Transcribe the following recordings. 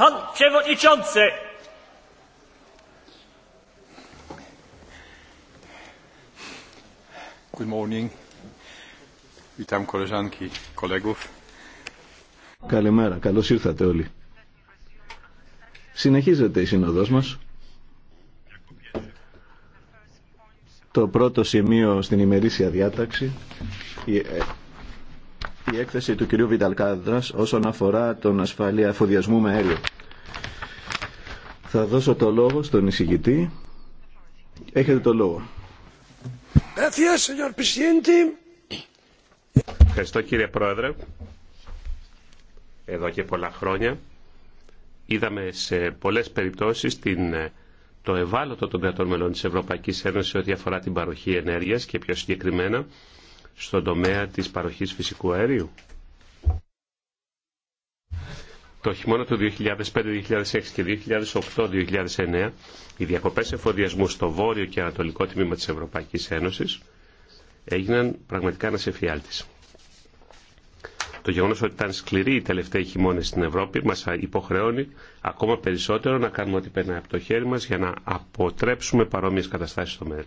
Pan Przewodniczący! Good morning. Witam koleżanki, kolegów. Καλημέρα, καλώς ήρθατε όλοι. Συνεχίζεται η σύνοδός μας. Το πρώτο σημείο στην ημερήσια διάταξη η ε, έκθεση του κυρίου Βιταλκάδρας όσον αφορά τον ασφαλή αφοδιασμό με αέριο. Θα δώσω το λόγο στον εισηγητή. Έχετε το λόγο. Ευχαριστώ κύριε Πρόεδρε. Εδώ και πολλά χρόνια είδαμε σε πολλές περιπτώσεις την, το ευάλωτο των κρατών μελών της Ευρωπαϊκής Ένωσης ό,τι αφορά την παροχή ενέργειας και πιο συγκεκριμένα στον τομέα της παροχής φυσικού αερίου το χειμώνα του 2005-2006 και 2008-2009 οι διακοπές εφοδιασμού στο βόρειο και ανατολικό τμήμα της Ευρωπαϊκής Ένωσης έγιναν πραγματικά ένας εφιάλτης. Το γεγονό ότι ήταν σκληροί οι τελευταίοι χειμώνε στην Ευρώπη μα υποχρεώνει ακόμα περισσότερο να κάνουμε ό,τι περνάει από το χέρι μα για να αποτρέψουμε παρόμοιε καταστάσει στο μέλλον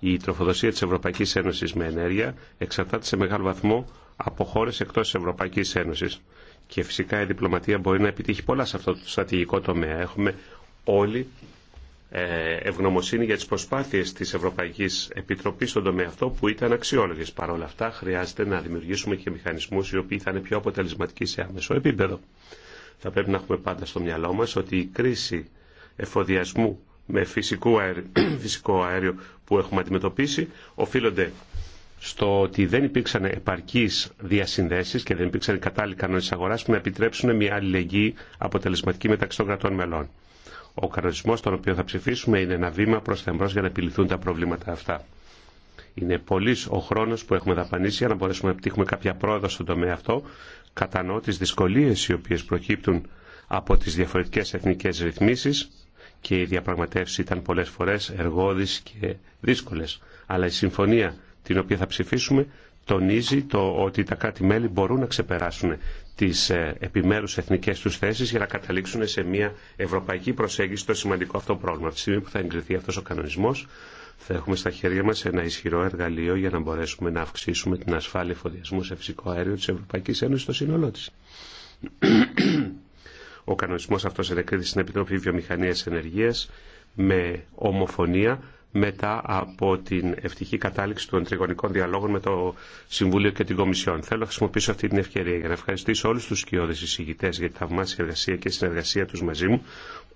η τροφοδοσία της Ευρωπαϊκής Ένωσης με ενέργεια εξαρτάται σε μεγάλο βαθμό από χώρε εκτός της Ευρωπαϊκής Ένωσης. Και φυσικά η διπλωματία μπορεί να επιτύχει πολλά σε αυτό το στρατηγικό τομέα. Έχουμε όλοι ε, ευγνωμοσύνη για τις προσπάθειες της Ευρωπαϊκής Επιτροπής στον τομέα αυτό που ήταν αξιόλογες. Παρ' όλα αυτά χρειάζεται να δημιουργήσουμε και μηχανισμούς οι οποίοι θα είναι πιο αποτελεσματικοί σε άμεσο επίπεδο. Θα πρέπει να έχουμε πάντα στο μυαλό μας ότι η κρίση εφοδιασμού με φυσικό αέριο, φυσικό αέριο που έχουμε αντιμετωπίσει οφείλονται στο ότι δεν υπήρξαν επαρκείς διασυνδέσεις και δεν υπήρξαν κατάλληλοι κανόνες αγοράς που να επιτρέψουν μια αλληλεγγύη αποτελεσματική μεταξύ των κρατών μελών. Ο κανονισμό τον οποίο θα ψηφίσουμε είναι ένα βήμα προς τα εμπρός για να επιληθούν τα προβλήματα αυτά. Είναι πολύ ο χρόνο που έχουμε δαπανίσει για να μπορέσουμε να επιτύχουμε κάποια πρόοδο στον τομέα αυτό. Κατανοώ τι δυσκολίε οι οποίε προκύπτουν από τι διαφορετικέ εθνικέ ρυθμίσει και οι διαπραγματεύσει ήταν πολλέ φορέ εργώδει και δύσκολε. Αλλά η συμφωνία την οποία θα ψηφίσουμε τονίζει το ότι τα κράτη-μέλη μπορούν να ξεπεράσουν τι ε, επιμέρου εθνικέ του θέσει για να καταλήξουν σε μια ευρωπαϊκή προσέγγιση στο σημαντικό αυτό πρόβλημα. Από τη στιγμή που θα εγκριθεί αυτό ο κανονισμό. θα έχουμε στα χέρια μα ένα ισχυρό εργαλείο για να μπορέσουμε να αυξήσουμε την ασφάλεια εφοδιασμού σε φυσικό αέριο τη Ευρωπαϊκή Ένωση στο σύνολό τη. Ο κανονισμός αυτός ενεκρίθη στην Επιτροπή Βιομηχανίας Ενεργείας με ομοφωνία μετά από την ευτυχή κατάληξη των τριγωνικών διαλόγων με το Συμβούλιο και την Κομισιόν. Θέλω να χρησιμοποιήσω αυτή την ευκαιρία για να ευχαριστήσω όλου του σκιώδες εισηγητέ για τη θαυμάσια εργασία και συνεργασία του μαζί μου,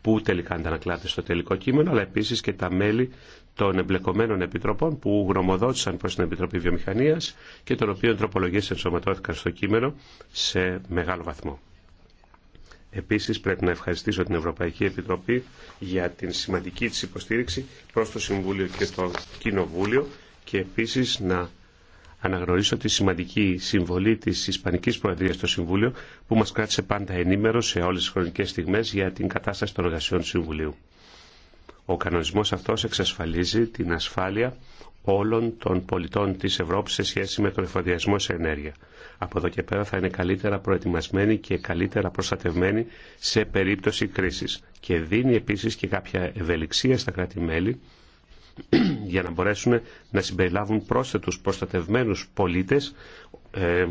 που τελικά αντανακλάται στο τελικό κείμενο, αλλά επίση και τα μέλη των εμπλεκομένων επιτροπών που γνωμοδότησαν προ την Επιτροπή Βιομηχανία και των οποίων τροπολογίε ενσωματώθηκαν στο κείμενο σε μεγάλο βαθμό. Επίσης πρέπει να ευχαριστήσω την Ευρωπαϊκή Επιτροπή για την σημαντική της υποστήριξη προς το Συμβούλιο και το Κοινοβούλιο και επίσης να αναγνωρίσω τη σημαντική συμβολή της Ισπανικής Προεδρίας στο Συμβούλιο που μας κράτησε πάντα ενήμερο σε όλες τις χρονικές στιγμές για την κατάσταση των εργασιών του Συμβουλίου. Ο κανονισμός αυτός εξασφαλίζει την ασφάλεια όλων των πολιτών της Ευρώπης σε σχέση με τον εφοδιασμό σε ενέργεια. Από εδώ και πέρα θα είναι καλύτερα προετοιμασμένοι και καλύτερα προστατευμένοι σε περίπτωση κρίσης. Και δίνει επίσης και κάποια ευελιξία στα κράτη-μέλη για να μπορέσουν να συμπεριλάβουν πρόσθετους προστατευμένους πολίτες, ε,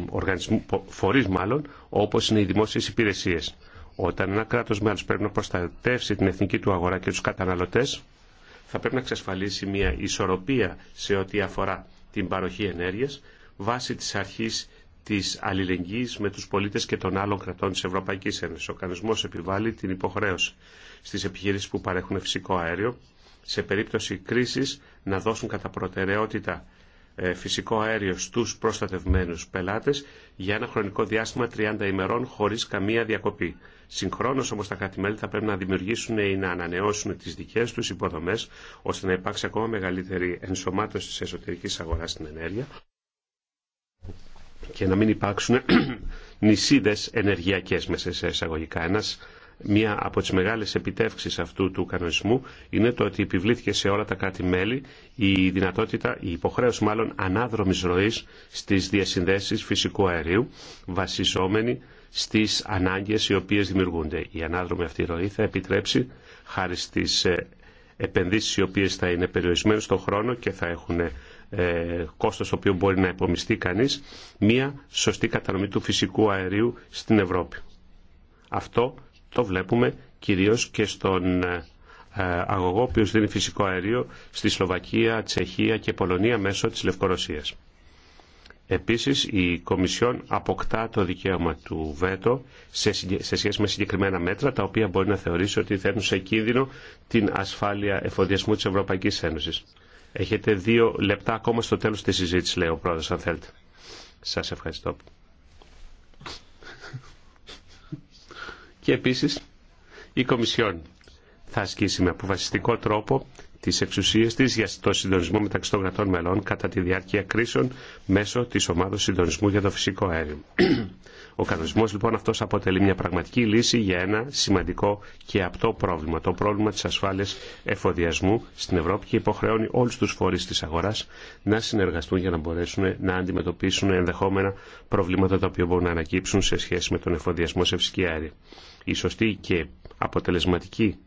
φορείς μάλλον, όπως είναι οι δημόσιες υπηρεσίες. Όταν ένα κράτος μέλος πρέπει να προστατεύσει την εθνική του αγορά και τους καταναλωτές, θα πρέπει να εξασφαλίσει μια ισορροπία σε ό,τι αφορά την παροχή ενέργειας βάσει της αρχής της αλληλεγγύης με τους πολίτες και των άλλων κρατών της Ευρωπαϊκής Ένωσης. Ο κανονισμός επιβάλλει την υποχρέωση στις επιχειρήσεις που παρέχουν φυσικό αέριο σε περίπτωση κρίσης να δώσουν κατά προτεραιότητα ε, φυσικό αέριο στους προστατευμένους πελάτες για ένα χρονικό διάστημα 30 ημερών χωρίς καμία διακοπή. Συγχρόνως όμως τα κρατημέλη θα πρέπει να δημιουργήσουν ή να ανανεώσουν τις δικές τους υποδομές ώστε να υπάρξει ακόμα μεγαλύτερη ενσωμάτωση τη εσωτερική αγορά στην ενέργεια και να μην υπάρξουν νησίδες ενεργειακές μέσα σε εισαγωγικά. Ένας, μία από τις μεγάλες επιτεύξεις αυτού του κανονισμού είναι το ότι επιβλήθηκε σε όλα τα κράτη-μέλη η δυνατότητα, η υποχρέωση μάλλον ανάδρομης ροής στις διασυνδέσεις φυσικού αερίου βασιζόμενη στις ανάγκες οι οποίες δημιουργούνται. Η ανάδρομη αυτή ροή θα επιτρέψει χάρη στις ε, επενδύσεις οι οποίες θα είναι περιορισμένες στον χρόνο και θα έχουν ε, κόστος το οποίο μπορεί να υπομειστεί κανείς μια σωστή κατανομή του φυσικού αερίου στην Ευρώπη. Αυτό το βλέπουμε κυρίως και στον ε, ε, αγωγό που δίνει φυσικό αερίο στη Σλοβακία, Τσεχία και Πολωνία μέσω της Λευκορωσίας. Επίσης, η Κομισιόν αποκτά το δικαίωμα του ΒΕΤΟ σε σχέση με συγκεκριμένα μέτρα, τα οποία μπορεί να θεωρήσει ότι θέλουν σε κίνδυνο την ασφάλεια εφοδιασμού της Ευρωπαϊκής Ένωσης. Έχετε δύο λεπτά ακόμα στο τέλος της συζήτησης, λέει ο πρόεδρος, αν θέλετε. Σας ευχαριστώ. Και επίσης, η Κομισιόν θα ασκήσει με αποφασιστικό τρόπο τις εξουσίες της για το συντονισμό μεταξύ των κρατών μελών κατά τη διάρκεια κρίσεων μέσω της ομάδος συντονισμού για το φυσικό αέριο. Ο κανονισμός λοιπόν αυτός αποτελεί μια πραγματική λύση για ένα σημαντικό και απτό πρόβλημα, το πρόβλημα της ασφάλειας εφοδιασμού στην Ευρώπη και υποχρεώνει όλους τους φορείς της αγοράς να συνεργαστούν για να μπορέσουν να αντιμετωπίσουν ενδεχόμενα προβλήματα τα οποία μπορούν να ανακύψουν σε σχέση με τον εφοδιασμό σε φυσική αέρια. Η σωστή και αποτελεσματική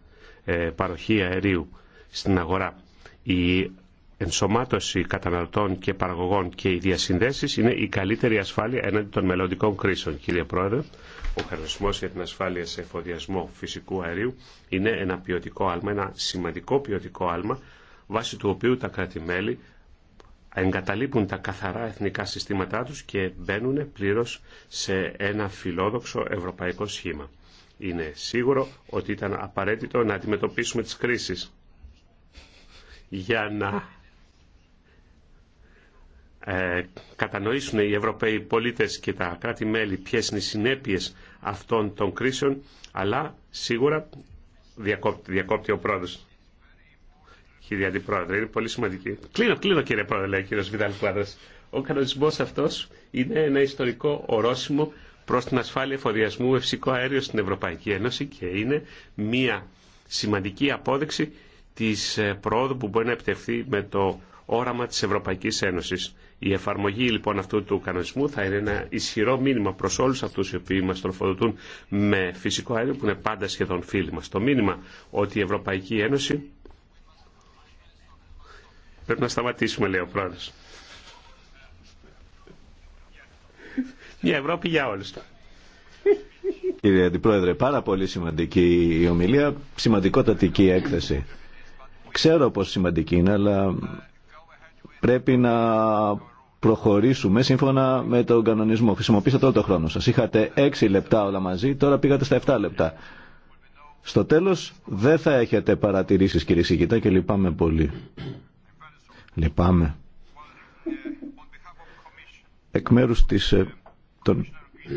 ε, παροχή αερίου στην αγορά. Η ενσωμάτωση καταναλωτών και παραγωγών και οι διασυνδέσει είναι η καλύτερη ασφάλεια έναντι των μελλοντικών κρίσεων. Κύριε Πρόεδρε, ο χαρισμό για την ασφάλεια σε εφοδιασμό φυσικού αερίου είναι ένα ποιοτικό άλμα, ένα σημαντικό ποιοτικό άλμα, βάσει του οποίου τα κράτη-μέλη εγκαταλείπουν τα καθαρά εθνικά συστήματά τους και μπαίνουν πλήρως σε ένα φιλόδοξο ευρωπαϊκό σχήμα. Είναι σίγουρο ότι ήταν απαραίτητο να αντιμετωπίσουμε τις κρίσεις για να ε, κατανοήσουν οι Ευρωπαίοι πολίτες και τα κράτη-μέλη ποιες είναι οι συνέπειες αυτών των κρίσεων, αλλά σίγουρα διακόπτει, διακόπτει ο πρόεδρος. Κύριε Αντιπρόεδρε, είναι πολύ σημαντική. Κλείνω, κλείνω κύριε Πρόεδρε, λέει ο κύριος Βιδάλ Ο κανονισμός αυτός είναι ένα ιστορικό ορόσημο προς την ασφάλεια εφοδιασμού ευσικό αέριο στην Ευρωπαϊκή Ένωση και είναι μία σημαντική απόδειξη της ε, πρόοδου που μπορεί να επιτευχθεί με το όραμα της Ευρωπαϊκής Ένωσης. Η εφαρμογή λοιπόν αυτού του κανονισμού θα είναι ένα ισχυρό μήνυμα προς όλους αυτούς οι οποίοι μας τροφοδοτούν με φυσικό αέριο που είναι πάντα σχεδόν φίλοι μα. Το μήνυμα ότι η Ευρωπαϊκή Ένωση πρέπει να σταματήσουμε λέει ο πρόεδρος. Η Ευρώπη για όλους. Κύριε Αντιπρόεδρε, πάρα πολύ σημαντική η ομιλία, σημαντικότατη και η έκθεση. Ξέρω πόσο σημαντική είναι, αλλά πρέπει να προχωρήσουμε σύμφωνα με τον κανονισμό. Χρησιμοποίησατε όλο τον χρόνο σας. Είχατε έξι λεπτά όλα μαζί, τώρα πήγατε στα 7 λεπτά. Στο τέλος δεν θα έχετε παρατηρήσεις κύριε Σιγητά και λυπάμαι πολύ. Λυπάμαι. Εκ μέρους της ε, των,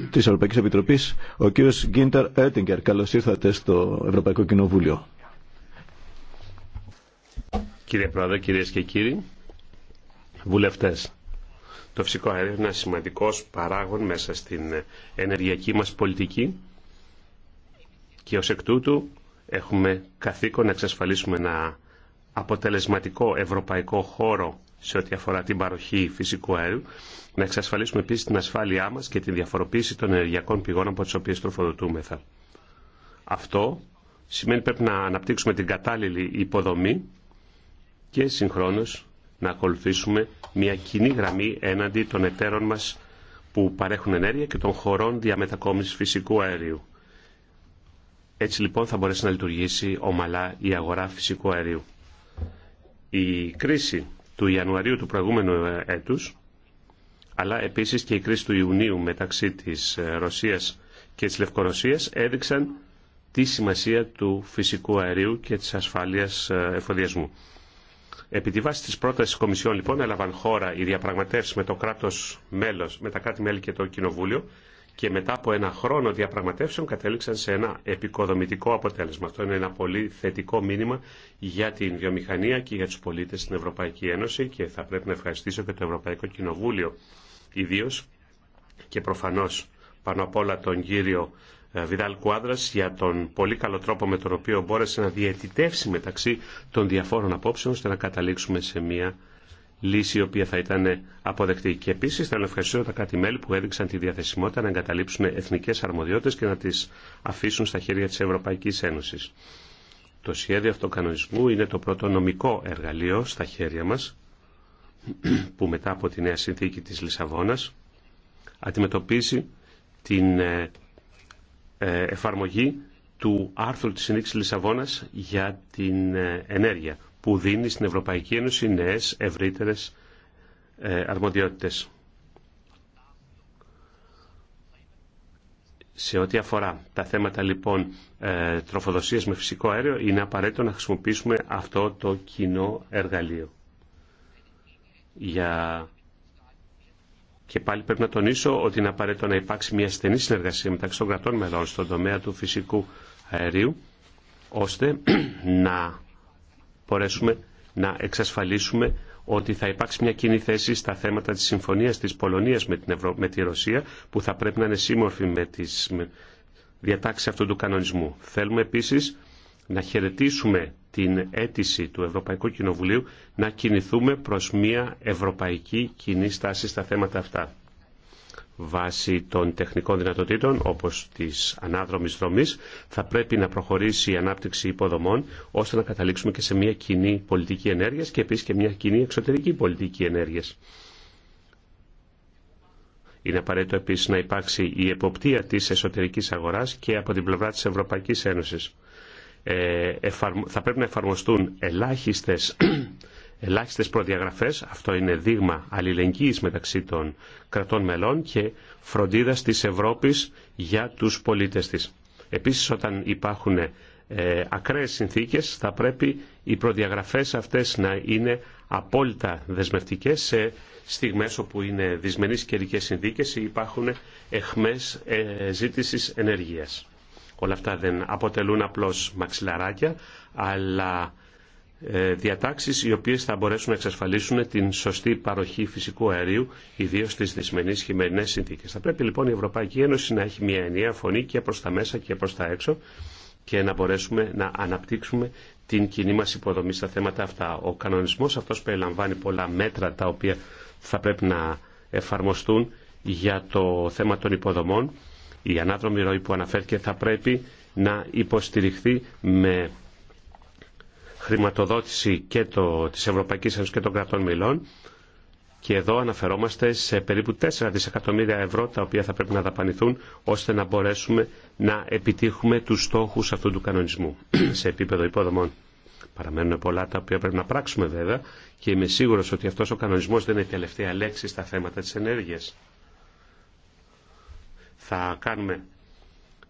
της Ευρωπαϊκής Επιτροπής, ο κύριος Γκίντερ Έτιγκερ. Καλώς ήρθατε στο Ευρωπαϊκό Κοινοβούλιο. Κύριε Πρόεδρε, κυρίες και κύριοι, βουλευτές, το φυσικό αέριο είναι ένα σημαντικός παράγον μέσα στην ενεργειακή μας πολιτική και ως εκ τούτου έχουμε καθήκον να εξασφαλίσουμε ένα αποτελεσματικό ευρωπαϊκό χώρο σε ό,τι αφορά την παροχή φυσικού αερίου, να εξασφαλίσουμε επίση την ασφάλειά μα και τη διαφοροποίηση των ενεργειακών πηγών από τι οποίε τροφοδοτούμεθα. Αυτό σημαίνει πρέπει να αναπτύξουμε την κατάλληλη υποδομή και συγχρόνω να ακολουθήσουμε μια κοινή γραμμή έναντι των εταίρων μα που παρέχουν ενέργεια και των χωρών διαμετακόμιση φυσικού αερίου. Έτσι λοιπόν θα μπορέσει να λειτουργήσει ομαλά η αγορά φυσικού αερίου. Η κρίση του Ιανουαρίου του προηγούμενου έτους, αλλά επίσης και η κρίση του Ιουνίου μεταξύ της ε, Ρωσίας και της Λευκορωσίας έδειξαν τη σημασία του φυσικού αερίου και της ασφάλειας ε, εφοδιασμού. Επί τη βάση της πρότασης της Κομισιόν λοιπόν έλαβαν χώρα οι διαπραγματεύσεις με, το κράτος μέλος, με τα κράτη-μέλη και το Κοινοβούλιο και μετά από ένα χρόνο διαπραγματεύσεων κατέληξαν σε ένα επικοδομητικό αποτέλεσμα. Αυτό είναι ένα πολύ θετικό μήνυμα για την βιομηχανία και για τους πολίτες στην Ευρωπαϊκή Ένωση και θα πρέπει να ευχαριστήσω και το Ευρωπαϊκό Κοινοβούλιο ιδίω και προφανώς πάνω απ' όλα τον κύριο ε, Βιδάλ Κουάδρας για τον πολύ καλό τρόπο με τον οποίο μπόρεσε να διαιτητεύσει μεταξύ των διαφόρων απόψεων ώστε να καταλήξουμε σε μια λύση η οποία θα ήταν αποδεκτή. Και επίση θέλω να ευχαριστήσω τα κράτη-μέλη που έδειξαν τη διαθεσιμότητα να εγκαταλείψουν εθνικέ αρμοδιότητε και να τι αφήσουν στα χέρια τη Ευρωπαϊκή Ένωση. Το σχέδιο αυτοκανονισμού είναι το πρώτο νομικό εργαλείο στα χέρια μα που μετά από τη νέα συνθήκη της Λισαβόνας αντιμετωπίζει την ε, ε, εφαρμογή του άρθρου της συνήθειας Λισαβόνας για την ε, ενέργεια που δίνει στην Ευρωπαϊκή Ένωση νέες ευρύτερες ε, αρμοδιότητες. Σε ό,τι αφορά τα θέματα λοιπόν ε, τροφοδοσίας με φυσικό αέριο είναι απαραίτητο να χρησιμοποιήσουμε αυτό το κοινό εργαλείο. Και πάλι πρέπει να τονίσω ότι είναι απαραίτητο να υπάρξει μια στενή συνεργασία μεταξύ των κρατών μελών στον τομέα του φυσικού αερίου ώστε να μπορέσουμε να εξασφαλίσουμε ότι θα υπάρξει μια κοινή θέση στα θέματα της συμφωνίας της Πολωνίας με, την με τη Ρωσία που θα πρέπει να είναι σύμμορφη με τις με διατάξεις αυτού του κανονισμού. Θέλουμε επίσης να χαιρετήσουμε την αίτηση του Ευρωπαϊκού Κοινοβουλίου να κινηθούμε προς μια ευρωπαϊκή κοινή στάση στα θέματα αυτά βάσει των τεχνικών δυνατοτήτων όπως της ανάδρομης δρομής θα πρέπει να προχωρήσει η ανάπτυξη υποδομών ώστε να καταλήξουμε και σε μια κοινή πολιτική ενέργειας και επίσης και μια κοινή εξωτερική πολιτική ενέργειας. Είναι απαραίτητο επίσης να υπάρξει η εποπτεία της εσωτερικής αγοράς και από την πλευρά της Ευρωπαϊκής Ένωσης. Ε, θα πρέπει να εφαρμοστούν ελάχιστες ελάχιστες προδιαγραφές. Αυτό είναι δείγμα αλληλεγγύης μεταξύ των κρατών μελών και φροντίδας της Ευρώπης για τους πολίτες της. Επίσης όταν υπάρχουν ε, ακραίες συνθήκες θα πρέπει οι προδιαγραφές αυτές να είναι απόλυτα δεσμευτικές σε στιγμές όπου είναι δυσμενείς καιρικές συνθήκες ή υπάρχουν εχμές ε, ζήτησης ενεργείας. Όλα αυτά δεν αποτελούν απλώς μαξιλαράκια, αλλά ε, διατάξεις οι οποίες θα μπορέσουν να εξασφαλίσουν την σωστή παροχή φυσικού αερίου, ιδίως στις δυσμενείς χειμερινές συνθήκες. Θα πρέπει λοιπόν η Ευρωπαϊκή Ένωση να έχει μια ενιαία φωνή και προς τα μέσα και προς τα έξω και να μπορέσουμε να αναπτύξουμε την κοινή μας υποδομή στα θέματα αυτά. Ο κανονισμός αυτός περιλαμβάνει πολλά μέτρα τα οποία θα πρέπει να εφαρμοστούν για το θέμα των υποδομών. Η ανάδρομη ροή που αναφέρθηκε θα πρέπει να υποστηριχθεί με χρηματοδότηση και το, της Ευρωπαϊκής Ένωσης και των κρατών μιλών και εδώ αναφερόμαστε σε περίπου 4 δισεκατομμύρια ευρώ τα οποία θα πρέπει να δαπανηθούν ώστε να μπορέσουμε να επιτύχουμε τους στόχους αυτού του κανονισμού σε επίπεδο υποδομών. Παραμένουν πολλά τα οποία πρέπει να πράξουμε βέβαια και είμαι σίγουρος ότι αυτός ο κανονισμός δεν είναι η τελευταία λέξη στα θέματα της ενέργειας. Θα κάνουμε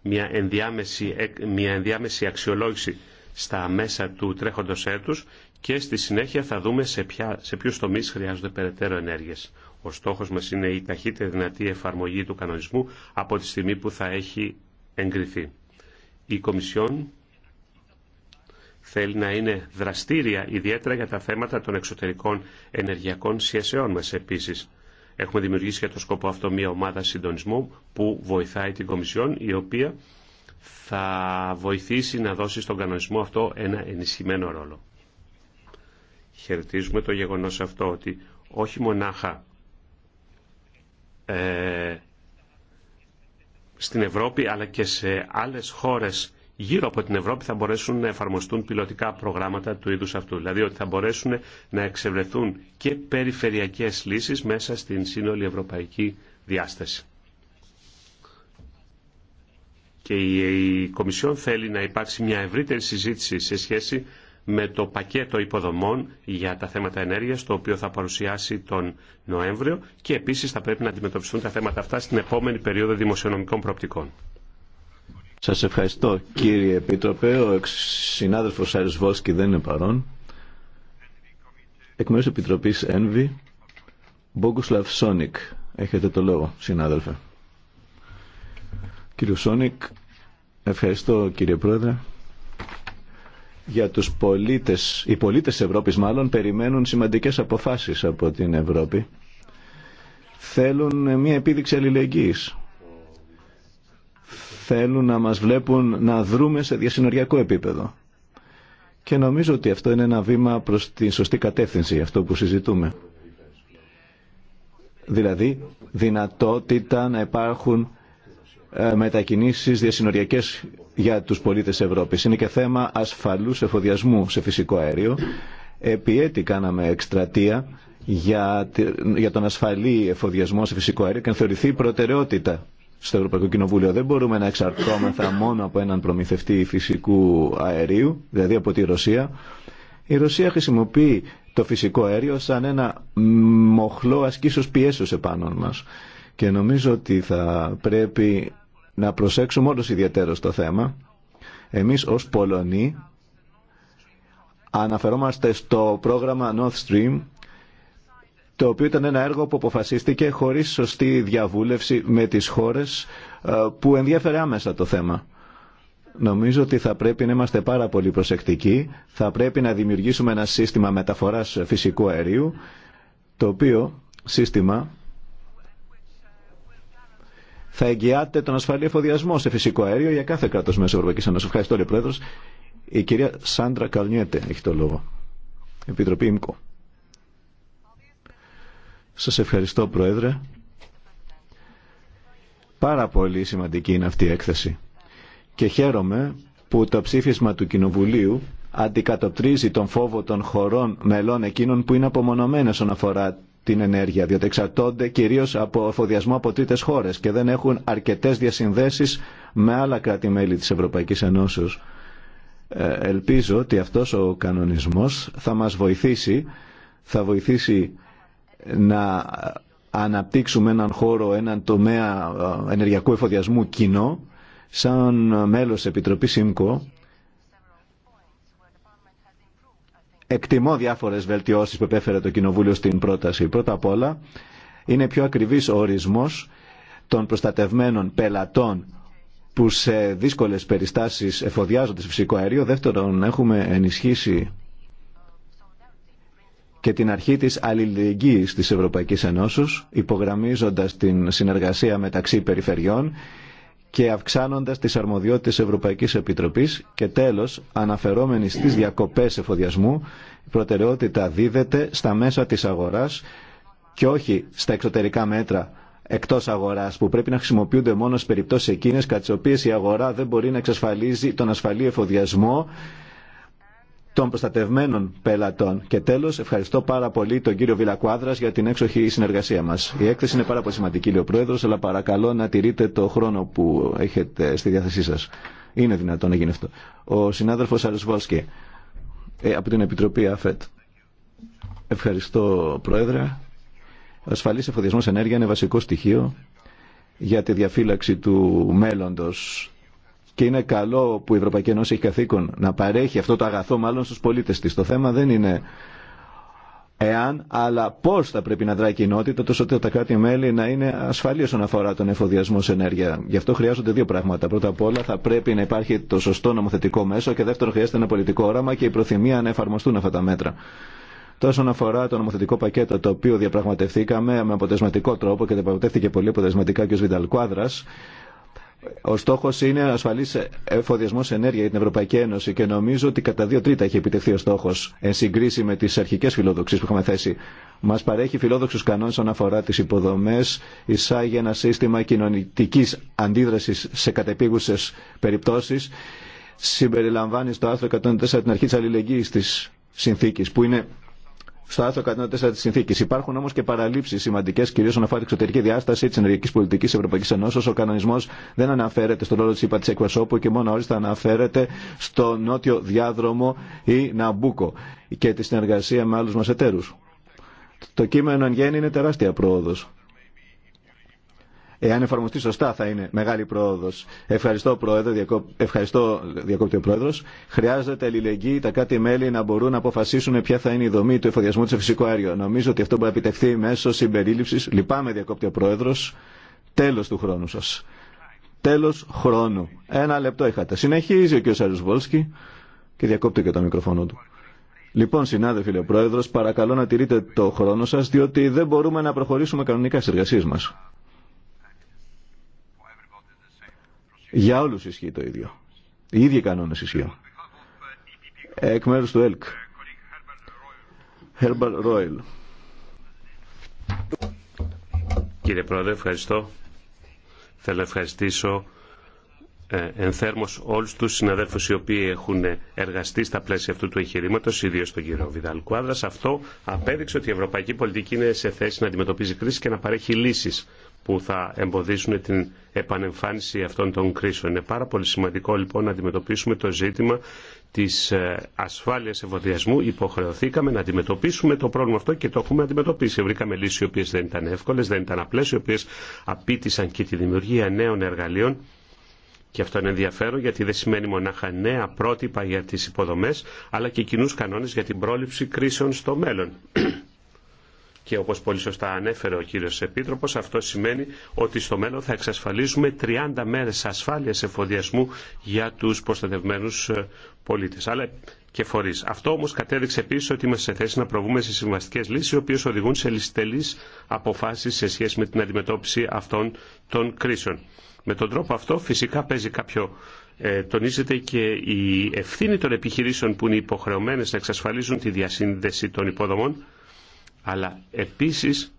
μια ενδιάμεση, μια ενδιάμεση αξιολόγηση στα μέσα του τρέχοντος έτους και στη συνέχεια θα δούμε σε, ποια, σε ποιους τομείς χρειάζονται περαιτέρω ενέργειες. Ο στόχος μας είναι η ταχύτερη δυνατή εφαρμογή του κανονισμού από τη στιγμή που θα έχει εγκριθεί. Η Κομισιόν θέλει να είναι δραστήρια ιδιαίτερα για τα θέματα των εξωτερικών ενεργειακών σχέσεών μας επίσης. Έχουμε δημιουργήσει για το σκοπό αυτό μια ομάδα συντονισμού που βοηθάει την Κομισιόν η οποία θα βοηθήσει να δώσει στον κανονισμό αυτό ένα ενισχυμένο ρόλο. Χαιρετίζουμε το γεγονός αυτό ότι όχι μονάχα ε, στην Ευρώπη αλλά και σε άλλες χώρες γύρω από την Ευρώπη θα μπορέσουν να εφαρμοστούν πιλωτικά προγράμματα του είδους αυτού. Δηλαδή ότι θα μπορέσουν να εξευρεθούν και περιφερειακές λύσεις μέσα στην σύνολη ευρωπαϊκή διάσταση και η Κομισιόν θέλει να υπάρξει μια ευρύτερη συζήτηση σε σχέση με το πακέτο υποδομών για τα θέματα ενέργειας, το οποίο θα παρουσιάσει τον Νοέμβριο και επίσης θα πρέπει να αντιμετωπιστούν τα θέματα αυτά στην επόμενη περίοδο δημοσιονομικών προοπτικών. Σας ευχαριστώ κύριε Επίτροπε. Ο συνάδελφος Άρης Βόσκη δεν είναι παρόν. Εκ μέρους Επιτροπής Ένβη, Μπόγκουσλαβ Σόνικ. Έχετε το λόγο, συνάδελφε. Κύριο Σόνικ, Ευχαριστώ κύριε Πρόεδρε. Για τους πολίτες, οι πολίτες Ευρώπης μάλλον περιμένουν σημαντικές αποφάσεις από την Ευρώπη. Θέλουν μια επίδειξη αλληλεγγύης. Θέλουν να μας βλέπουν να δρούμε σε διασυνοριακό επίπεδο. Και νομίζω ότι αυτό είναι ένα βήμα προς τη σωστή κατεύθυνση, αυτό που συζητούμε. Δηλαδή, δυνατότητα να υπάρχουν ε, μετακινήσεις διασυνοριακές για τους πολίτες Ευρώπης. Είναι και θέμα ασφαλούς εφοδιασμού σε φυσικό αέριο. Επί έτη κάναμε εκστρατεία για, για τον ασφαλή εφοδιασμό σε φυσικό αέριο και να θεωρηθεί προτεραιότητα στο Ευρωπαϊκό Κοινοβούλιο. Δεν μπορούμε να εξαρτώμεθα μόνο από έναν προμηθευτή φυσικού αερίου, δηλαδή από τη Ρωσία. Η Ρωσία χρησιμοποιεί το φυσικό αέριο σαν ένα μοχλό ασκήσεως πιέσεως επάνω μας. Και νομίζω ότι θα πρέπει να προσέξουμε όλους ιδιαίτερο το θέμα. Εμείς ως Πολωνοί αναφερόμαστε στο πρόγραμμα North Stream το οποίο ήταν ένα έργο που αποφασίστηκε χωρίς σωστή διαβούλευση με τις χώρες ε, που ενδιαφέρει άμεσα το θέμα. Νομίζω ότι θα πρέπει να είμαστε πάρα πολύ προσεκτικοί, θα πρέπει να δημιουργήσουμε ένα σύστημα μεταφοράς φυσικού αερίου, το οποίο σύστημα θα εγγυάται τον ασφαλή εφοδιασμό σε φυσικό αέριο για κάθε κράτο μέσω Ευρωπαϊκή Ένωση. Ευχαριστώ, κύριε Πρόεδρο. Η κυρία Σάντρα Καλνιέτε έχει το λόγο. Επιτροπή ΙΜΚΟ. Σας ευχαριστώ, Πρόεδρε. Πάρα πολύ σημαντική είναι αυτή η έκθεση. Και χαίρομαι που το ψήφισμα του Κοινοβουλίου αντικατοπτρίζει τον φόβο των χωρών μελών εκείνων που είναι απομονωμένε όσον αφορά την ενέργεια, διότι εξαρτώνται κυρίως από εφοδιασμό από τρίτε χώρες και δεν έχουν αρκετές διασυνδέσει με άλλα κράτη-μέλη της Ευρωπαϊκής Ενώσεως. Ε, ελπίζω ότι αυτός ο κανονισμός θα μας βοηθήσει, θα βοηθήσει να αναπτύξουμε έναν χώρο, έναν τομέα ε, ενεργειακού εφοδιασμού κοινό, σαν μέλος Επιτροπής ΣΥΜΚΟ, Εκτιμώ διάφορε βελτιώσει που επέφερε το Κοινοβούλιο στην πρόταση. Πρώτα απ' όλα, είναι πιο ακριβή ο ορισμός των προστατευμένων πελατών που σε δύσκολε περιστάσει εφοδιάζονται σε φυσικό αέριο. Δεύτερον, έχουμε ενισχύσει και την αρχή τη αλληλεγγύη της Ευρωπαϊκή Ενώσεω, υπογραμμίζοντας την συνεργασία μεταξύ περιφερειών και αυξάνοντας τις αρμοδιότητες Ευρωπαϊκής Επιτροπής και τέλος, αναφερόμενοι στι διακοπές εφοδιασμού, η προτεραιότητα δίδεται στα μέσα τη αγορά και όχι στα εξωτερικά μέτρα εκτός αγοράς που πρέπει να χρησιμοποιούνται μόνο σε περιπτώσεις εκείνες κατά τι οποίε η αγορά δεν μπορεί να εξασφαλίζει τον ασφαλή εφοδιασμό των προστατευμένων πελατών. Και τέλο, ευχαριστώ πάρα πολύ τον κύριο Βιλακουάδρα για την έξοχη συνεργασία μα. Η έκθεση είναι πάρα πολύ σημαντική, λέει ο Πρόεδρο, αλλά παρακαλώ να τηρείτε το χρόνο που έχετε στη διάθεσή σα. Είναι δυνατόν να γίνει αυτό. Ο συνάδελφο Αρεσβόλσκι ε, από την Επιτροπή ΑΦΕΤ. Ευχαριστώ, Πρόεδρε. Ο ασφαλή εφοδιασμό ενέργεια είναι βασικό στοιχείο για τη διαφύλαξη του μέλλοντος και είναι καλό που η Ευρωπαϊκή Ένωση έχει καθήκον να παρέχει αυτό το αγαθό μάλλον στους πολίτες της. Το θέμα δεν είναι εάν, αλλά πώς θα πρέπει να δράει η κοινότητα, τόσο ότι τα κράτη-μέλη να είναι ασφαλή όσον αφορά τον εφοδιασμό σε ενέργεια. Γι' αυτό χρειάζονται δύο πράγματα. Πρώτα απ' όλα θα πρέπει να υπάρχει το σωστό νομοθετικό μέσο και δεύτερον χρειάζεται ένα πολιτικό όραμα και η προθυμία να εφαρμοστούν αυτά τα μέτρα. Τόσο αφορά το νομοθετικό πακέτο το οποίο διαπραγματευθήκαμε με αποτελεσματικό τρόπο και διαπραγματεύτηκε πολύ αποτελεσματικά και ο ο στόχο είναι ασφαλή εφοδιασμό ενέργεια για την Ευρωπαϊκή Ένωση και νομίζω ότι κατά δύο τρίτα έχει επιτευχθεί ο στόχο εν συγκρίση με τι αρχικέ φιλοδοξίε που είχαμε θέσει. Μα παρέχει φιλόδοξου κανόνε όσον αφορά τι υποδομέ, εισάγει ένα σύστημα κοινωνική αντίδραση σε κατεπίγουσε περιπτώσει, συμπεριλαμβάνει στο άρθρο 104 την αρχή τη αλληλεγγύη τη συνθήκη, που είναι στο άρθρο 104 τη συνθήκη. Υπάρχουν όμω και παραλήψει σημαντικέ, κυρίω όσον αφορά την εξωτερική διάσταση τη ενεργειακή πολιτική Ευρωπαϊκή Ενώσεω. Ο κανονισμό δεν αναφέρεται στον ρόλο τη ΥΠΑ τη και μόνο όριστα αναφέρεται στο νότιο διάδρομο ή Ναμπούκο και τη συνεργασία με άλλου μα εταίρου. Το κείμενο εν γέννη είναι τεράστια πρόοδο. Εάν εφαρμοστεί σωστά θα είναι μεγάλη πρόοδο. Ευχαριστώ, Πρόεδρε, Ευχαριστώ διακόπτη ο Πρόεδρο. Χρειάζεται αλληλεγγύη τα κάτι μελη να μπορούν να αποφασίσουν ποια θα είναι η δομή του εφοδιασμού του φυσικού αέριο. Νομίζω ότι αυτό μπορεί να επιτευχθεί μέσω συμπερίληψη. Λυπάμαι, διακόπτη ο Πρόεδρο. Τέλο του χρόνου σα. Τέλο χρόνου. Ένα λεπτό είχατε. Συνεχίζει ο κ. Σαριουσβόλσκι και διακόπτει και το μικροφόνο του. Λοιπόν, συνάδελφοι, ο Πρόεδρο, παρακαλώ να τηρείτε το χρόνο σα, διότι δεν μπορούμε να προχωρήσουμε κανονικά στι εργασίε μα. Για όλους ισχύει το ίδιο. Οι ίδιοι κανόνες ισχύουν. Εκ μέρους του ΕΛΚ. Herbal Royal. Κύριε Πρόεδρε, ευχαριστώ. Θέλω να ευχαριστήσω ε, εν θέρμος όλους τους συναδέλφους οι οποίοι έχουν εργαστεί στα πλαίσια αυτού του εγχειρήματο, ιδίως τον κύριο Βιδάλ Κουάδρας. Αυτό απέδειξε ότι η ευρωπαϊκή πολιτική είναι σε θέση να αντιμετωπίζει κρίσεις και να παρέχει λύσεις που θα εμποδίσουν την επανεμφάνιση αυτών των κρίσεων. Είναι πάρα πολύ σημαντικό λοιπόν να αντιμετωπίσουμε το ζήτημα της ε, ασφάλειας ευωδιασμού. Υποχρεωθήκαμε να αντιμετωπίσουμε το πρόβλημα αυτό και το έχουμε αντιμετωπίσει. Βρήκαμε λύσεις οι οποίες δεν ήταν εύκολες, δεν ήταν απλές, οι οποίες απίτησαν και τη δημιουργία νέων εργαλείων και αυτό είναι ενδιαφέρον γιατί δεν σημαίνει μονάχα νέα πρότυπα για τις υποδομές, αλλά και κοινού κανόνε για την πρόληψη κρίσεων στο μέλλον. Και όπως πολύ σωστά ανέφερε ο κύριος Επίτροπος, αυτό σημαίνει ότι στο μέλλον θα εξασφαλίσουμε 30 μέρες ασφάλειας εφοδιασμού για τους προστατευμένους ε, πολίτες. Αλλά και φορείς. Αυτό όμως κατέδειξε επίσης ότι είμαστε σε θέση να προβούμε σε συμβαστικές λύσεις, οι οποίες οδηγούν σε ληστελείς αποφάσεις σε σχέση με την αντιμετώπιση αυτών των κρίσεων. Με τον τρόπο αυτό φυσικά παίζει κάποιο ε, τονίζεται και η ευθύνη των επιχειρήσεων που είναι υποχρεωμένες να εξασφαλίζουν τη διασύνδεση των υποδομών αλλά επίσης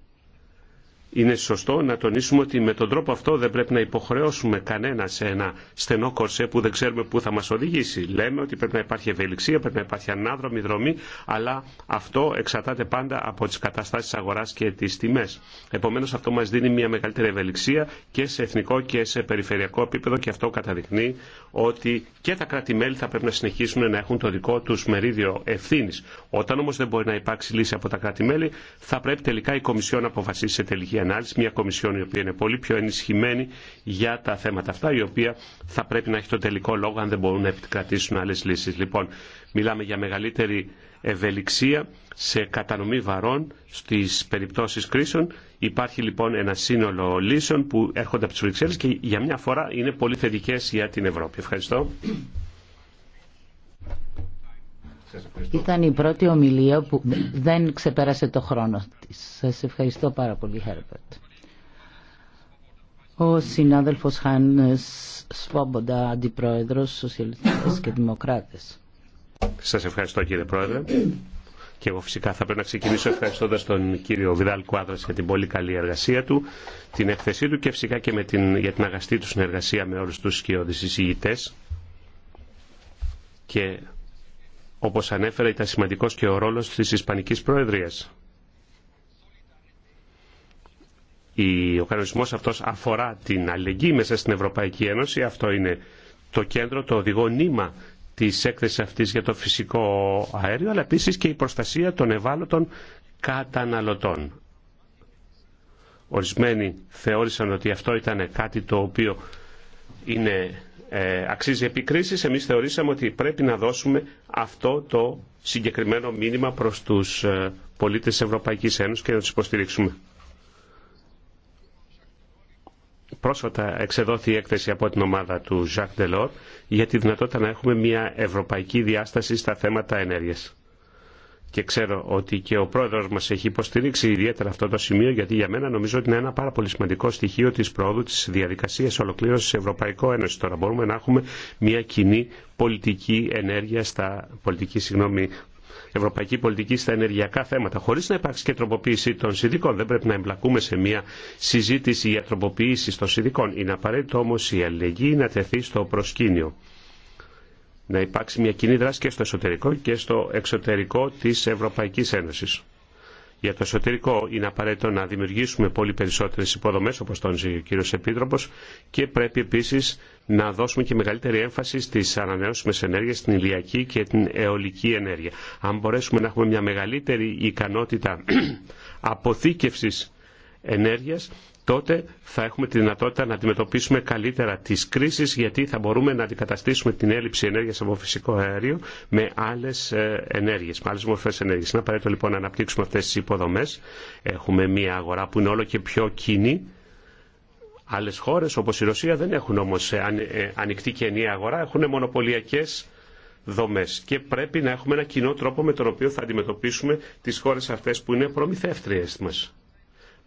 είναι σωστό να τονίσουμε ότι με τον τρόπο αυτό δεν πρέπει να υποχρεώσουμε κανένα σε ένα στενό κορσέ που δεν ξέρουμε πού θα μα οδηγήσει. Λέμε ότι πρέπει να υπάρχει ευελιξία, πρέπει να υπάρχει ανάδρομη δρομή, αλλά αυτό εξαρτάται πάντα από τι καταστάσει αγορά και τι τιμέ. Επομένω, αυτό μα δίνει μια μεγαλύτερη ευελιξία και σε εθνικό και σε περιφερειακό επίπεδο και αυτό καταδεικνύει ότι και τα κράτη-μέλη θα πρέπει να συνεχίσουν να έχουν το δικό του μερίδιο ευθύνη. Όταν όμω δεν μπορεί να υπάρξει λύση από τα κράτη-μέλη, θα πρέπει τελικά η Κομισιόν να αποφασίσει σε τελική ανάλυση, μια κομισιόν η οποία είναι πολύ πιο ενισχυμένη για τα θέματα αυτά, η οποία θα πρέπει να έχει το τελικό λόγο αν δεν μπορούν να επικρατήσουν άλλες λύσεις. Λοιπόν, μιλάμε για μεγαλύτερη ευελιξία σε κατανομή βαρών στις περιπτώσεις κρίσεων. Υπάρχει λοιπόν ένα σύνολο λύσεων που έρχονται από τις Βρυξέλλες και για μια φορά είναι πολύ θετικές για την Ευρώπη. Ευχαριστώ. Ήταν η πρώτη ομιλία που δεν ξεπέρασε το χρόνο της. Σας ευχαριστώ πάρα πολύ, Χέρπερτ. Ο συνάδελφος Χάν Σφόμποντα, αντιπρόεδρος, Σοσιαλιστικής και δημοκράτες. Σας ευχαριστώ κύριε Πρόεδρε. Και εγώ φυσικά θα πρέπει να ξεκινήσω ευχαριστώντας τον κύριο Βιδάλ Κουάδρας για την πολύ καλή εργασία του, την έκθεσή του και φυσικά και με την, για την αγαστή του συνεργασία με όλους τους σκιώδεις εισηγητές. Και όπως ανέφερε ήταν σημαντικός και ο ρόλος της Ισπανικής Προεδρίας. Ο κανονισμός αυτός αφορά την αλληλεγγύη μέσα στην Ευρωπαϊκή Ένωση. Αυτό είναι το κέντρο, το οδηγό νήμα της έκθεσης αυτής για το φυσικό αέριο, αλλά επίσης και η προστασία των ευάλωτων καταναλωτών. Ορισμένοι θεώρησαν ότι αυτό ήταν κάτι το οποίο είναι ε, αξίζει επικρίσεις, εμείς θεωρήσαμε ότι πρέπει να δώσουμε αυτό το συγκεκριμένο μήνυμα προς τους ε, πολίτες της Ευρωπαϊκής Ένωσης και να τους υποστηρίξουμε. Πρόσφατα εξεδόθη η έκθεση από την ομάδα του Jacques Delors για τη δυνατότητα να έχουμε μια ευρωπαϊκή διάσταση στα θέματα ενέργειας και ξέρω ότι και ο πρόεδρο μα έχει υποστηρίξει ιδιαίτερα αυτό το σημείο γιατί για μένα νομίζω ότι είναι ένα πάρα πολύ σημαντικό στοιχείο της πρόοδου της διαδικασίας ολοκλήρωσης Ευρωπαϊκό Ένωση. Τώρα μπορούμε να έχουμε μια κοινή πολιτική ενέργεια στα πολιτική συγγνώμη, Ευρωπαϊκή πολιτική στα ενεργειακά θέματα, χωρί να υπάρξει και τροποποίηση των συνδικών. Δεν πρέπει να εμπλακούμε σε μια συζήτηση για τροποποίηση των συνδικών. Είναι απαραίτητο όμω η αλληλεγγύη να τεθεί στο προσκήνιο να υπάρξει μια κοινή δράση και στο εσωτερικό και στο εξωτερικό της Ευρωπαϊκής Ένωσης. Για το εσωτερικό είναι απαραίτητο να δημιουργήσουμε πολύ περισσότερες υποδομές, όπως τόνισε ο κύριος Επίτροπος, και πρέπει επίσης να δώσουμε και μεγαλύτερη έμφαση στις ανανεώσιμες ενέργειες, στην ηλιακή και την αιωλική ενέργεια. Αν μπορέσουμε να έχουμε μια μεγαλύτερη ικανότητα αποθήκευσης ενέργειας, τότε θα έχουμε τη δυνατότητα να αντιμετωπίσουμε καλύτερα τις κρίσεις γιατί θα μπορούμε να αντικαταστήσουμε την έλλειψη ενέργειας από φυσικό αέριο με άλλες ε, ενέργειες, με μορφές ενέργειας. Είναι απαραίτητο λοιπόν να αναπτύξουμε αυτές τις υποδομές. Έχουμε μια αγορά που είναι όλο και πιο κοινή. Άλλες χώρες όπως η Ρωσία δεν έχουν όμως ε, ε, ανοιχτή και ενιαία αγορά, έχουν μονοπωλιακές δομές και πρέπει να έχουμε ένα κοινό τρόπο με τον οποίο θα αντιμετωπίσουμε τις χώρες αυτές που είναι προμηθεύτριες μας.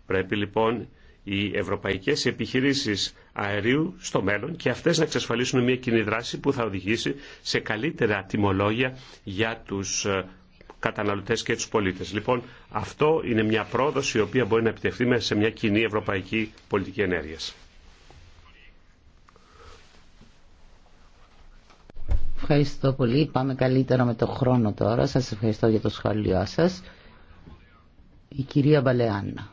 Πρέπει λοιπόν οι ευρωπαϊκές επιχειρήσεις αερίου στο μέλλον και αυτές να εξασφαλίσουν μια κοινή δράση που θα οδηγήσει σε καλύτερα τιμολόγια για τους ε, καταναλωτές και τους πολίτες. Λοιπόν, αυτό είναι μια πρόοδος η οποία μπορεί να επιτευχθεί μέσα σε μια κοινή ευρωπαϊκή πολιτική ενέργειας. Ευχαριστώ πολύ. Πάμε καλύτερα με το χρόνο τώρα. Σας ευχαριστώ για το σχόλιο σας. Η κυρία Μπαλεάννα.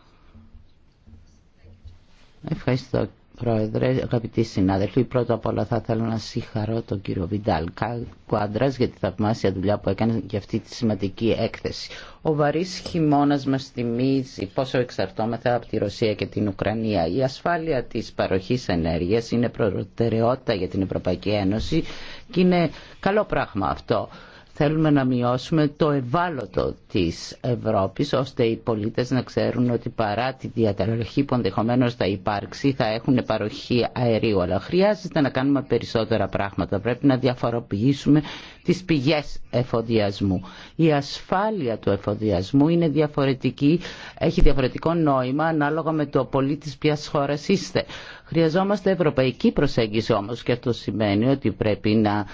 Ευχαριστώ Πρόεδρε, αγαπητοί συνάδελφοι, πρώτα απ' όλα θα ήθελα να συγχαρώ τον κύριο Βιντάλ Κουάντρας για τη θαυμάσια δουλειά που έκανε για αυτή τη σημαντική έκθεση. Ο βαρύς χειμώνας μας θυμίζει πόσο εξαρτώμεθα από τη Ρωσία και την Ουκρανία. Η ασφάλεια της παροχής ενέργειας είναι προτεραιότητα για την Ευρωπαϊκή Ένωση και είναι καλό πράγμα αυτό. Θέλουμε να μειώσουμε το ευάλωτο της Ευρώπης ώστε οι πολίτες να ξέρουν ότι παρά τη διαταραχή που ενδεχομένω θα υπάρξει θα έχουν παροχή αερίου. Αλλά χρειάζεται να κάνουμε περισσότερα πράγματα. Πρέπει να διαφοροποιήσουμε τις πηγές εφοδιασμού. Η ασφάλεια του εφοδιασμού είναι διαφορετική, έχει διαφορετικό νόημα ανάλογα με το πολίτης ποιας χώρας είστε. Χρειαζόμαστε ευρωπαϊκή προσέγγιση όμως και αυτό σημαίνει ότι πρέπει να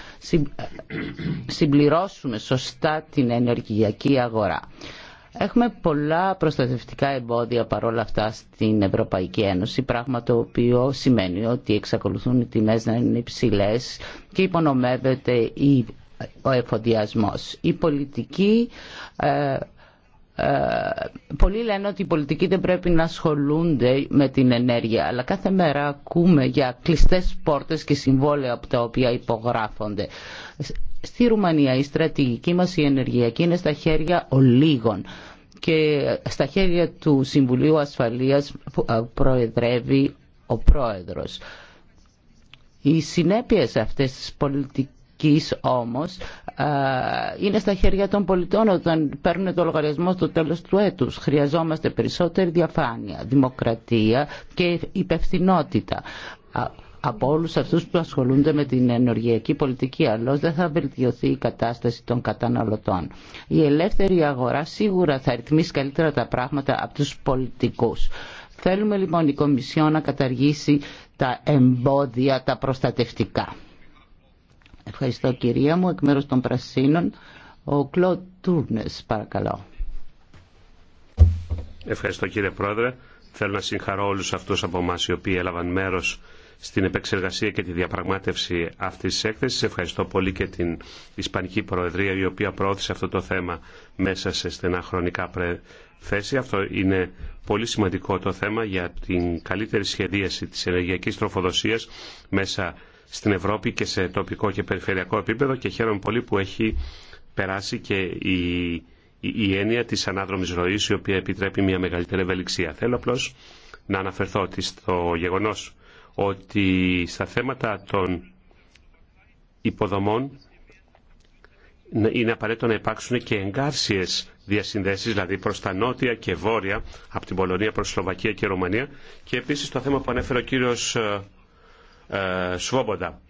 συμπληρώσουμε σωστά την ενεργειακή αγορά. Έχουμε πολλά προστατευτικά εμπόδια παρόλα αυτά στην Ευρωπαϊκή Ένωση, πράγμα το οποίο σημαίνει ότι εξακολουθούν οι τιμές να είναι υψηλέ και υπονομεύεται η ο εφοδιασμός. Η πολιτική ε, ε, πολλοί λένε ότι οι πολιτικοί δεν πρέπει να ασχολούνται με την ενέργεια αλλά κάθε μέρα ακούμε για κλειστές πόρτες και συμβόλαια από τα οποία υπογράφονται στη Ρουμανία η στρατηγική μας η ενεργειακή είναι στα χέρια ολίγων και στα χέρια του Συμβουλίου Ασφαλείας που ε, προεδρεύει ο πρόεδρος οι συνέπειες αυτές της πολιτικής όμως ε, είναι στα χέρια των πολιτών όταν παίρνουν το λογαριασμό στο τέλος του έτους. Χρειαζόμαστε περισσότερη διαφάνεια, δημοκρατία και υπευθυνότητα από όλου αυτού που ασχολούνται με την ενεργειακή πολιτική. Αλλιώ δεν θα βελτιωθεί η κατάσταση των καταναλωτών. Η ελεύθερη αγορά σίγουρα θα ρυθμίσει καλύτερα τα πράγματα από του πολιτικού. Θέλουμε λοιπόν η Κομισιό να καταργήσει τα εμπόδια, τα προστατευτικά. Ευχαριστώ κυρία μου. Εκ μέρους των Πρασίνων, ο Κλωτ Τούρνες, παρακαλώ. Ευχαριστώ κύριε Πρόεδρε. Θέλω να συγχαρώ όλους αυτούς από εμά οι οποίοι έλαβαν μέρος στην επεξεργασία και τη διαπραγμάτευση αυτής της έκθεσης. Ευχαριστώ πολύ και την Ισπανική Προεδρία η οποία προώθησε αυτό το θέμα μέσα σε στενά χρονικά θέση. Αυτό είναι πολύ σημαντικό το θέμα για την καλύτερη σχεδίαση της ενεργειακής τροφοδοσίας μέσα στην Ευρώπη και σε τοπικό και περιφερειακό επίπεδο και χαίρομαι πολύ που έχει περάσει και η, η, έννοια της ανάδρομης ροής η οποία επιτρέπει μια μεγαλύτερη ευελιξία. Θέλω απλώ να αναφερθώ ότι στο γεγονός ότι στα θέματα των υποδομών είναι απαραίτητο να υπάρξουν και εγκάρσιες διασυνδέσεις, δηλαδή προς τα νότια και βόρεια, από την Πολωνία προς Σλοβακία και Ρουμανία. Και επίσης το θέμα που ανέφερε ο κύριος ε, ε, Σβόμποντα.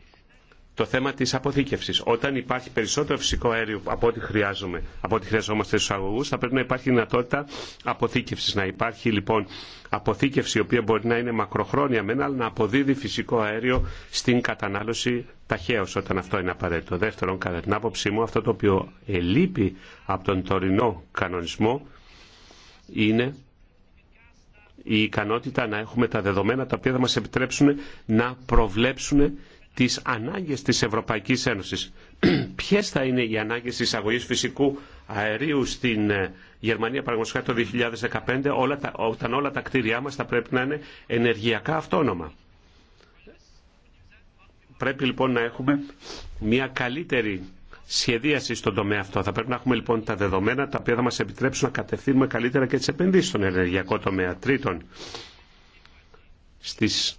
Το θέμα της αποθήκευσης. Όταν υπάρχει περισσότερο φυσικό αέριο από ό,τι χρειάζομαι, από ό,τι χρειαζόμαστε στους αγωγούς, θα πρέπει να υπάρχει δυνατότητα αποθήκευσης. Να υπάρχει λοιπόν αποθήκευση η οποία μπορεί να είναι μακροχρόνια μεν, αλλά να αποδίδει φυσικό αέριο στην κατανάλωση ταχαίως όταν αυτό είναι απαραίτητο. Δεύτερον, κατά την άποψή μου, αυτό το οποίο ελείπει από τον τωρινό κανονισμό είναι η ικανότητα να έχουμε τα δεδομένα τα οποία θα μας επιτρέψουν να προβλέψουν τις ανάγκες της Ευρωπαϊκής Ένωσης. Ποιες θα είναι οι ανάγκες της αγωγής φυσικού αερίου στην ε, Γερμανία παραγωγικά το 2015 όλα τα, όταν όλα τα κτίρια μας θα πρέπει να είναι ενεργειακά αυτόνομα. Πρέπει λοιπόν να έχουμε μια καλύτερη σχεδίαση στον τομέα αυτό. Θα πρέπει να έχουμε λοιπόν τα δεδομένα τα οποία θα μα επιτρέψουν να κατευθύνουμε καλύτερα και τι επενδύσει στον ενεργειακό τομέα. Τρίτον, στις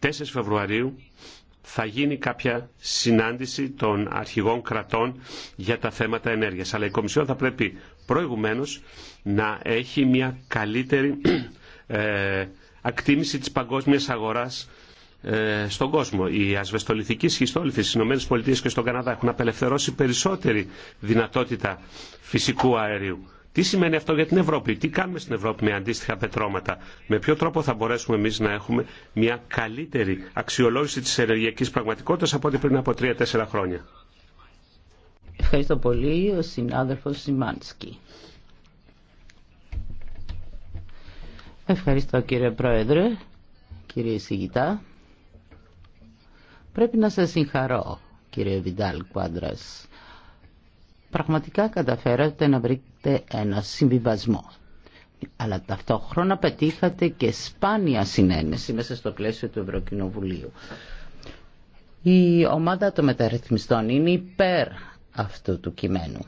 4 Φεβρουαρίου θα γίνει κάποια συνάντηση των αρχηγών κρατών για τα θέματα ενέργειας. Αλλά η Κομισιόν θα πρέπει προηγουμένως να έχει μια καλύτερη ε, ακτίμηση ε, της παγκόσμιας αγοράς ε, στον κόσμο. Οι ασβεστολιθικοί σχιστόλιθοι στι ΗΠΑ και στον Καναδά έχουν απελευθερώσει περισσότερη δυνατότητα φυσικού αερίου. Τι σημαίνει αυτό για την Ευρώπη, τι κάνουμε στην Ευρώπη με αντίστοιχα πετρώματα, με ποιο τρόπο θα μπορέσουμε εμεί να έχουμε μια καλύτερη αξιολόγηση τη ενεργειακή πραγματικότητα από ό,τι πριν από τρία-τέσσερα χρόνια. Ευχαριστώ πολύ, ο συνάδελφο Σιμάνσκι. Ευχαριστώ κύριε Πρόεδρε, κύριε Σιγητά. Πρέπει να σας συγχαρώ, κύριε Βιντάλ Κουάντρας. Πραγματικά καταφέρατε να βρείτε ένα συμβιβασμό. Αλλά ταυτόχρονα πετύχατε και σπάνια συνένεση μέσα στο πλαίσιο του Ευρωκοινοβουλίου. Η ομάδα των μεταρρυθμιστών είναι υπέρ αυτού του κειμένου.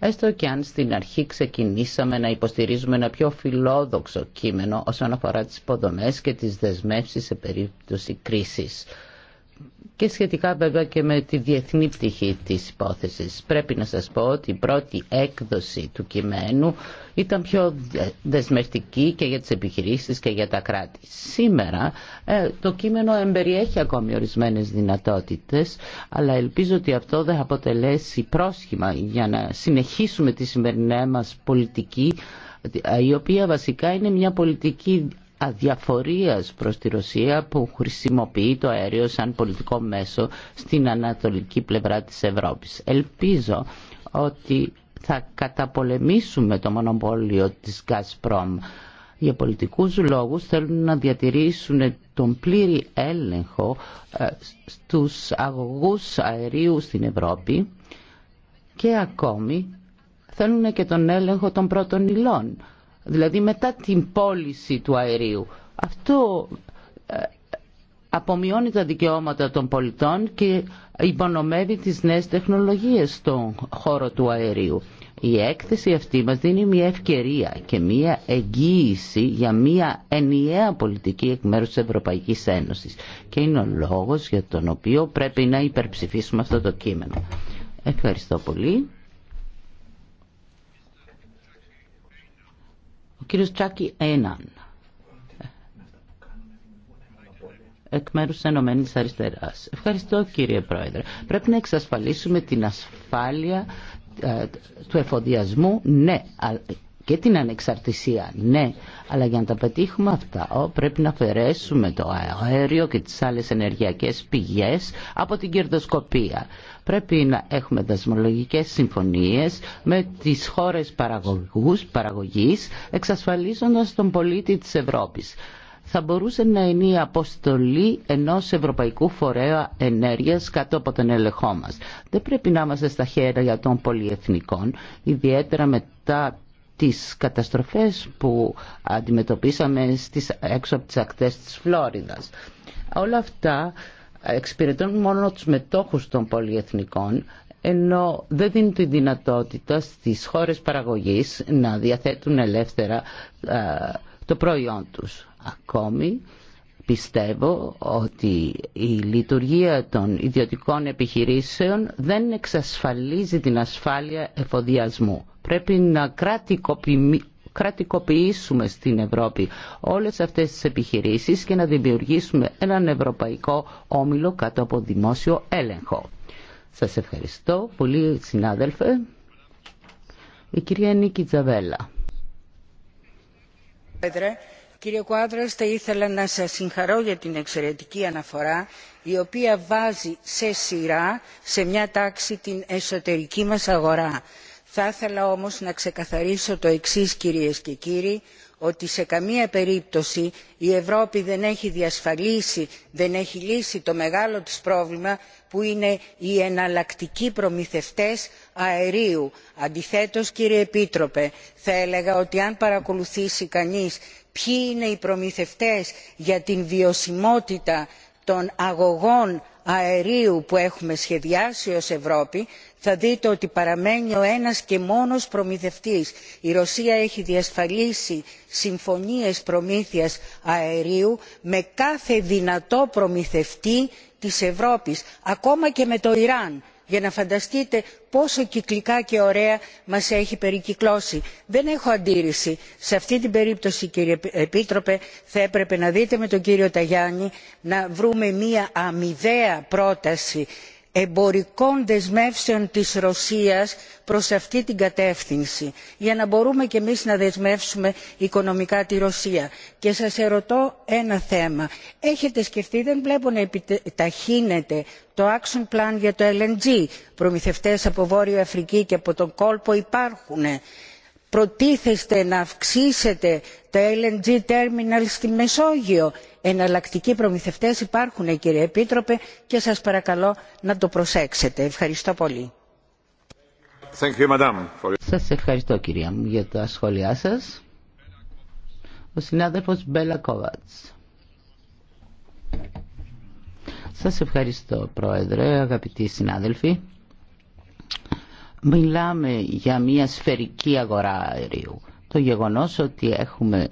Έστω και αν στην αρχή ξεκινήσαμε να υποστηρίζουμε ένα πιο φιλόδοξο κείμενο όσον αφορά τις υποδομές και τις δεσμεύσεις σε περίπτωση κρίσης και σχετικά βέβαια και με τη διεθνή πτυχή της υπόθεσης. Πρέπει να σας πω ότι η πρώτη έκδοση του κειμένου ήταν πιο δεσμευτική και για τις επιχειρήσεις και για τα κράτη. Σήμερα ε, το κείμενο εμπεριέχει ακόμη ορισμένες δυνατότητες, αλλά ελπίζω ότι αυτό δεν θα αποτελέσει πρόσχημα για να συνεχίσουμε τη σημερινή μας πολιτική η οποία βασικά είναι μια πολιτική αδιαφορίας προς τη Ρωσία που χρησιμοποιεί το αέριο σαν πολιτικό μέσο στην ανατολική πλευρά της Ευρώπης. Ελπίζω ότι θα καταπολεμήσουμε το μονοπόλιο της Gazprom. Για πολιτικούς λόγους θέλουν να διατηρήσουν τον πλήρη έλεγχο ε, στους αγωγούς αερίου στην Ευρώπη και ακόμη θέλουν και τον έλεγχο των πρώτων υλών δηλαδή μετά την πώληση του αερίου. Αυτό ε, απομειώνει τα δικαιώματα των πολιτών και υπονομεύει τις νέες τεχνολογίες στον χώρο του αερίου. Η έκθεση αυτή μας δίνει μια ευκαιρία και μια εγγύηση για μια ενιαία πολιτική εκ μέρους της Ευρωπαϊκής Ένωσης και είναι ο λόγος για τον οποίο πρέπει να υπερψηφίσουμε αυτό το κείμενο. Ευχαριστώ πολύ. Ο κύριος Τσάκη Έναν. εκ μέρους της Ευχαριστώ κύριε Πρόεδρε. Πρέπει να εξασφαλίσουμε την ασφάλεια ε, του εφοδιασμού, ναι, και την ανεξαρτησία, ναι, αλλά για να τα πετύχουμε αυτά πρέπει να αφαιρέσουμε το αέριο και τις άλλες ενεργειακές πηγές από την κερδοσκοπία. Πρέπει να έχουμε δασμολογικές συμφωνίες με τις χώρες παραγωγούς, παραγωγής, εξασφαλίζοντας τον πολίτη της Ευρώπης θα μπορούσε να είναι η αποστολή ενός Ευρωπαϊκού Φορέα Ενέργειας κάτω από τον ελεγχό μας. Δεν πρέπει να είμαστε στα χέρια των πολιεθνικών, ιδιαίτερα μετά τις καταστροφές που αντιμετωπίσαμε στις, έξω από τις ακτές της Φλόριδας. Όλα αυτά εξυπηρετούν μόνο τους μετόχους των πολυεθνικών ενώ δεν δίνουν τη δυνατότητα στις χώρες παραγωγής να διαθέτουν ελεύθερα ε, το προϊόν τους. Ακόμη πιστεύω ότι η λειτουργία των ιδιωτικών επιχειρήσεων δεν εξασφαλίζει την ασφάλεια εφοδιασμού. Πρέπει να κρατικοποιηθεί κρατικοποιήσουμε στην Ευρώπη όλες αυτές τις επιχειρήσεις και να δημιουργήσουμε έναν ευρωπαϊκό όμιλο κάτω από δημόσιο έλεγχο. Σας ευχαριστώ πολύ συνάδελφε. Η κυρία Νίκη Τζαβέλα. Κύριε Κουάδρας, θα ήθελα να σας συγχαρώ για την εξαιρετική αναφορά η οποία βάζει σε σειρά, σε μια τάξη, την εσωτερική μας αγορά θα ήθελα όμως να ξεκαθαρίσω το εξής κυρίες και κύριοι ότι σε καμία περίπτωση η ευρώπη δεν έχει διασφαλίσει δεν έχει λύσει το μεγάλο της πρόβλημα που είναι οι εναλλακτικοί προμηθευτές αερίου. αντιθέτως κύριε επίτροπε θα έλεγα ότι αν παρακολουθήσει κανείς ποιοι είναι οι προμηθευτές για την βιωσιμότητα των αγωγών αερίου που έχουμε σχεδιάσει ως ευρώπη θα δείτε ότι παραμένει ο ένας και μόνος προμηθευτής. η ρωσία έχει διασφαλίσει συμφωνίες προμήθειας αερίου με κάθε δυνατό προμηθευτή της ευρώπης ακόμα και με το ιράν για να φανταστείτε πόσο κυκλικά και ωραία μας έχει περικυκλώσει. δεν έχω αντίρρηση. σε αυτή την περίπτωση κύριε επίτροπε θα έπρεπε να δείτε με τον κύριο ταγιάννη να βρούμε μια αμοιβαία πρόταση εμπορικών δεσμεύσεων της ρωσίας προς αυτή την κατεύθυνση για να μπορούμε και εμείς να δεσμεύσουμε οικονομικά τη ρωσία. και σας ερωτώ ένα θέμα έχετε σκεφτεί δεν βλέπω να επιταχύνεται το action plan για το lng προμηθευτές από βόρειο αφρική και από τον κόλπο υπάρχουν προτίθεστε να αυξήσετε τα lng terminal στη μεσόγειο; εναλλακτικοί προμηθευτέ υπάρχουν κύριε επίτροπε και σας παρακαλώ να το προσέξετε. ευχαριστώ πολύ. Σας ευχαριστώ κυρία μου για τα σχόλιά σας. Ο συνάδελφος Μπέλα Κόβατς. Σας ευχαριστώ πρόεδρε, αγαπητοί συνάδελφοι. Μιλάμε για μια σφαιρική αγορά αερίου. Το γεγονός ότι έχουμε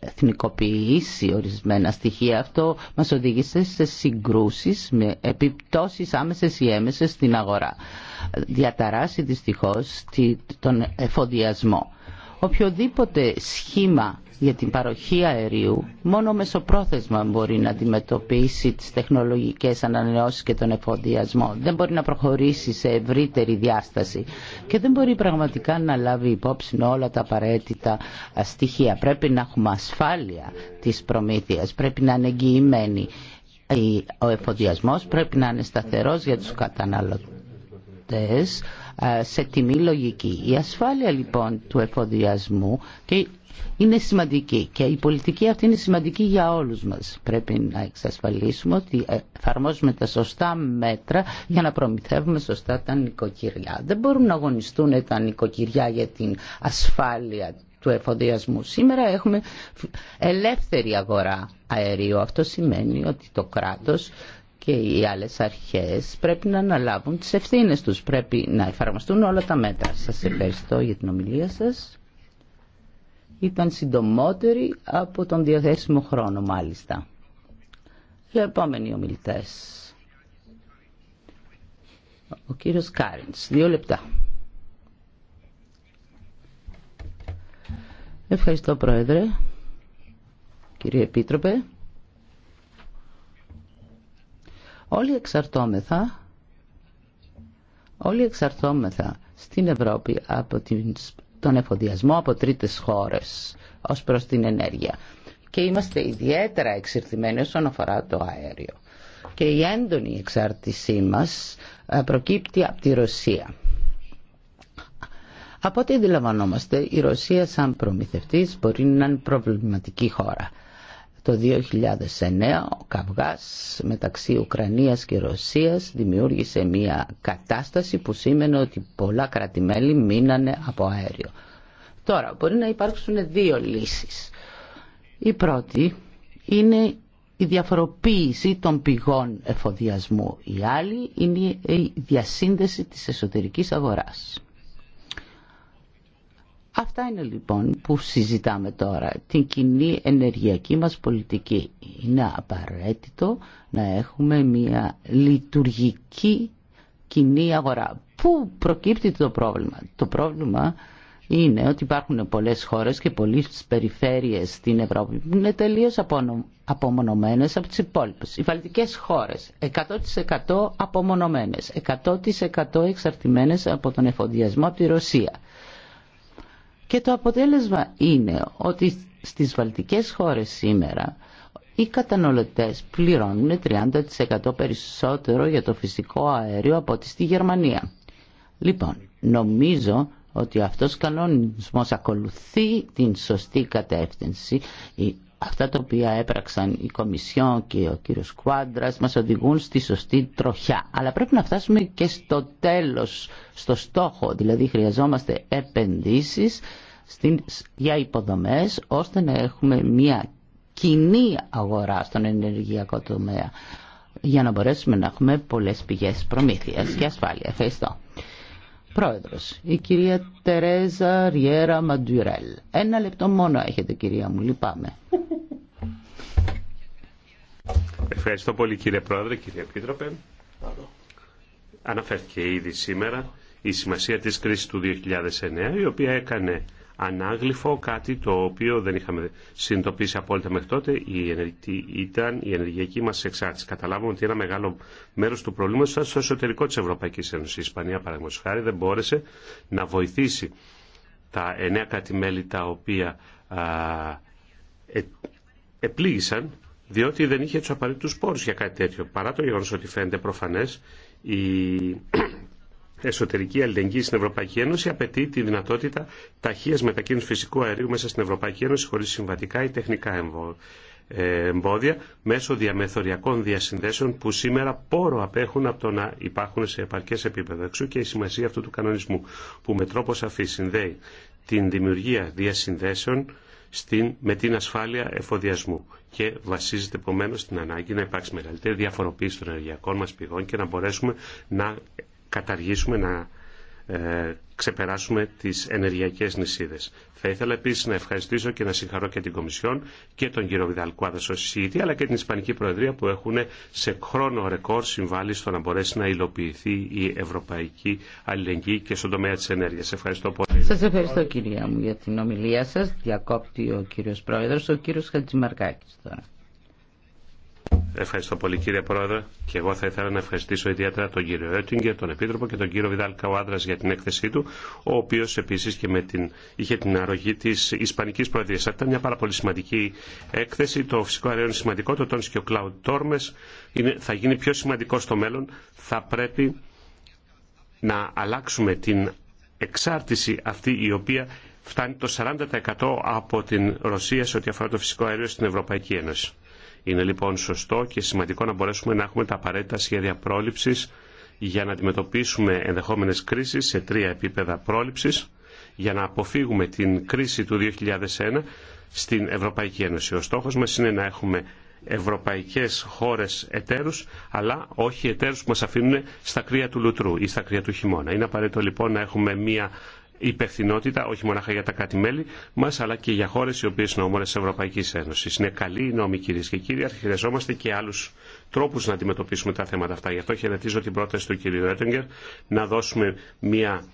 εθνικοποιήσει ορισμένα στοιχεία. Αυτό μας οδήγησε σε συγκρούσεις με επιπτώσεις άμεσες ή έμεσες στην αγορά. Διαταράσει δυστυχώς τον εφοδιασμό οποιοδήποτε σχήμα για την παροχή αερίου μόνο μεσοπρόθεσμα μπορεί να αντιμετωπίσει τις τεχνολογικές ανανεώσεις και τον εφοδιασμό. Δεν μπορεί να προχωρήσει σε ευρύτερη διάσταση και δεν μπορεί πραγματικά να λάβει υπόψη όλα τα απαραίτητα στοιχεία. Πρέπει να έχουμε ασφάλεια της προμήθειας, πρέπει να είναι εγγυημένη. Ο εφοδιασμός πρέπει να είναι σταθερός για τους καταναλωτές ε, σε τιμή λογική. Η ασφάλεια λοιπόν του εφοδιασμού και είναι σημαντική και η πολιτική αυτή είναι σημαντική για όλους μας. Πρέπει να εξασφαλίσουμε ότι εφαρμόζουμε τα σωστά μέτρα για να προμηθεύουμε σωστά τα νοικοκυριά. Δεν μπορούν να αγωνιστούν τα νοικοκυριά για την ασφάλεια του εφοδιασμού. Σήμερα έχουμε ελεύθερη αγορά αερίου. Αυτό σημαίνει ότι το κράτος και οι άλλες αρχές πρέπει να αναλάβουν τις ευθύνες τους. Πρέπει να εφαρμοστούν όλα τα μέτρα. Σας ευχαριστώ για την ομιλία σας. Ήταν συντομότερη από τον διαθέσιμο χρόνο μάλιστα. Για επόμενοι ομιλητές. Ο κύριος Κάριντς, δύο λεπτά. Ευχαριστώ Πρόεδρε, κύριε Επίτροπε. Όλοι εξαρτώμεθα, όλοι εξαρτώμεθα στην Ευρώπη από τον εφοδιασμό από τρίτες χώρες ως προς την ενέργεια. Και είμαστε ιδιαίτερα εξερθυμένοι όσον αφορά το αέριο. Και η έντονη εξάρτησή μας ε, προκύπτει από τη Ρωσία. Από ό,τι αντιλαμβανόμαστε, η Ρωσία σαν προμηθευτής μπορεί να είναι προβληματική χώρα. Το 2009 ο καυγάς μεταξύ Ουκρανίας και Ρωσίας δημιούργησε μια κατάσταση που σήμαινε ότι πολλά κρατημέλη μείνανε από αέριο. Τώρα μπορεί να υπάρξουν δύο λύσεις. Η πρώτη είναι η διαφοροποίηση των πηγών εφοδιασμού. Η άλλη είναι η διασύνδεση της εσωτερικής αγοράς. Αυτά είναι λοιπόν που συζητάμε τώρα. Την κοινή ενεργειακή μας πολιτική. Είναι απαραίτητο να έχουμε μια λειτουργική κοινή αγορά. Πού προκύπτει το πρόβλημα. Το πρόβλημα είναι ότι υπάρχουν πολλές χώρες και πολλές περιφέρειες στην Ευρώπη που είναι τελείως απομονωμένες από τις υπόλοιπες. Οι βαλτικές χώρες 100% απομονωμένες, 100% εξαρτημένες από τον εφοδιασμό από τη Ρωσία. Και το αποτέλεσμα είναι ότι στις βαλτικές χώρες σήμερα οι καταναλωτές πληρώνουν 30% περισσότερο για το φυσικό αέριο από ό,τι στη Γερμανία. Λοιπόν, νομίζω ότι αυτός ο κανονισμός ακολουθεί την σωστή κατεύθυνση αυτά τα οποία έπραξαν η Κομισιόν και ο κύριος Κουάντρας μας οδηγούν στη σωστή τροχιά. Αλλά πρέπει να φτάσουμε και στο τέλος, στο στόχο. Δηλαδή χρειαζόμαστε επενδύσεις για υποδομές ώστε να έχουμε μια κοινή αγορά στον ενεργειακό τομέα για να μπορέσουμε να έχουμε πολλές πηγές προμήθειας και ασφάλεια. Ευχαριστώ. Πρόεδρος, η κυρία Τερέζα Ριέρα Μαντουρέλ. Ένα λεπτό μόνο έχετε κυρία μου, λυπάμαι. Ευχαριστώ πολύ κύριε Πρόεδρε, κύριε Επίτροπε. Αναφέρθηκε ήδη σήμερα η σημασία της κρίσης του 2009, η οποία έκανε ανάγλυφο, κάτι το οποίο δεν είχαμε συνειδητοποιήσει απόλυτα μέχρι τότε, ήταν η ενεργειακή μας εξάρτηση. Καταλάβουμε ότι ένα μεγάλο μέρος του προβλήματος ήταν στο εσωτερικό της Ευρωπαϊκής Ένωσης. Η Ισπανία, παραδείγματος χάρη, δεν μπόρεσε να βοηθήσει τα εννέα κατημέλη τα οποία α, ε, επλήγησαν, διότι δεν είχε τους απαραίτητους πόρους για κάτι τέτοιο. Παρά το γεγονός ότι φαίνεται προφανές, η εσωτερική αλληλεγγύη στην Ευρωπαϊκή Ένωση απαιτεί τη δυνατότητα ταχεία μετακίνηση φυσικού αερίου μέσα στην Ευρωπαϊκή Ένωση χωρί συμβατικά ή τεχνικά ε, εμπόδια μέσω διαμεθοριακών διασυνδέσεων που σήμερα πόρο απέχουν από το να υπάρχουν σε επαρκέ επίπεδο. Εξού και η σημασία αυτού του κανονισμού που με τρόπο σαφή συνδέει την δημιουργία διασυνδέσεων στην, με την ασφάλεια εφοδιασμού και βασίζεται επομένω στην ανάγκη να υπάρξει μεγαλύτερη διαφοροποίηση των ενεργειακών μα πηγών και να μπορέσουμε να καταργήσουμε, να ε, ξεπεράσουμε τις ενεργειακές νησίδες. Θα ήθελα επίσης να ευχαριστήσω και να συγχαρώ και την Κομισιόν και τον κύριο Βιδαλκουάδα ως εισηγητή, αλλά και την Ισπανική Προεδρία που έχουν σε χρόνο ρεκόρ συμβάλει στο να μπορέσει να υλοποιηθεί η ευρωπαϊκή αλληλεγγύη και στον τομέα της ενέργειας. Ευχαριστώ πολύ. Σας ευχαριστώ κυρία μου για την ομιλία σας. Διακόπτει ο κύριος Πρόεδρος, ο κύριο Χατζημαρκάκη τώρα. Ευχαριστώ πολύ κύριε Πρόεδρε και εγώ θα ήθελα να ευχαριστήσω ιδιαίτερα τον κύριο Έτιγκερ, τον Επίτροπο και τον κύριο Βιδάλ Καουάντρα για την έκθεσή του, ο οποίο επίση και με την, είχε την αρρωγή τη Ισπανική Προεδρία. ήταν μια πάρα πολύ σημαντική έκθεση. Το φυσικό αέριο είναι σημαντικό, το τόνισε και ο κλάουτ Τόρμε. Θα γίνει πιο σημαντικό στο μέλλον. Θα πρέπει να αλλάξουμε την εξάρτηση αυτή η οποία φτάνει το 40% από την Ρωσία σε ό,τι αφορά το φυσικό αέριο στην Ευρωπαϊκή Ένωση. Είναι λοιπόν σωστό και σημαντικό να μπορέσουμε να έχουμε τα απαραίτητα σχέδια πρόληψη για να αντιμετωπίσουμε ενδεχόμενες κρίσεις σε τρία επίπεδα πρόληψης για να αποφύγουμε την κρίση του 2001 στην Ευρωπαϊκή Ένωση. Ο στόχος μας είναι να έχουμε ευρωπαϊκές χώρες εταίρους, αλλά όχι εταίρους που μας αφήνουν στα κρύα του λουτρού ή στα κρύα του χειμώνα. Είναι απαραίτητο λοιπόν να έχουμε μια υπευθυνότητα όχι μόνο για τα κράτη-μέλη μα, αλλά και για χώρε οι οποίε είναι όμορε τη Ευρωπαϊκή Ένωση. Είναι καλή η νόμη, κυρίε και κύριοι, χρειαζόμαστε και άλλου τρόπου να αντιμετωπίσουμε τα θέματα αυτά. Γι' αυτό χαιρετίζω την πρόταση του κυρίου Ρέτεγκερ να δώσουμε μία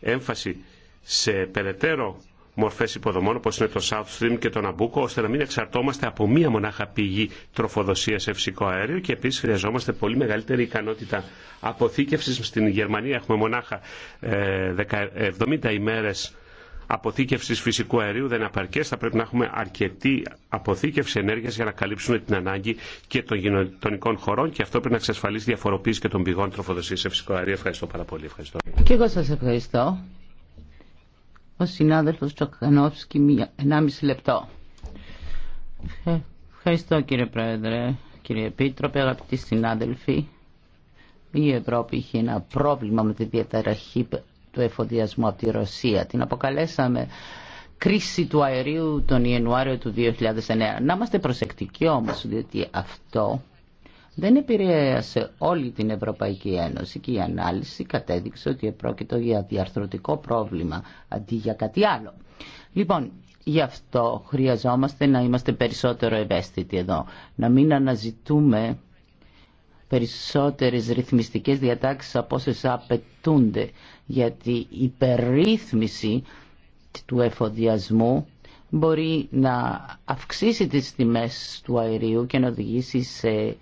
έμφαση σε περαιτέρω Μορφέ υποδομών όπω είναι το South Stream και το Ναμπούκο ώστε να μην εξαρτώμαστε από μία μονάχα πηγή τροφοδοσία σε φυσικό αέριο και επίση χρειαζόμαστε πολύ μεγαλύτερη ικανότητα αποθήκευση. Στην Γερμανία έχουμε μονάχα 70 ε, ημέρε αποθήκευση φυσικού αερίου δεν είναι απαρκέ. Θα πρέπει να έχουμε αρκετή αποθήκευση ενέργεια για να καλύψουμε την ανάγκη και των γειτονικών χωρών και αυτό πρέπει να εξασφαλίσει διαφοροποίηση και των πηγών τροφοδοσία σε φυσικό αερίο. Ευχαριστώ πάρα πολύ. Ευχαριστώ. Και εγώ σα ευχαριστώ. Ο συνάδελφος Τσοκανόφσκι, 1,5 λεπτό. Ευχαριστώ κύριε Πρόεδρε, κύριε Επίτροπε, αγαπητοί συνάδελφοι. Η Ευρώπη είχε ένα πρόβλημα με τη διαταραχή του εφοδιασμού από τη Ρωσία. Την αποκαλέσαμε κρίση του αερίου τον Ιανουάριο του 2009. Να είμαστε προσεκτικοί όμως, διότι αυτό δεν επηρέασε όλη την Ευρωπαϊκή Ένωση και η ανάλυση κατέδειξε ότι επρόκειτο για διαρθρωτικό πρόβλημα αντί για κάτι άλλο. Λοιπόν, γι' αυτό χρειαζόμαστε να είμαστε περισσότερο ευαίσθητοι εδώ, να μην αναζητούμε περισσότερες ρυθμιστικές διατάξεις από όσες απαιτούνται, γιατί η υπερρύθμιση του εφοδιασμού μπορεί να αυξήσει τις τιμές του αερίου και να οδηγήσει σε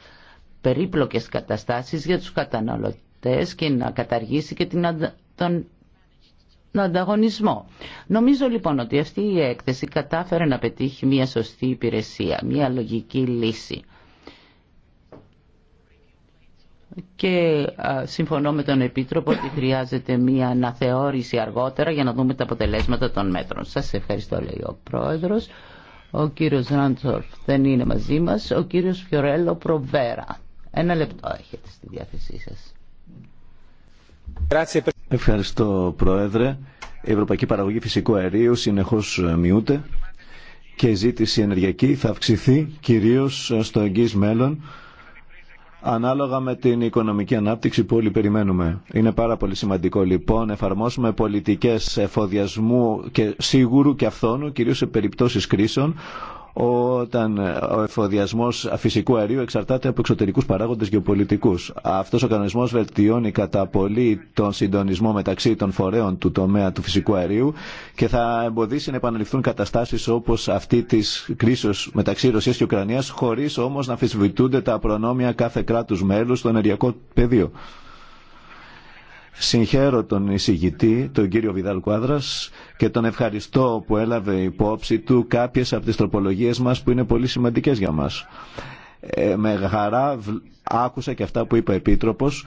περίπλοκες καταστάσεις για τους καταναλωτές και να καταργήσει και την, τον ανταγωνισμό. Νομίζω λοιπόν ότι αυτή η έκθεση κατάφερε να πετύχει μια σωστή υπηρεσία, μια λογική λύση. Και συμφωνώ με τον Επίτροπο ότι χρειάζεται μια αναθεώρηση αργότερα για να δούμε τα αποτελέσματα των μέτρων. Σας ευχαριστώ λέει ο Πρόεδρος. Ο κύριος Ράντσορφ δεν είναι μαζί μας. Ο κύριος Φιωρέλο Προβέρα. Ένα λεπτό έχετε στη διάθεσή σας. Ευχαριστώ Πρόεδρε. Η ευρωπαϊκή παραγωγή φυσικού αερίου συνεχώς ε, μειούται και η ζήτηση ενεργειακή θα αυξηθεί κυρίως ε, στο εγγύς μέλλον ανάλογα με την οικονομική ανάπτυξη που όλοι περιμένουμε. Είναι πάρα πολύ σημαντικό λοιπόν εφαρμόσουμε πολιτικές εφοδιασμού και σίγουρου και αυθόνου κυρίως σε περιπτώσεις κρίσεων όταν ο εφοδιασμός φυσικού αερίου εξαρτάται από εξωτερικούς παράγοντες γεωπολιτικού. Αυτός ο κανονισμός βελτιώνει κατά πολύ τον συντονισμό μεταξύ των φορέων του τομέα του φυσικού αερίου και θα εμποδίσει να επαναληφθούν καταστάσεις όπως αυτή της κρίσης μεταξύ Ρωσία και Ουκρανίας χωρίς όμως να αμφισβητούνται τα προνόμια κάθε κράτου μέλους στο ενεργειακό πεδίο. Συγχαίρω τον εισηγητή, τον κύριο Βιδάλ Κουάδρας και τον ευχαριστώ που έλαβε υπόψη του κάποιες από τις τροπολογίες μας που είναι πολύ σημαντικές για μας. Ε, με χαρά άκουσα και αυτά που είπε ο Επίτροπος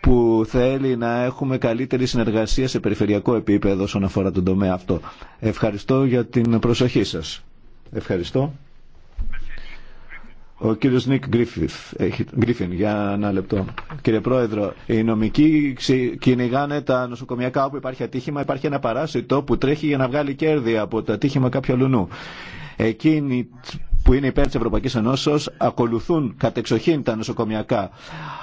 που θέλει να έχουμε καλύτερη συνεργασία σε περιφερειακό επίπεδο όσον αφορά τον τομέα αυτό. Ευχαριστώ για την προσοχή σας. Ευχαριστώ. Ο κύριος Νίκ Γκρίφιθ, Γκρίφιν, για ένα λεπτό. Κύριε Πρόεδρο, οι νομικοί κυνηγάνε τα νοσοκομιακά όπου υπάρχει ατύχημα, υπάρχει ένα παράσιτο που τρέχει για να βγάλει κέρδη από το ατύχημα κάποιου αλουνού που είναι υπέρ τη Ευρωπαϊκής Ένωσης, ακολουθούν κατεξοχήν τα νοσοκομιακά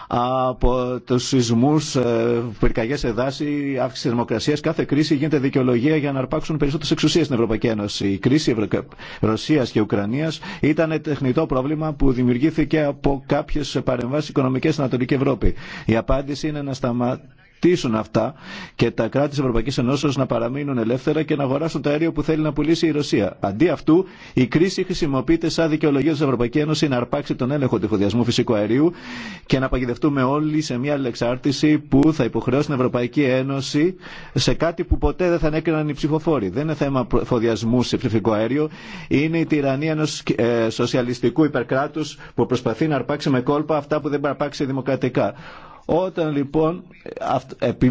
από τους σεισμούς, ε, πυρκαγιέ σε δάση, αύξηση θερμοκρασία. Κάθε κρίση γίνεται δικαιολογία για να αρπάξουν περισσότερες εξουσίες στην Ευρωπαϊκή Ένωση. Η κρίση Ρωσία και Ουκρανίας ήταν τεχνητό πρόβλημα που δημιουργήθηκε από κάποιες παρεμβάσει οικονομικέ στην Ανατολική Ευρώπη. Η απάντηση είναι να σταματήσουμε αυτά και τα κράτη τη Ευρωπαϊκή Ένωση να παραμείνουν ελεύθερα και να αγοράσουν το αέριο που θέλει να πουλήσει η Ρωσία. Αντί αυτού, η κρίση χρησιμοποιείται σαν δικαιολογία τη Ευρωπαϊκή Ένωση να αρπάξει τον έλεγχο του εφοδιασμού φυσικού αερίου και να παγιδευτούμε όλοι σε μια αλληλεξάρτηση που θα υποχρεώσει την Ευρωπαϊκή Ένωση σε κάτι που ποτέ δεν θα ανέκριναν οι ψηφοφόροι. Δεν είναι θέμα εφοδιασμού σε ψηφικό αέριο, είναι η τυραννία ενό ε, σοσιαλιστικού υπερκράτου που προσπαθεί να αρπάξει με κόλπα αυτά που δεν παραπάξει δημοκρατικά. Όταν λοιπόν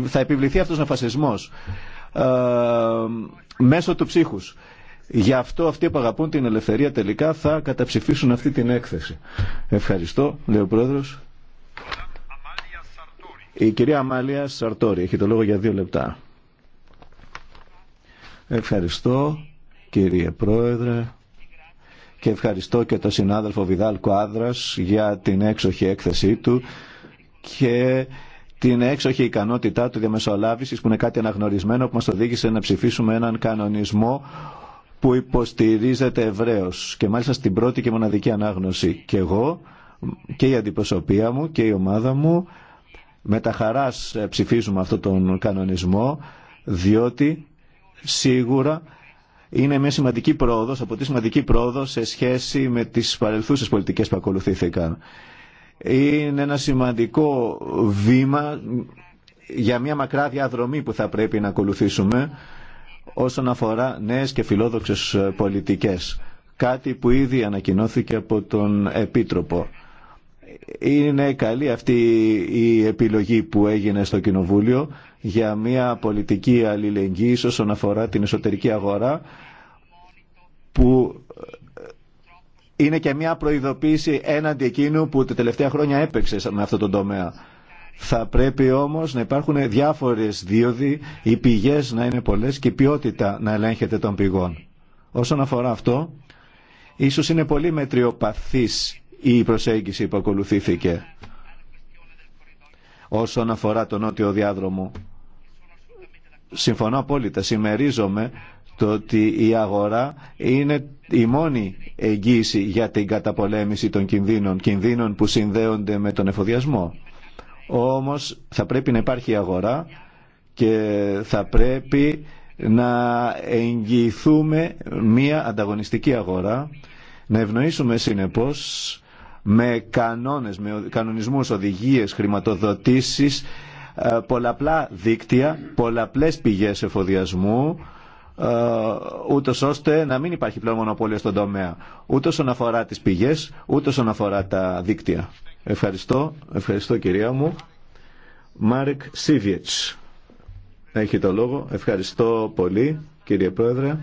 θα επιβληθεί αυτός ο φασισμός ε, μέσω του ψύχους, γι' αυτό αυτοί που αγαπούν την ελευθερία τελικά θα καταψηφίσουν αυτή την έκθεση. Ευχαριστώ, λέει ο Πρόεδρος. Η κυρία Αμάλια Σαρτόρη έχει το λόγο για δύο λεπτά. Ευχαριστώ κύριε Πρόεδρε και ευχαριστώ και τον συνάδελφο Βιδάλ Κουάδρας για την έξοχη έκθεσή του και την έξοχη ικανότητά του διαμεσολάβησης που είναι κάτι αναγνωρισμένο που μας οδήγησε να ψηφίσουμε έναν κανονισμό που υποστηρίζεται ευρέω και μάλιστα στην πρώτη και μοναδική ανάγνωση. Και εγώ και η αντιπροσωπεία μου και η ομάδα μου με τα χαράς ψηφίζουμε αυτόν τον κανονισμό διότι σίγουρα είναι μια σημαντική πρόοδος, από τη σημαντική πρόοδος σε σχέση με τις παρελθούσες πολιτικές που ακολουθήθηκαν είναι ένα σημαντικό βήμα για μια μακρά διαδρομή που θα πρέπει να ακολουθήσουμε όσον αφορά νέες και φιλόδοξες πολιτικές. Κάτι που ήδη ανακοινώθηκε από τον Επίτροπο. Είναι καλή αυτή η επιλογή που έγινε στο Κοινοβούλιο για μια πολιτική αλληλεγγύη όσον αφορά την εσωτερική αγορά που είναι και μια προειδοποίηση έναντι εκείνου που τα τελευταία χρόνια έπαιξε με αυτό τον τομέα. Θα πρέπει όμως να υπάρχουν διάφορες δίωδοι, οι να είναι πολλές και η ποιότητα να ελέγχεται των πηγών. Όσον αφορά αυτό, ίσως είναι πολύ μετριοπαθής η προσέγγιση που ακολουθήθηκε όσον αφορά τον νότιο διάδρομο. Συμφωνώ απόλυτα, συμμερίζομαι το ότι η αγορά είναι η μόνη εγγύηση για την καταπολέμηση των κινδύνων, κινδύνων που συνδέονται με τον εφοδιασμό. Όμως θα πρέπει να υπάρχει αγορά και θα πρέπει να εγγυηθούμε μία ανταγωνιστική αγορά, να ευνοήσουμε συνεπώς με κανόνες, με κανονισμούς, οδηγίες, χρηματοδοτήσεις, ε, πολλαπλά δίκτυα, πολλαπλές πηγές εφοδιασμού, ε, ούτως ώστε να μην υπάρχει πλέον μονοπόλιο στον τομέα. Ούτε όσον αφορά τις πηγές, ούτε όσον αφορά τα δίκτυα. Ευχαριστώ, ευχαριστώ κυρία μου. Μάρικ Σίβιετς. Έχει το λόγο. Ευχαριστώ πολύ κύριε Πρόεδρε,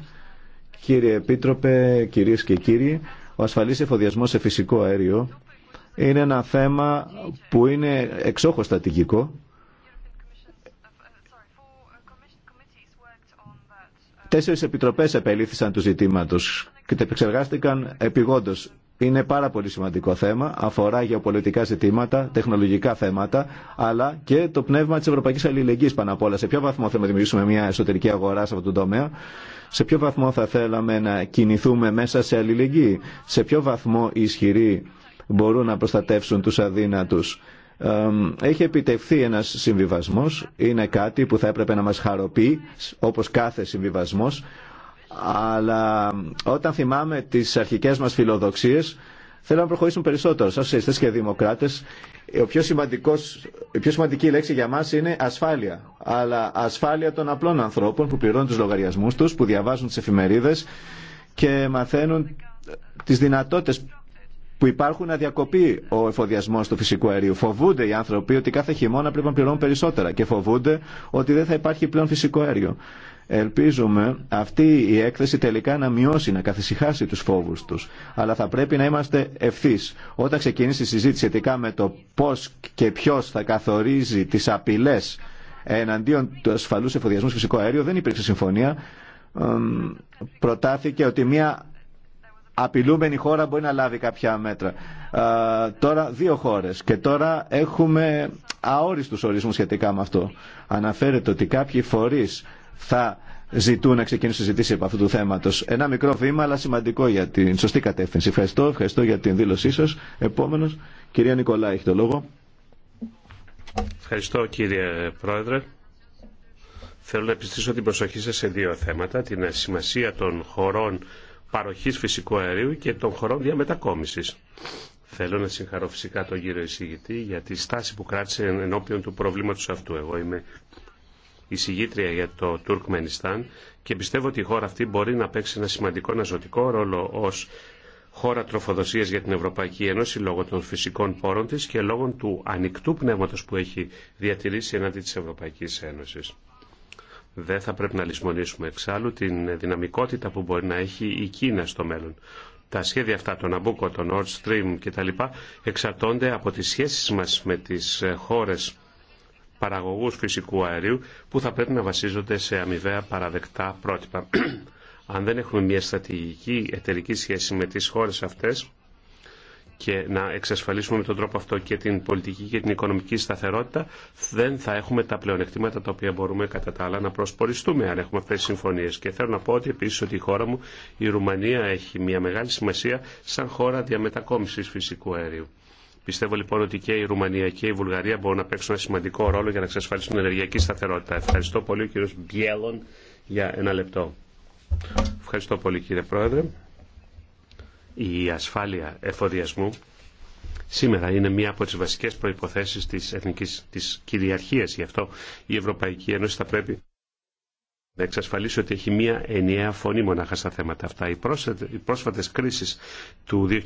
κύριε Επίτροπε, κυρίες και κύριοι. Ο ασφαλής εφοδιασμός σε φυσικό αέριο είναι ένα θέμα που είναι εξόχως στατηγικό Τέσσερι επιτροπέ επελήφθησαν του ζητήματο και τα επεξεργάστηκαν επιγόντω. Είναι πάρα πολύ σημαντικό θέμα, αφορά γεωπολιτικά ζητήματα, τεχνολογικά θέματα, αλλά και το πνεύμα τη Ευρωπαϊκή αλληλεγγύης πάνω απ' όλα. Σε ποιο βαθμό θέλουμε να δημιουργήσουμε μια εσωτερική αγορά σε αυτόν τον τομέα, σε ποιο βαθμό θα θέλαμε να κινηθούμε μέσα σε αλληλεγγύη, σε ποιο βαθμό οι ισχυροί μπορούν να προστατεύσουν τους αδύνατους έχει επιτευχθεί ένας συμβιβασμός, είναι κάτι που θα έπρεπε να μας χαροποιεί όπως κάθε συμβιβασμός, αλλά όταν θυμάμαι τις αρχικές μας φιλοδοξίες θέλω να προχωρήσουμε περισσότερο. Σαν σοσιαλιστές και δημοκράτες, ο πιο σημαντικός, η πιο σημαντική λέξη για μας είναι ασφάλεια. Αλλά ασφάλεια των απλών ανθρώπων που πληρώνουν τους λογαριασμούς τους, που διαβάζουν τις εφημερίδες και μαθαίνουν τις δυνατότητες που υπάρχουν να διακοπεί ο εφοδιασμό του φυσικού αερίου. Φοβούνται οι άνθρωποι ότι κάθε χειμώνα πρέπει να πληρώνουν περισσότερα και φοβούνται ότι δεν θα υπάρχει πλέον φυσικό αέριο. Ελπίζουμε αυτή η έκθεση τελικά να μειώσει, να καθησυχάσει του φόβου του. Αλλά θα πρέπει να είμαστε ευθύ. Όταν ξεκινήσει η συζήτηση σχετικά με το πώ και ποιο θα καθορίζει τι απειλέ εναντίον του ασφαλού εφοδιασμού φυσικού αέριο, δεν υπήρξε συμφωνία. Προτάθηκε ότι μια απειλούμενη χώρα μπορεί να λάβει κάποια μέτρα. Ε, τώρα δύο χώρες και τώρα έχουμε αόριστους ορισμού σχετικά με αυτό. Αναφέρεται ότι κάποιοι φορείς θα ζητούν να ξεκινήσουν συζητήσει από αυτού του θέματο. Ένα μικρό βήμα, αλλά σημαντικό για την σωστή κατεύθυνση. Ευχαριστώ, ευχαριστώ για την δήλωσή σα. Επόμενο, κυρία Νικολά, έχει το λόγο. Ευχαριστώ, κύριε Πρόεδρε. Θέλω να επιστήσω την προσοχή σας σε δύο θέματα. Την σημασία των χωρών παροχής φυσικού αερίου και των χωρών διαμετακόμισης. Θέλω να συγχαρώ φυσικά τον κύριο εισηγητή για τη στάση που κράτησε ενώπιον του προβλήματος αυτού. Εγώ είμαι εισηγήτρια για το Τουρκμενιστάν και πιστεύω ότι η χώρα αυτή μπορεί να παίξει ένα σημαντικό, ναζωτικό ρόλο ως χώρα τροφοδοσία για την Ευρωπαϊκή Ένωση λόγω των φυσικών πόρων τη και λόγω του ανοιχτού πνεύματο που έχει διατηρήσει εναντί τη Ευρωπαϊκή Ένωση. Δεν θα πρέπει να λησμονήσουμε εξάλλου την δυναμικότητα που μπορεί να έχει η Κίνα στο μέλλον. Τα σχέδια αυτά, το Ναμπούκο, το Nord Stream κτλ. εξαρτώνται από τις σχέσεις μας με τις ε, χώρες παραγωγούς φυσικού αερίου που θα πρέπει να βασίζονται σε αμοιβαία παραδεκτά πρότυπα. Αν δεν έχουμε μια στρατηγική εταιρική σχέση με τις χώρες αυτές, και να εξασφαλίσουμε με τον τρόπο αυτό και την πολιτική και την οικονομική σταθερότητα, δεν θα έχουμε τα πλεονεκτήματα τα οποία μπορούμε κατά τα άλλα να προσποριστούμε αν έχουμε αυτέ τι συμφωνίε. Και θέλω να πω ότι επίση ότι η χώρα μου, η Ρουμανία, έχει μια μεγάλη σημασία σαν χώρα διαμετακόμιση φυσικού αερίου. Πιστεύω λοιπόν ότι και η Ρουμανία και η Βουλγαρία μπορούν να παίξουν ένα σημαντικό ρόλο για να εξασφαλίσουν την ενεργειακή σταθερότητα. Ευχαριστώ πολύ, κύριο Μπιέλον για ένα λεπτό. Ευχαριστώ πολύ, κύριε Πρόεδρε η ασφάλεια εφοδιασμού σήμερα είναι μία από τις βασικές προϋποθέσεις της, εθνικής, της κυριαρχίας. Γι' αυτό η Ευρωπαϊκή Ένωση θα πρέπει να εξασφαλίσει ότι έχει μία ενιαία φωνή μονάχα στα θέματα αυτά. Οι, πρόσφατες, οι κρίσεις του 2004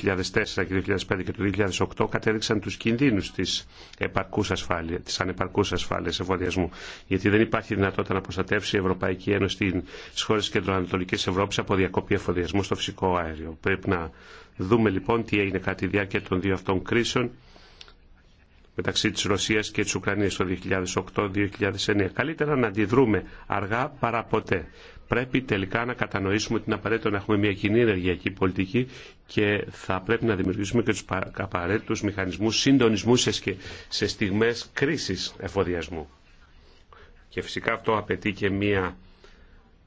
και 2005 και του 2008 κατέδειξαν τους κινδύνους της, επαρκούς ασφάλεια, της ανεπαρκούς ασφάλειας εφοδιασμού. Γιατί δεν υπάρχει δυνατότητα να προστατεύσει η Ευρωπαϊκή Ένωση στις χώρες της Κεντροανατολικής Ευρώπης από διακοπή εφοδιασμού στο φυσικό αέριο. Πρέπει να δούμε λοιπόν τι έγινε κατά τη διάρκεια των δύο αυτών κρίσεων μεταξύ της Ρωσίας και της Ουκρανίας το 2008-2009. Καλύτερα να αντιδρούμε αργά παρά ποτέ. Πρέπει τελικά να κατανοήσουμε ότι είναι απαραίτητο να έχουμε μια κοινή ενεργειακή πολιτική και θα πρέπει να δημιουργήσουμε και τους απαραίτητους μηχανισμούς συντονισμού σε στιγμές κρίσης εφοδιασμού. Και φυσικά αυτό απαιτεί και μια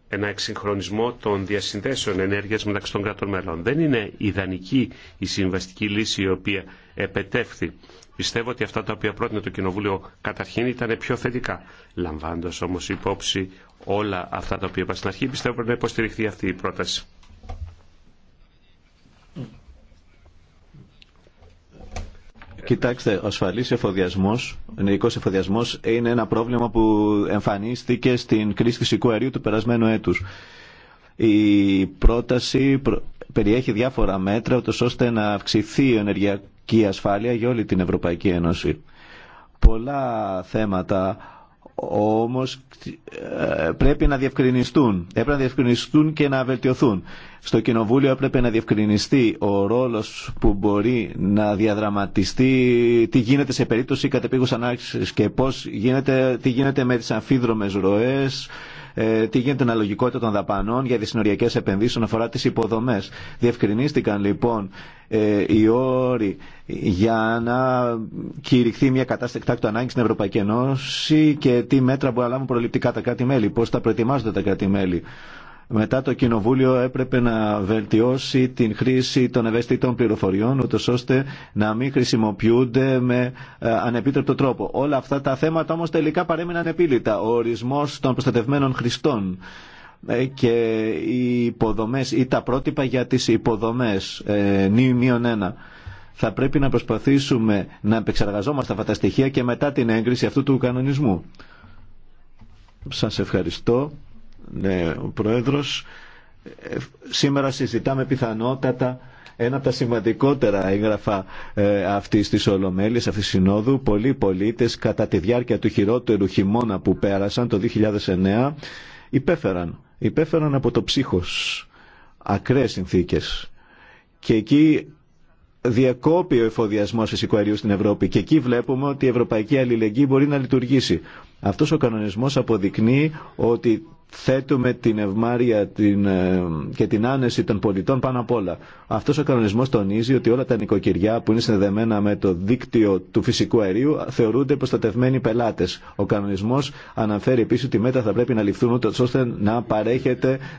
ένα εξυγχρονισμό των διασυνδέσεων ενέργειας μεταξύ των κρατών μελών. Δεν είναι ιδανική η συμβαστική λύση η οποία επετεύχθη Πιστεύω ότι αυτά τα οποία πρότεινε το Κοινοβούλιο καταρχήν ήταν πιο θετικά. Λαμβάνοντα όμω υπόψη όλα αυτά τα οποία είπα στην αρχή, πιστεύω πρέπει να υποστηριχθεί αυτή η πρόταση. Κοιτάξτε, ο ασφαλής εφοδιασμός, ο ενεργικός εφοδιασμός είναι ένα πρόβλημα που εμφανίστηκε στην κρίση φυσικού αερίου του περασμένου έτου. Η πρόταση περιέχει διάφορα μέτρα, ώστε να αυξηθεί ο ενεργειακό και η ασφάλεια για όλη την Ευρωπαϊκή Ένωση. Πολλά θέματα όμως ε, πρέπει να διευκρινιστούν. Έπρεπε να διευκρινιστούν και να βελτιωθούν. Στο Κοινοβούλιο έπρεπε να διευκρινιστεί ο ρόλος που μπορεί να διαδραματιστεί, τι γίνεται σε περίπτωση κατεπήγους ανάξης και πώς γίνεται, τι γίνεται με τις αμφίδρομες ροές, ε, τι γίνεται αναλογικότητα των δαπανών για συνοριακέ επενδύσει όσον αφορά τι υποδομέ. Διευκρινίστηκαν λοιπόν ε, οι όροι για να κηρυχθεί μια κατάσταση εκτάκτου ανάγκη στην Ευρωπαϊκή Ένωση και τι μέτρα μπορούν να λάβουν προληπτικά τα κράτη-μέλη, πώ τα προετοιμάζονται τα κράτη-μέλη μετά το Κοινοβούλιο έπρεπε να βελτιώσει την χρήση των ευαίσθητων πληροφοριών, ώστε να μην χρησιμοποιούνται με ε, ανεπίτρεπτο τρόπο. Όλα αυτά τα θέματα όμως τελικά παρέμειναν επίλυτα. Ο ορισμός των προστατευμένων χρηστών ε, και οι υποδομές ή τα πρότυπα για τις υποδομές ε, νη ένα. Θα πρέπει να προσπαθήσουμε να επεξεργαζόμαστε αυτά τα στοιχεία και μετά την έγκριση αυτού του κανονισμού. Σας ευχαριστώ. Ναι, ο Πρόεδρος, ε, σήμερα συζητάμε πιθανότατα ένα από τα σημαντικότερα έγγραφα ε, αυτή τη Ολομέλη, αυτή τη Συνόδου. Πολλοί πολίτε κατά τη διάρκεια του χειρότερου χειμώνα που πέρασαν το 2009 υπέφεραν. Υπέφεραν από το ψύχο. Ακραίε συνθήκε. Και εκεί διακόπη ο εφοδιασμό φυσικού στην Ευρώπη. Και εκεί βλέπουμε ότι η ευρωπαϊκή αλληλεγγύη μπορεί να λειτουργήσει. Αυτό ο κανονισμό αποδεικνύει ότι θέτουμε την ευμάρεια την, ε, και την άνεση των πολιτών πάνω απ' όλα. Αυτός ο κανονισμός τονίζει ότι όλα τα νοικοκυριά που είναι συνδεδεμένα με το δίκτυο του φυσικού αερίου θεωρούνται προστατευμένοι πελάτες. Ο κανονισμός αναφέρει επίσης ότι μέτρα θα πρέπει να ληφθούν ούτως ώστε να,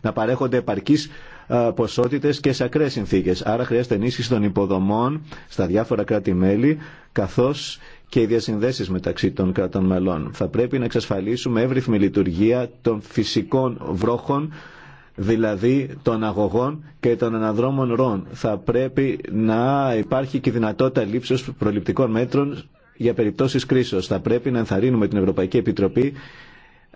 να παρέχονται επαρκείς ε, ποσότητε και σε ακραίε συνθήκε. Άρα χρειάζεται ενίσχυση των υποδομών στα διάφορα κράτη-μέλη, καθώ και οι διασυνδέσει μεταξύ των κρατών μελών. Θα πρέπει να εξασφαλίσουμε εύρυθμη λειτουργία των φυσικών βρόχων δηλαδή των αγωγών και των αναδρόμων ροών. Θα πρέπει να υπάρχει και δυνατότητα λήψεως προληπτικών μέτρων για περιπτώσεις κρίσεω. Θα πρέπει να ενθαρρύνουμε την Ευρωπαϊκή Επιτροπή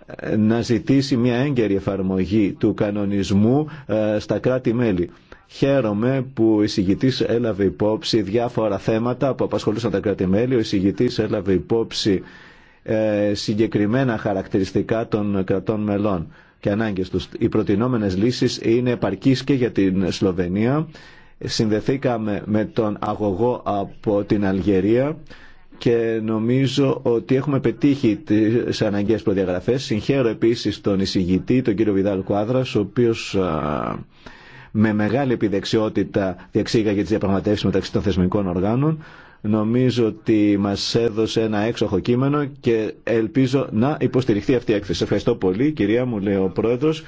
ε, να ζητήσει μια έγκαιρη εφαρμογή του κανονισμού ε, στα κράτη-μέλη. Χαίρομαι που ο εισηγητή έλαβε υπόψη διάφορα θέματα που απασχολούσαν τα κράτη-μέλη. Ο εισηγητή έλαβε υπόψη ε, συγκεκριμένα χαρακτηριστικά των κρατών μελών και ανάγκες τους. Οι προτινόμενες λύσεις είναι επαρκείς και για την Σλοβενία. Συνδεθήκαμε με τον αγωγό από την Αλγερία και νομίζω ότι έχουμε πετύχει τις αναγκαίες προδιαγραφές. Συγχαίρω επίσης τον εισηγητή, τον κύριο Βιδάλ Κουάδρας, ο με μεγάλη επιδεξιότητα διεξήγαγε τις διαπραγματεύσεις μεταξύ των θεσμικών οργάνων. Νομίζω ότι μας έδωσε ένα έξοχο κείμενο και ελπίζω να υποστηριχθεί αυτή η έκθεση. Ευχαριστώ πολύ, κυρία μου, λέει ο Πρόεδρος.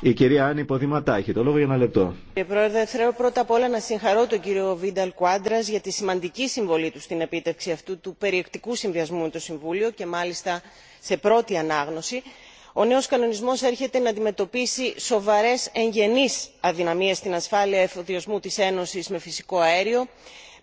Η κυρία Άννη Ποδηματά το λόγο για ένα λεπτό. Κύριε Πρόεδρε, θέλω πρώτα απ' όλα να συγχαρώ τον κύριο Βίνταλ Κουάντρα για τη σημαντική συμβολή του στην επίτευξη αυτού του περιεκτικού συνδυασμού με το Συμβούλιο και μάλιστα σε πρώτη ανάγνωση ο νέος κανονισμός έρχεται να αντιμετωπίσει σοβαρές εγγενείς αδυναμίες στην ασφάλεια εφοδιασμού της ένωσης με φυσικό αέριο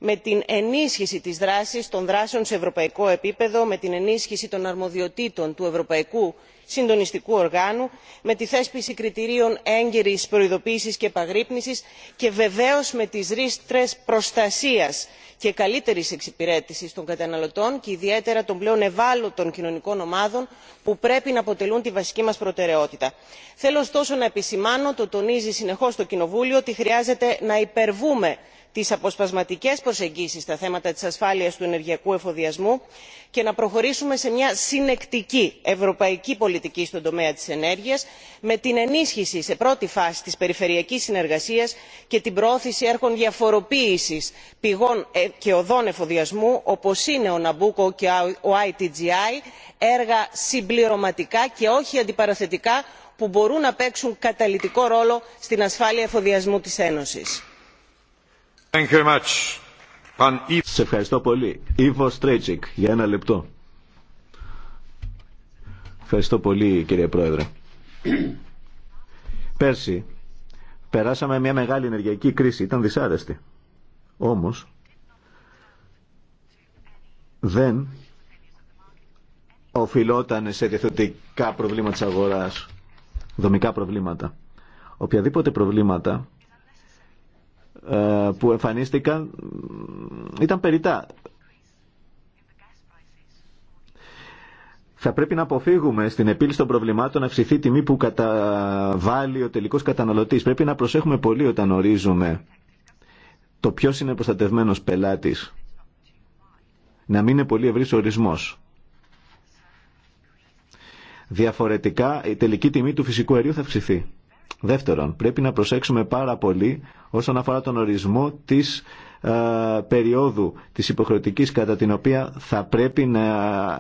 με την ενίσχυση της δράσης των δράσεων σε ευρωπαϊκό επίπεδο με την ενίσχυση των αρμοδιοτήτων του ευρωπαϊκού συντονιστικού οργάνου με τη θέσπιση κριτηρίων έγκαιρης προειδοποίησης και επαγρύπνησης και βεβαίως με τις ρήτρες προστασίας και καλύτερης εξυπηρέτησης των καταναλωτών και ιδιαίτερα των πλέον ευάλωτων κοινωνικών ομάδων που πρέπει να αποτελούν τη βασική μας προτεραιότητα. θέλω ωστόσο να επισημάνω το τονίζει συνεχώς το κοινοβούλιο ότι χρειάζεται να υπερβούμε τις αποσπασματικές προσεγγίσεις στα θέματα της ασφάλειας του ενεργειακού εφοδιασμού και να προχωρήσουμε σε μια συνεκτική ευρωπαϊκή πολιτική στον τομέα της ενέργειας με την ενίσχυση σε πρώτη φάση της περιφερειακής συνεργασίας και την προώθηση έργων διαφοροποίησης πηγών ε, και οδών εφοδιασμού όπως είναι ο ναμπούκο και ο itgi έργα συμπληρωματικά και όχι αντιπαραθετικά που μπορούν να παίξουν καταλυτικό ρόλο στην ασφάλεια εφοδιασμού της ένωσης. Σε ευχαριστώ πολύ. Ιβο για ένα λεπτό. Ευχαριστώ πολύ κύριε Πρόεδρε. Πέρσι περάσαμε μια μεγάλη ενεργειακή κρίση, ήταν δυσάρεστη. Όμως δεν οφειλόταν σε διαθετικά προβλήματα της αγοράς, δομικά προβλήματα. Οποιαδήποτε προβλήματα ε, που εμφανίστηκαν ήταν περιτά. Θα πρέπει να αποφύγουμε στην επίλυση των προβλημάτων να αυξηθεί η τιμή που καταβάλει ο τελικός καταναλωτής. Πρέπει να προσέχουμε πολύ όταν ορίζουμε το ποιος είναι προστατευμένος πελάτης. Να μην είναι πολύ ευρύς ορισμός. Διαφορετικά η τελική τιμή του φυσικού αερίου θα αυξηθεί. Δεύτερον, πρέπει να προσέξουμε πάρα πολύ όσον αφορά τον ορισμό της ε, περίοδου της υποχρεωτικής κατά την οποία θα πρέπει να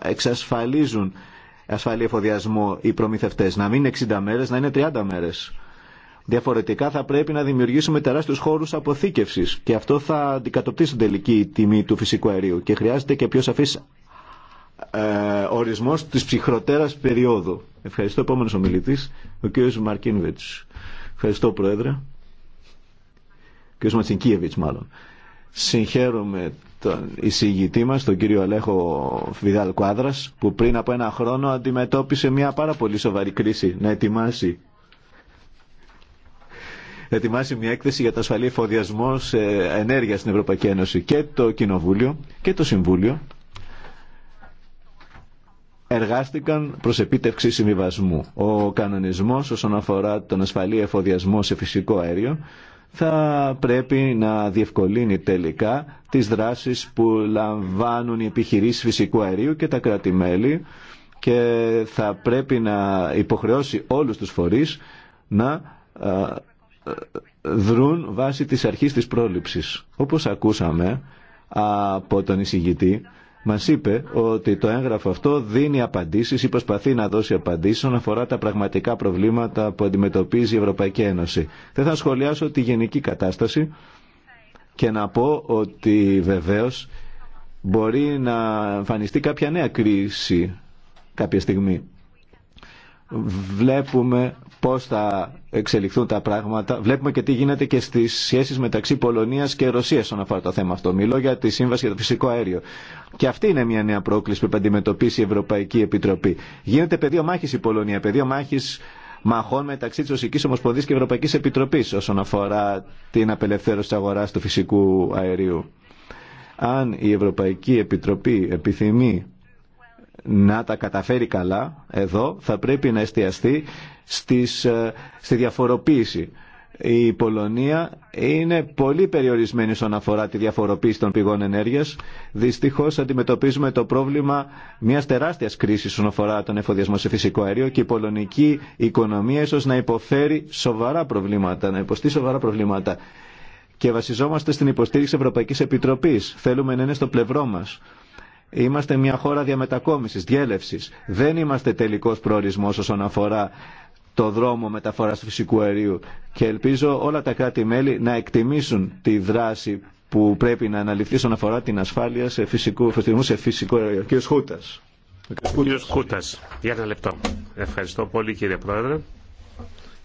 εξασφαλίζουν ασφαλή εφοδιασμό οι προμηθευτές. Να μην είναι 60 μέρες, να είναι 30 μέρες. Διαφορετικά θα πρέπει να δημιουργήσουμε τεράστιους χώρους αποθήκευσης και αυτό θα αντικατοπτήσει την τελική τιμή του φυσικού αερίου και χρειάζεται και πιο σαφής ε, ορισμός της ψυχροτέρας περίοδου. Ευχαριστώ επόμενος ομιλητής, ο κ. Μαρκίνβιτς. Ευχαριστώ Πρόεδρε. Κ. Ματσινκίεβιτς μάλλον. Συγχαίρομαι τον εισηγητή μας, τον κύριο Αλέχο Βιδάλ Κουάδρας, που πριν από ένα χρόνο αντιμετώπισε μια πάρα πολύ σοβαρή κρίση να ετοιμάσει να ετοιμάσει μια έκθεση για το ασφαλή εφοδιασμό ενέργεια στην Ευρωπαϊκή Ένωση και το Κοινοβούλιο και το Συμβούλιο εργάστηκαν προς επίτευξη συμβιβασμού. Ο κανονισμός όσον αφορά τον ασφαλή εφοδιασμό σε φυσικό αέριο θα πρέπει να διευκολύνει τελικά τις δράσεις που λαμβάνουν οι επιχειρήσεις φυσικού αερίου και τα κράτη-μέλη και θα πρέπει να υποχρεώσει όλους τους φορείς να ε, δρούν βάσει της αρχής της πρόληψης. Όπως ακούσαμε από τον εισηγητή, μας είπε ότι το έγγραφο αυτό δίνει απαντήσεις ή προσπαθεί να δώσει απαντήσεις όσον αφορά τα πραγματικά προβλήματα που αντιμετωπίζει η προσπαθει να δωσει απαντησει οσον αφορα τα Ένωση. Δεν θα σχολιάσω τη γενική κατάσταση και να πω ότι βεβαίω μπορεί να εμφανιστεί κάποια νέα κρίση κάποια στιγμή. Βλέπουμε πώς θα εξελιχθούν τα πράγματα. Βλέπουμε και τι γίνεται και στις σχέσεις μεταξύ Πολωνίας και Ρωσίας όσον αφορά το θέμα αυτό. Μιλώ για τη Σύμβαση για το Φυσικό Αέριο. Και αυτή είναι μια νέα πρόκληση που θα αντιμετωπίσει η Ευρωπαϊκή Επιτροπή. Γίνεται πεδίο μάχης η Πολωνία, πεδίο μάχης μαχών μεταξύ τη Ρωσική Ομοσπονδία και Ευρωπαϊκή Επιτροπή όσον αφορά την απελευθέρωση τη αγορά του φυσικού αερίου. Αν η Ευρωπαϊκή Επιτροπή επιθυμεί να τα καταφέρει καλά εδώ θα πρέπει να εστιαστεί στις, ε, στη διαφοροποίηση. Η Πολωνία είναι πολύ περιορισμένη όσον αφορά τη διαφοροποίηση των πηγών ενέργειας. Δυστυχώς αντιμετωπίζουμε το πρόβλημα μιας τεράστιας κρίσης όσον αφορά τον εφοδιασμό σε φυσικό αέριο και η πολωνική οικονομία ίσως να υποφέρει σοβαρά προβλήματα, να υποστεί σοβαρά προβλήματα. Και βασιζόμαστε στην υποστήριξη Ευρωπαϊκής Επιτροπής. Θέλουμε να είναι στο πλευρό μας Είμαστε μια χώρα διαμετακόμισης, διέλευσης. Δεν είμαστε τελικός προορισμός όσον αφορά το δρόμο μεταφοράς του φυσικού αερίου και ελπίζω όλα τα κράτη-μέλη να εκτιμήσουν τη δράση που πρέπει να αναλυθεί όσον αφορά την ασφάλεια σε φυσικού, σε φυσικό αερίο. Κύριος Χούτας. Κύριος Χούτας, για ένα λεπτό. Ευχαριστώ πολύ κύριε Πρόεδρε.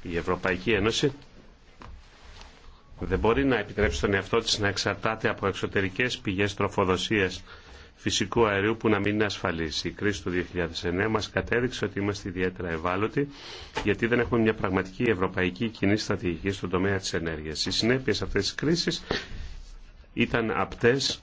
Η Ευρωπαϊκή Ένωση δεν μπορεί να επιτρέψει τον εαυτό της να εξαρτάται από εξωτερικές πηγές τροφοδοσίας φυσικού αερίου που να μην είναι ασφαλή. Η κρίση του 2009 μας κατέδειξε ότι είμαστε ιδιαίτερα ευάλωτοι γιατί δεν έχουμε μια πραγματική ευρωπαϊκή κοινή στρατηγική στον τομέα της ενέργειας. Οι συνέπειες αυτές της κρίσης ήταν απτές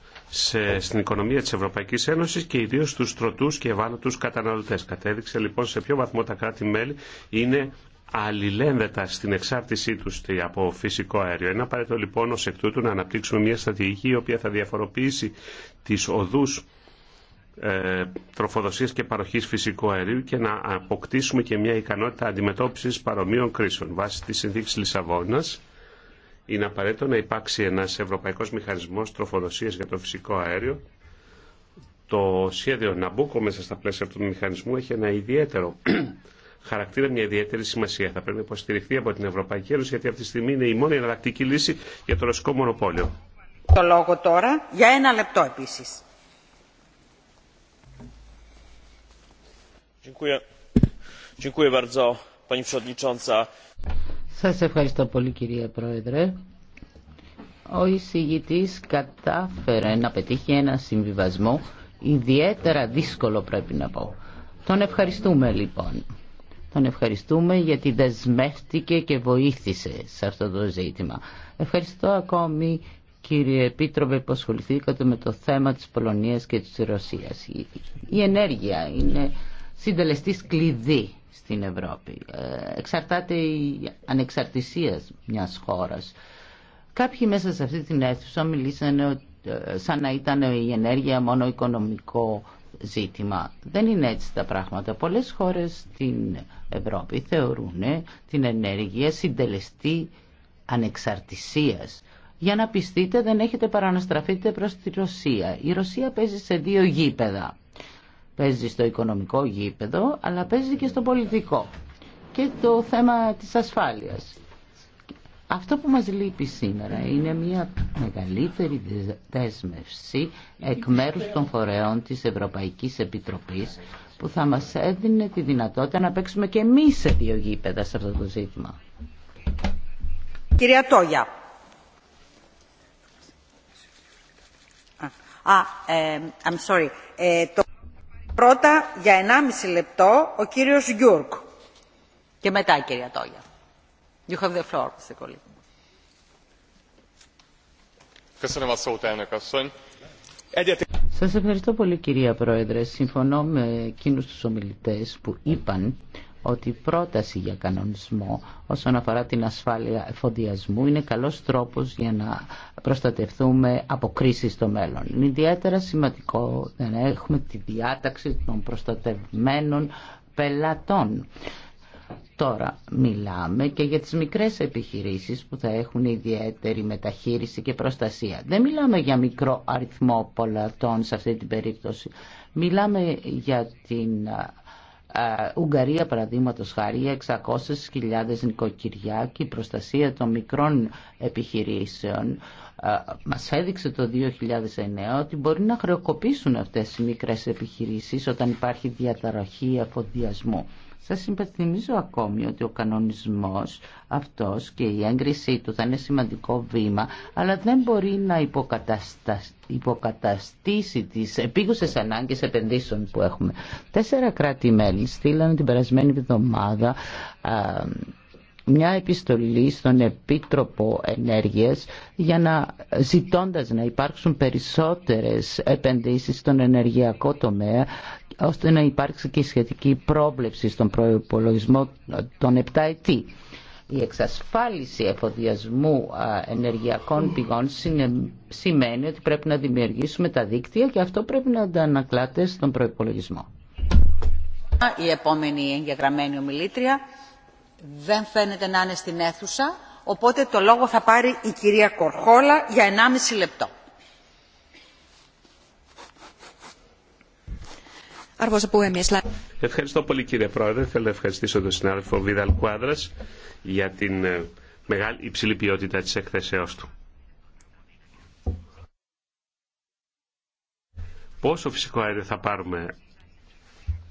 στην οικονομία της Ευρωπαϊκής Ένωσης και ιδίως στους στρωτού και ευάλωτους καταναλωτές. Κατέδειξε λοιπόν σε ποιο βαθμό τα κράτη-μέλη είναι αλληλένδετα στην εξάρτησή του από φυσικό αέριο. Είναι απαραίτητο λοιπόν ω εκ τούτου να αναπτύξουμε μια στρατηγική η οποία θα διαφοροποιήσει τις οδού ε, τροφοδοσίας και παροχής φυσικού αερίου και να αποκτήσουμε και μια ικανότητα αντιμετώπισης παρομοίων κρίσεων. Βάσει της συνθήκης Λισαβόνας είναι απαραίτητο να υπάρξει ένας ευρωπαϊκός μηχανισμός τροφοδοσίας για το φυσικό αέριο. Το σχέδιο Ναμπούκο μέσα στα πλαίσια του μηχανισμού έχει ένα ιδιαίτερο χαρακτήρα μια ιδιαίτερη σημασία. Θα πρέπει να υποστηριχθεί από την Ευρωπαϊκή Ένωση, γιατί αυτή τη στιγμή είναι η μόνη εναλλακτική λύση για το ρωσικό μονοπόλιο. Το λόγο τώρα για ένα λεπτό Σας ευχαριστώ πολύ κυρία Πρόεδρε. Ο εισηγητής κατάφερε να πετύχει ένα συμβιβασμό ιδιαίτερα δύσκολο πρέπει να πω. Τον ευχαριστούμε λοιπόν. Τον ευχαριστούμε γιατί δεσμεύτηκε και βοήθησε σε αυτό το ζήτημα. Ευχαριστώ ακόμη κύριε Επίτροπε που ασχοληθήκατε με το θέμα της Πολωνίας και της Ρωσίας. Η ενέργεια είναι συντελεστής κλειδί στην Ευρώπη. Ε, εξαρτάται η ανεξαρτησία μιας χώρας. Κάποιοι μέσα σε αυτή την αίθουσα μιλήσανε ε, σαν να ήταν η ενέργεια μόνο οικονομικό ζήτημα. Δεν είναι έτσι τα πράγματα. Πολλές χώρες στην Ευρώπη θεωρούν την ενέργεια συντελεστή ανεξαρτησίας. Για να πιστείτε δεν έχετε παρά να στραφείτε προς τη Ρωσία. Η Ρωσία παίζει σε δύο γήπεδα. Παίζει στο οικονομικό γήπεδο, αλλά παίζει και στο πολιτικό. Και το θέμα της ασφάλειας. Αυτό που μας λείπει σήμερα είναι μια μεγαλύτερη δέσμευση εκ μέρους των φορέων της Ευρωπαϊκής Επιτροπής που θα μας έδινε τη δυνατότητα να παίξουμε και εμείς σε δύο γήπεδα σε αυτό το ζήτημα. Κυρία Τόγια. Α, ε, I'm sorry. Ε, το... Πρώτα για 1,5 λεπτό ο κύριος Γιούρκ. Και μετά κυρία Τόγια. Σας ευχαριστώ πολύ κυρία Πρόεδρε. Συμφωνώ με εκείνους τους ομιλητές που είπαν ότι η πρόταση για κανονισμό όσον αφορά την ασφάλεια εφοδιασμού είναι καλός τρόπος για να προστατευτούμε από κρίσεις στο μέλλον. Είναι ιδιαίτερα σημαντικό να έχουμε τη διάταξη των προστατευμένων πελατών. Τώρα μιλάμε και για τις μικρές επιχειρήσεις που θα έχουν ιδιαίτερη μεταχείριση και προστασία. Δεν μιλάμε για μικρό αριθμό πολλατών σε αυτή την περίπτωση. Μιλάμε για την Ουγγαρία παραδείγματος χάρη 600.000 νοικοκυριά και η προστασία των μικρών επιχειρήσεων μας έδειξε το 2009 ότι μπορεί να χρεοκοπήσουν αυτές οι μικρές επιχειρήσεις όταν υπάρχει διαταραχή εφοδιασμού. Σας υπενθυμίζω ακόμη ότι ο κανονισμός αυτός και η έγκρισή του θα είναι σημαντικό βήμα, αλλά δεν μπορεί να υποκαταστήσει τις επίγουσες ανάγκες επενδύσεων που έχουμε. Τέσσερα κράτη-μέλη στείλανε την περασμένη εβδομάδα μια επιστολή στον Επίτροπο Ενέργειας για να ζητώντας να υπάρξουν περισσότερες επενδύσεις στον ενεργειακό τομέα ώστε να υπάρξει και σχετική πρόβλεψη στον προϋπολογισμό των 7 ετή. Η εξασφάλιση εφοδιασμού ενεργειακών πηγών σημαίνει ότι πρέπει να δημιουργήσουμε τα δίκτυα και αυτό πρέπει να αντανακλάται στον προϋπολογισμό. Η επόμενη εγγεγραμμένη ομιλήτρια δεν φαίνεται να είναι στην αίθουσα, οπότε το λόγο θα πάρει η κυρία Κορχόλα για 1,5 λεπτό. Ευχαριστώ πολύ κύριε Πρόεδρε. Θέλω να ευχαριστήσω τον συνάδελφο Βίδαλ Κουάδρας για την ε, μεγάλη υψηλή ποιότητα της εκθέσεώς του. Πόσο φυσικό αέριο θα πάρουμε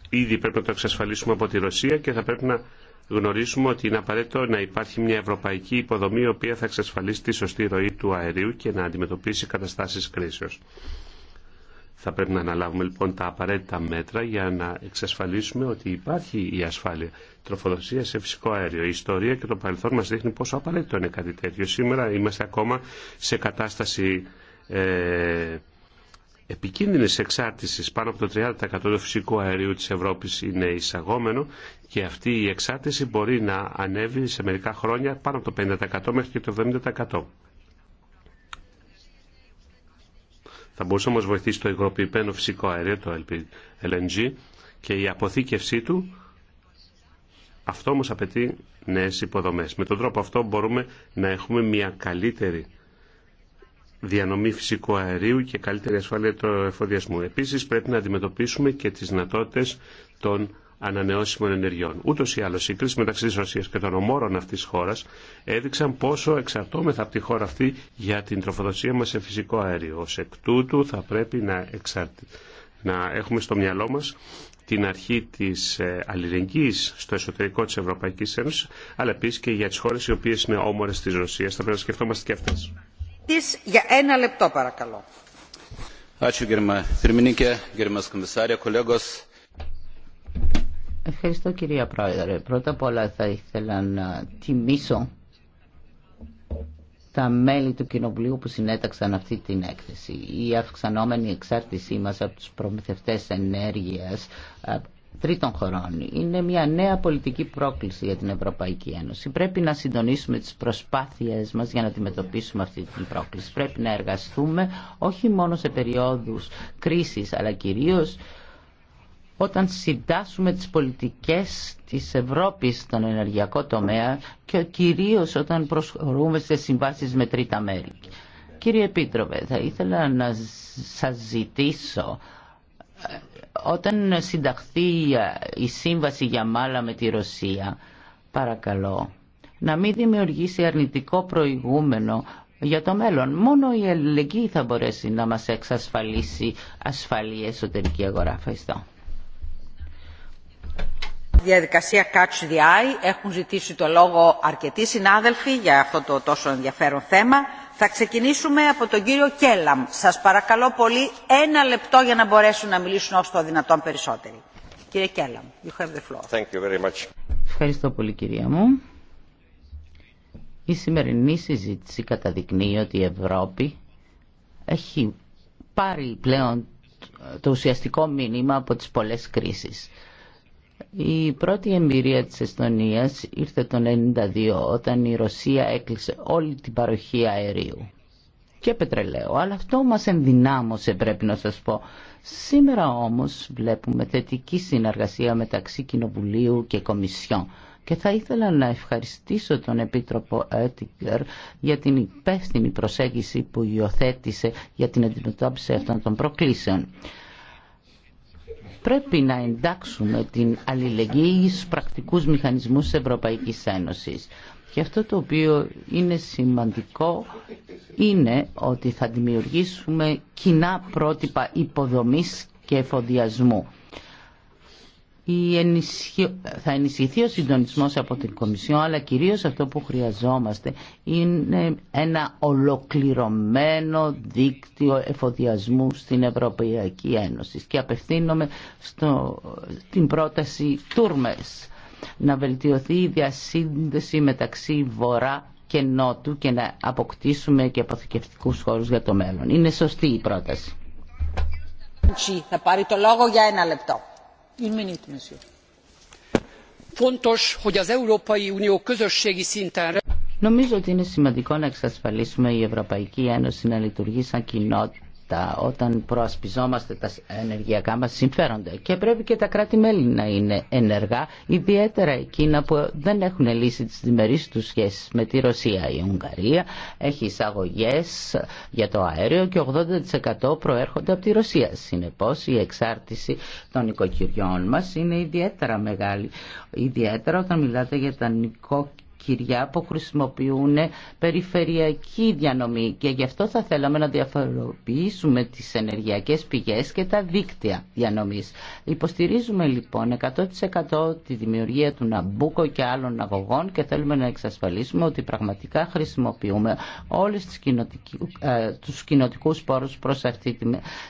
ήδη πρέπει να το εξασφαλίσουμε από τη Ρωσία και θα πρέπει να γνωρίσουμε ότι είναι απαραίτητο να υπάρχει μια ευρωπαϊκή υποδομή η οποία θα εξασφαλίσει τη σωστή ροή του αερίου και να αντιμετωπίσει καταστάσεις κρίσεως. Θα πρέπει να αναλάβουμε λοιπόν τα απαραίτητα μέτρα για να εξασφαλίσουμε ότι υπάρχει η ασφάλεια. Τροφοδοσία σε φυσικό αέριο. Η ιστορία και το παρελθόν μας δείχνει πόσο απαραίτητο είναι κάτι τέτοιο. Σήμερα είμαστε ακόμα σε κατάσταση ε, επικίνδυνης εξάρτησης. Πάνω από το 30% του φυσικού αερίου της Ευρώπης είναι εισαγόμενο και αυτή η εξάρτηση μπορεί να ανέβει σε μερικά χρόνια πάνω από το 50% μέχρι και το 70%. Θα μπορούσε όμως βοηθήσει το υγροποιημένο φυσικό αέριο, το LNG, και η αποθήκευσή του. Αυτό όμως απαιτεί νέες υποδομές. Με τον τρόπο αυτό μπορούμε να έχουμε μια καλύτερη διανομή φυσικού αερίου και καλύτερη ασφάλεια του εφοδιασμού. Επίσης πρέπει να αντιμετωπίσουμε και τις δυνατότητε των ανανεώσιμων ενεργειών. Ούτω ή άλλω, η κρίση μεταξύ τη Ρωσία και των ομόρων αυτή τη χώρα έδειξαν πόσο εξαρτώμεθα από τη χώρα αυτή για την τροφοδοσία μα σε φυσικό αέριο. Ω εκ τούτου, θα πρέπει να, εξαρτη... να έχουμε στο μυαλό μα την αρχή τη ε, αλληλεγγύη στο εσωτερικό τη Ευρωπαϊκή Ένωση, αλλά επίση και για τι χώρε, οι οποίε είναι όμορε τη Ρωσία, Θα πρέπει να σκεφτόμαστε και αυτέ. για ένα λεπτό παρακαλώ. Ačiū, gerima pirmininkė, gerimas komisarė, kolegos. Ευχαριστώ κυρία Πρόεδρε. Πρώτα απ' όλα θα ήθελα να τιμήσω τα μέλη του Κοινοβουλίου που συνέταξαν αυτή την έκθεση. Η αυξανόμενη εξάρτησή μας από τους προμηθευτές ενέργειας τρίτων χωρών είναι μια νέα πολιτική πρόκληση για την Ευρωπαϊκή Ένωση. Πρέπει να συντονίσουμε τις προσπάθειες μας για να αντιμετωπίσουμε αυτή την πρόκληση. Πρέπει να εργαστούμε όχι μόνο σε περιόδους κρίσης αλλά κυρίως όταν συντάσσουμε τις πολιτικές της Ευρώπης στον ενεργειακό τομέα και κυρίως όταν προσχωρούμε σε συμβάσεις με τρίτα μέρη. Κύριε Επίτροπε, θα ήθελα να σας ζητήσω ε, όταν συνταχθεί ε, η σύμβαση για μάλα με τη Ρωσία, παρακαλώ, να μην δημιουργήσει αρνητικό προηγούμενο για το μέλλον. Μόνο η ελληνική θα μπορέσει να μας εξασφαλίσει ασφαλή εσωτερική αγορά. Ευχαριστώ διαδικασία Catch the Eye. Έχουν ζητήσει το λόγο αρκετοί συνάδελφοι για αυτό το τόσο ενδιαφέρον θέμα. Θα ξεκινήσουμε από τον κύριο Κέλαμ. Σας παρακαλώ πολύ ένα λεπτό για να μπορέσουν να μιλήσουν όσο το δυνατόν περισσότεροι. Κύριε Κέλαμ, you have the floor. Thank you very much. Ευχαριστώ πολύ κυρία μου. Η σημερινή συζήτηση καταδεικνύει ότι η Ευρώπη έχει πάρει πλέον το ουσιαστικό μήνυμα από τις πολλές κρίσεις. Η πρώτη εμπειρία της Εστονίας ήρθε το 1992 όταν η Ρωσία έκλεισε όλη την παροχή αερίου και πετρελαίου. Αλλά αυτό μας ενδυνάμωσε πρέπει να σας πω. Σήμερα όμως βλέπουμε θετική συνεργασία μεταξύ Κοινοβουλίου και Κομισιόν. Και θα ήθελα να ευχαριστήσω τον Επίτροπο Έτιγκερ για την υπεύθυνη προσέγγιση που υιοθέτησε για την αντιμετώπιση αυτών των προκλήσεων πρέπει να εντάξουμε την αλληλεγγύη στους πρακτικούς μηχανισμούς της Ευρωπαϊκής Ένωσης. Και αυτό το οποίο είναι σημαντικό είναι ότι θα δημιουργήσουμε κοινά πρότυπα υποδομής και εφοδιασμού θα ενισχυθεί ο συντονισμός από την Κομισιόν αλλά κυρίως αυτό που χρειαζόμαστε είναι ένα ολοκληρωμένο δίκτυο εφοδιασμού στην Ευρωπαϊκή Ένωση και απευθύνομαι στο, την πρόταση Τούρμες να βελτιωθεί η διασύνδεση μεταξύ Βορρά και Νότου και να αποκτήσουμε και αποθηκευτικούς χώρους για το μέλλον. Είναι σωστή η πρόταση. Νομίζω ότι είναι σημαντικό να εξασφαλίσουμε η Ευρωπαϊκή Ένωση να λειτουργεί σαν κοινότητα όταν προασπιζόμαστε τα ενεργειακά μας συμφέροντα και πρέπει και τα κράτη-μέλη να είναι ενεργά ιδιαίτερα εκείνα που δεν έχουν λύσει τις διμερείς τους σχέσεις με τη Ρωσία. Η Ουγγαρία έχει εισαγωγές για το αέριο και 80% προέρχονται από τη Ρωσία. Συνεπώς η εξάρτηση των οικοκυριών μας είναι ιδιαίτερα μεγάλη. Ιδιαίτερα όταν μιλάτε για τα νοικοκυριά κυριά που χρησιμοποιούν περιφερειακή διανομή και γι' αυτό θα θέλαμε να διαφοροποιήσουμε τις ενεργειακές πηγές και τα δίκτυα διανομής. Υποστηρίζουμε λοιπόν 100% τη δημιουργία του Ναμπούκο και άλλων αγωγών και θέλουμε να εξασφαλίσουμε ότι πραγματικά χρησιμοποιούμε όλους τις ε, τους κοινοτικούς πόρους προς αυτή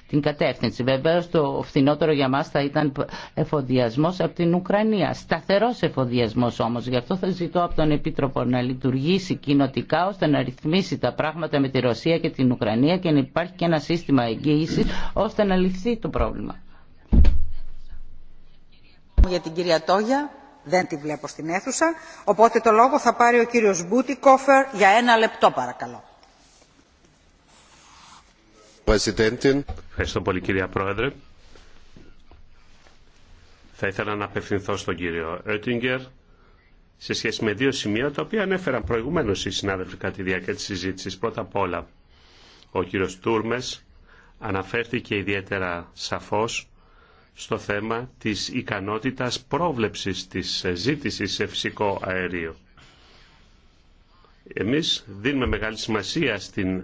την, κατεύθυνση. Βεβαίω το φθηνότερο για μας θα ήταν εφοδιασμός από την Ουκρανία. Σταθερός εφοδιασμός όμως. Γι' αυτό θα ζητώ από τον Επίτροπο να λειτουργήσει κοινοτικά ώστε να ρυθμίσει τα πράγματα με τη Ρωσία και την Ουκρανία και να υπάρχει και ένα σύστημα εγγύησης ώστε να λυθεί το πρόβλημα. Για την κυρία Τόγια δεν τη βλέπω στην αίθουσα, οπότε το λόγο θα πάρει ο κύριος Μπούτικοφέρ για ένα λεπτό παρακαλώ. Ευχαριστώ πολύ κυρία Πρόεδρε. Θα ήθελα να απευθυνθώ στον κύριο Έτιγκερ σε σχέση με δύο σημεία τα οποία ανέφεραν προηγουμένως οι συνάδελφοι κατά τη διάρκεια της συζήτησης. Πρώτα απ' όλα, ο κύριος Τούρμες αναφέρθηκε ιδιαίτερα σαφώς στο θέμα της ικανότητας πρόβλεψης της ζήτησης σε φυσικό αερίο. Εμείς δίνουμε μεγάλη σημασία στην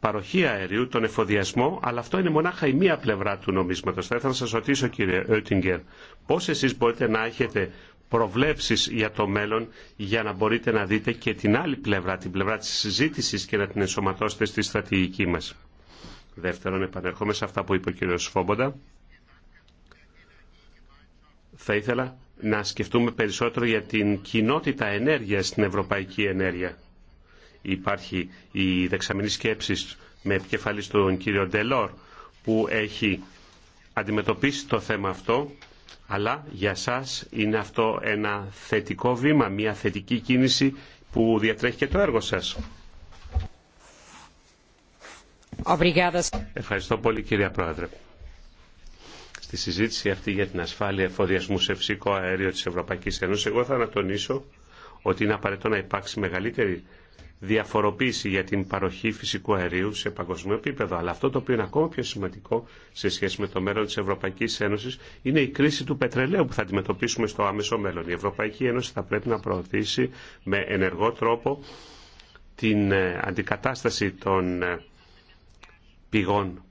παροχή αερίου, τον εφοδιασμό, αλλά αυτό είναι μονάχα η μία πλευρά του νομίσματος. Θα ήθελα να σας ρωτήσω κύριε πώς εσείς μπορείτε να έχετε προβλέψεις για το μέλλον για να μπορείτε να δείτε και την άλλη πλευρά, την πλευρά της συζήτησης και να την ενσωματώσετε στη στρατηγική μας. Δεύτερον, επανερχόμαι σε αυτά που είπε ο κ. Σφόμποντα. Θα ήθελα να σκεφτούμε περισσότερο για την κοινότητα ενέργειας στην ευρωπαϊκή ενέργεια. Υπάρχει η δεξαμενή σκέψη με επικεφαλή στον κύριο Ντελόρ που έχει αντιμετωπίσει το θέμα αυτό αλλά για σας είναι αυτό ένα θετικό βήμα, μια θετική κίνηση που διατρέχει και το έργο σας. Ευχαριστώ πολύ κυρία Πρόεδρε. Στη συζήτηση αυτή για την ασφάλεια εφοδιασμού σε φυσικό αέριο της Ευρωπαϊκής Ένωσης, εγώ θα ανατονίσω ότι είναι απαραίτητο να υπάρξει μεγαλύτερη διαφοροποίηση για την παροχή φυσικού αερίου σε παγκοσμίο επίπεδο. Αλλά αυτό το οποίο είναι ακόμα πιο σημαντικό σε σχέση με το μέλλον της Ευρωπαϊκής Ένωσης είναι η κρίση του πετρελαίου που θα αντιμετωπίσουμε στο άμεσο μέλλον. Η Ευρωπαϊκή Ένωση θα πρέπει να προωθήσει με ενεργό τρόπο την ε, αντικατάσταση των ε, πηγών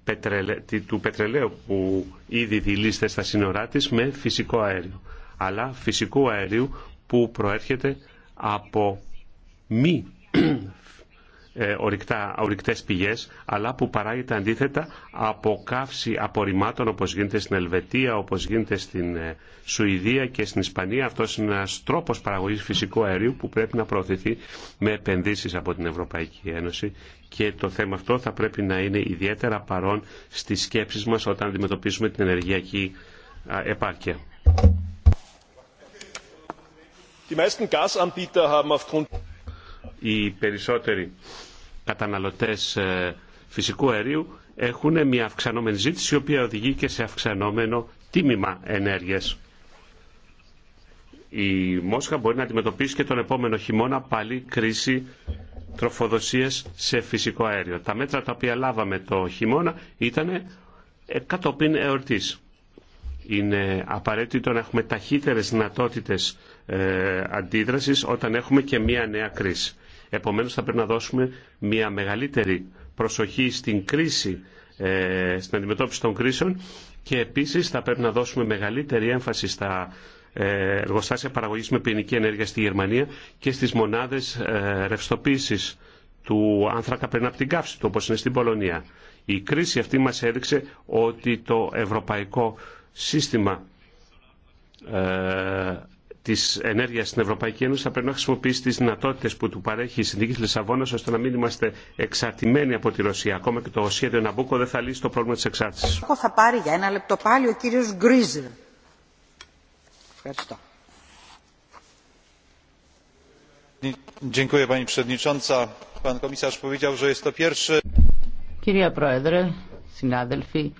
του πετρελαίου που ήδη δηλείστε στα σύνορά της με φυσικό αέριο. Αλλά φυσικού αερίου που προέρχεται από μη ε, ορυκτά, ορυκτές πηγές, αλλά που παράγεται αντίθετα από καύση απορριμμάτων όπως γίνεται στην Ελβετία, όπως γίνεται στην ε, Σουηδία και στην Ισπανία. Αυτός είναι ένας τρόπος παραγωγής φυσικού αερίου που πρέπει να προωθηθεί με επενδύσεις από την Ευρωπαϊκή Ένωση και το θέμα αυτό θα πρέπει να είναι ιδιαίτερα παρόν στις σκέψεις μας όταν αντιμετωπίσουμε την ενεργειακή επάρκεια. Die meisten Gasanbieter haben aufgrund οι περισσότεροι καταναλωτές ε, φυσικού αερίου έχουν μια αυξανόμενη ζήτηση η οποία οδηγεί και σε αυξανόμενο τίμημα ενέργειας. Η Μόσχα μπορεί να αντιμετωπίσει και τον επόμενο χειμώνα πάλι κρίση τροφοδοσίες σε φυσικό αέριο. Τα μέτρα τα οποία λάβαμε το χειμώνα ήταν ε, κατόπιν εορτής. Είναι απαραίτητο να έχουμε ταχύτερες δυνατότητες ε, αντίδρασης όταν έχουμε και μια νέα κρίση. Επομένως θα πρέπει να δώσουμε μια μεγαλύτερη προσοχή στην κρίση, ε, στην αντιμετώπιση των κρίσεων και επίσης θα πρέπει να δώσουμε μεγαλύτερη έμφαση στα ε, εργοστάσια παραγωγής με ποινική ενέργεια στη Γερμανία και στις μονάδες ε, ρευστοποίησης του άνθρακα πριν από την καύση του, όπως είναι στην Πολωνία. Η κρίση αυτή μας έδειξε ότι το ευρωπαϊκό σύστημα τη ενέργεια στην Ευρωπαϊκή Ένωση θα πρέπει να χρησιμοποιήσει τι δυνατότητε που του παρέχει η συνθήκη Λισαβόνα ώστε να μην είμαστε εξαρτημένοι από τη Ρωσία. Ακόμα και το σχέδιο Ναμπούκο δεν θα λύσει το πρόβλημα τη εξάρτηση. Θα πάρει για ένα λεπτό πάλι ο κύριο Γκρίζερ. Ευχαριστώ. Κυρία Πρόεδρε, συνάδελφοι,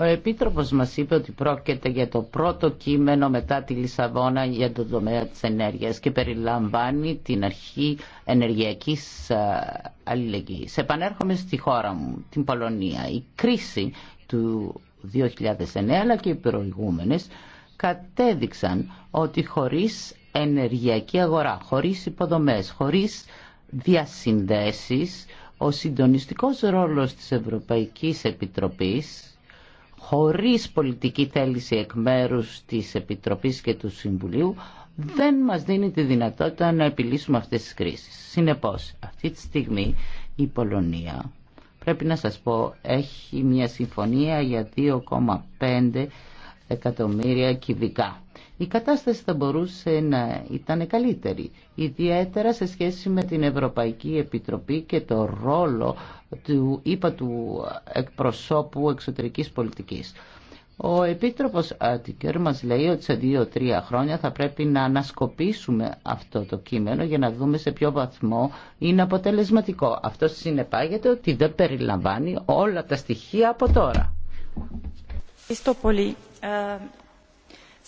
ο Επίτροπος μας είπε ότι πρόκειται για το πρώτο κείμενο μετά τη Λισαβόνα για το τομέα της ενέργειας και περιλαμβάνει την αρχή ενεργειακής ε, αλληλεγγύης. Επανέρχομαι στη χώρα μου, την Πολωνία. Η κρίση του 2009 αλλά και οι προηγούμενες κατέδειξαν ότι χωρίς ενεργειακή αγορά, χωρίς υποδομές, χωρίς διασυνδέσεις, ο συντονιστικός ρόλος της Ευρωπαϊκής Επιτροπής χωρίς πολιτική θέληση εκ μέρους της Επιτροπής και του Συμβουλίου δεν μας δίνει τη δυνατότητα να επιλύσουμε αυτές τις κρίσεις. Συνεπώς, αυτή τη στιγμή η Πολωνία, πρέπει να σας πω, έχει μια συμφωνία για 2,5 εκατομμύρια κυβικά η κατάσταση θα μπορούσε να ήταν καλύτερη, ιδιαίτερα σε σχέση με την Ευρωπαϊκή Επιτροπή και το ρόλο του είπα του εκπροσώπου εξωτερικής πολιτικής. Ο Επίτροπος Αττικέρ μας λέει ότι σε δύο-τρία χρόνια θα πρέπει να ανασκοπήσουμε αυτό το κείμενο για να δούμε σε ποιο βαθμό είναι αποτελεσματικό. Αυτό συνεπάγεται ότι δεν περιλαμβάνει όλα τα στοιχεία από τώρα. Ευχαριστώ ε,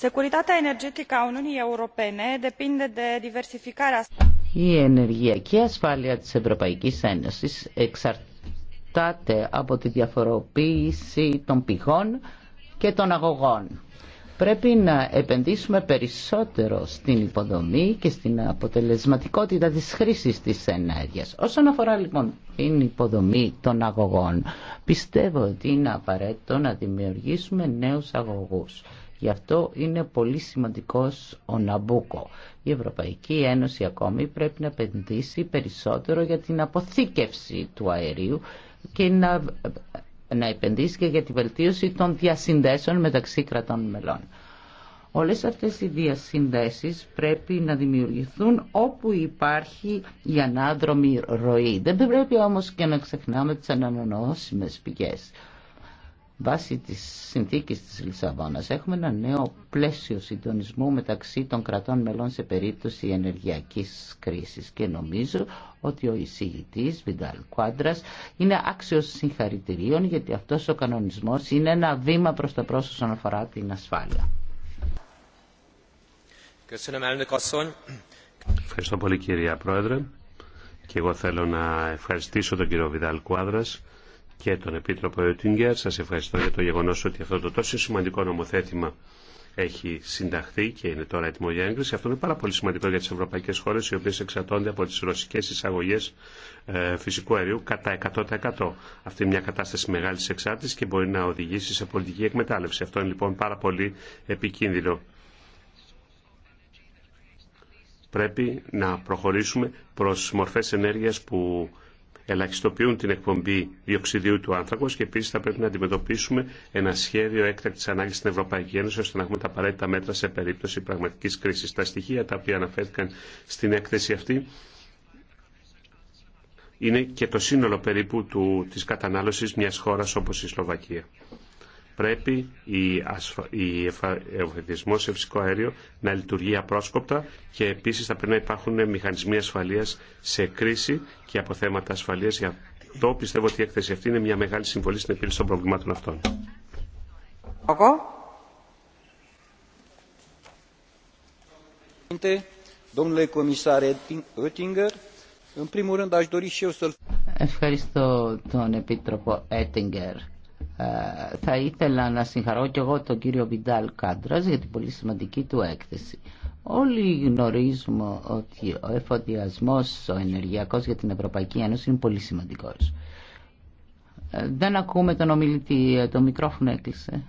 Securitatea energetică a Uniunii Europene depinde de diversificarea... Η ενεργειακή ασφάλεια της Ευρωπαϊκής Ένωσης εξαρτάται από τη διαφοροποίηση των πηγών και των αγωγών. Πρέπει να επενδύσουμε περισσότερο στην υποδομή και στην αποτελεσματικότητα της χρήσης της ενέργειας. Όσον αφορά λοιπόν την υποδομή των αγωγών, πιστεύω ότι είναι απαραίτητο να δημιουργήσουμε νέους αγωγούς Γι' αυτό είναι πολύ σημαντικός ο Ναμπούκο. Η Ευρωπαϊκή Ένωση ακόμη πρέπει να επενδύσει περισσότερο για την αποθήκευση του αερίου και να, να επενδύσει και για τη βελτίωση των διασυνδέσεων μεταξύ κρατών μελών. Όλες αυτές οι διασυνδέσεις πρέπει να δημιουργηθούν όπου υπάρχει η ανάδρομη ροή. Δεν πρέπει όμως και να ξεχνάμε τις ανανεώσιμες πηγές. Βάσει της συνθήκης της Λισαβόνας έχουμε ένα νέο πλαίσιο συντονισμού μεταξύ των κρατών μελών σε περίπτωση ενεργειακής κρίσης και νομίζω ότι ο εισηγητής Βιντάλ Κουάντρας είναι άξιος συγχαρητηρίων γιατί αυτός ο κανονισμός είναι ένα βήμα προς τα πρόσωπα όσον αφορά την ασφάλεια. Ευχαριστώ πολύ κυρία Πρόεδρε και εγώ θέλω να ευχαριστήσω τον κύριο Βιντάλ Κουάντρας και τον Επίτροπο Εωτίνγκερ. Σας ευχαριστώ για το γεγονός ότι αυτό το τόσο σημαντικό νομοθέτημα έχει συνταχθεί και είναι τώρα έτοιμο για έγκριση. Αυτό είναι πάρα πολύ σημαντικό για τις ευρωπαϊκές χώρες οι οποίες εξατώνται από τις ρωσικές εισαγωγές ε, φυσικού αερίου κατά 100%. Αυτή είναι μια κατάσταση μεγάλης εξάρτησης και μπορεί να οδηγήσει σε πολιτική εκμετάλλευση. Αυτό είναι λοιπόν πάρα πολύ επικίνδυνο. Πρέπει να προχωρήσουμε προς μορφές ενέργειας που ελαχιστοποιούν την εκπομπή διοξιδίου του άνθρακο και επίση θα πρέπει να αντιμετωπίσουμε ένα σχέδιο έκτακτη ανάγκη στην Ευρωπαϊκή Ένωση ώστε να έχουμε τα απαραίτητα μέτρα σε περίπτωση πραγματική κρίση. Τα στοιχεία τα οποία αναφέρθηκαν στην έκθεση αυτή είναι και το σύνολο περίπου του, της κατανάλωσης μιας χώρας όπως η Σλοβακία πρέπει η ασφα... σε φυσικό αέριο να λειτουργεί απρόσκοπτα και επίσης θα πρέπει να υπάρχουν μηχανισμοί ασφαλείας σε κρίση και από θέματα ασφαλείας. Γι' το πιστεύω ότι η έκθεση αυτή είναι μια μεγάλη συμβολή στην επίλυση των προβλημάτων αυτών. Ευχαριστώ τον Επίτροπο Έτιγκερ. Ε, θα ήθελα να συγχαρώ και εγώ τον κύριο Βιντάλ Κάντρας για την πολύ σημαντική του έκθεση. Όλοι γνωρίζουμε ότι ο εφοδιασμός ο ενεργειακός για την Ευρωπαϊκή Ένωση είναι πολύ σημαντικός. Ε, δεν ακούμε τον ομιλητή, ε, το μικρόφωνο έκλεισε.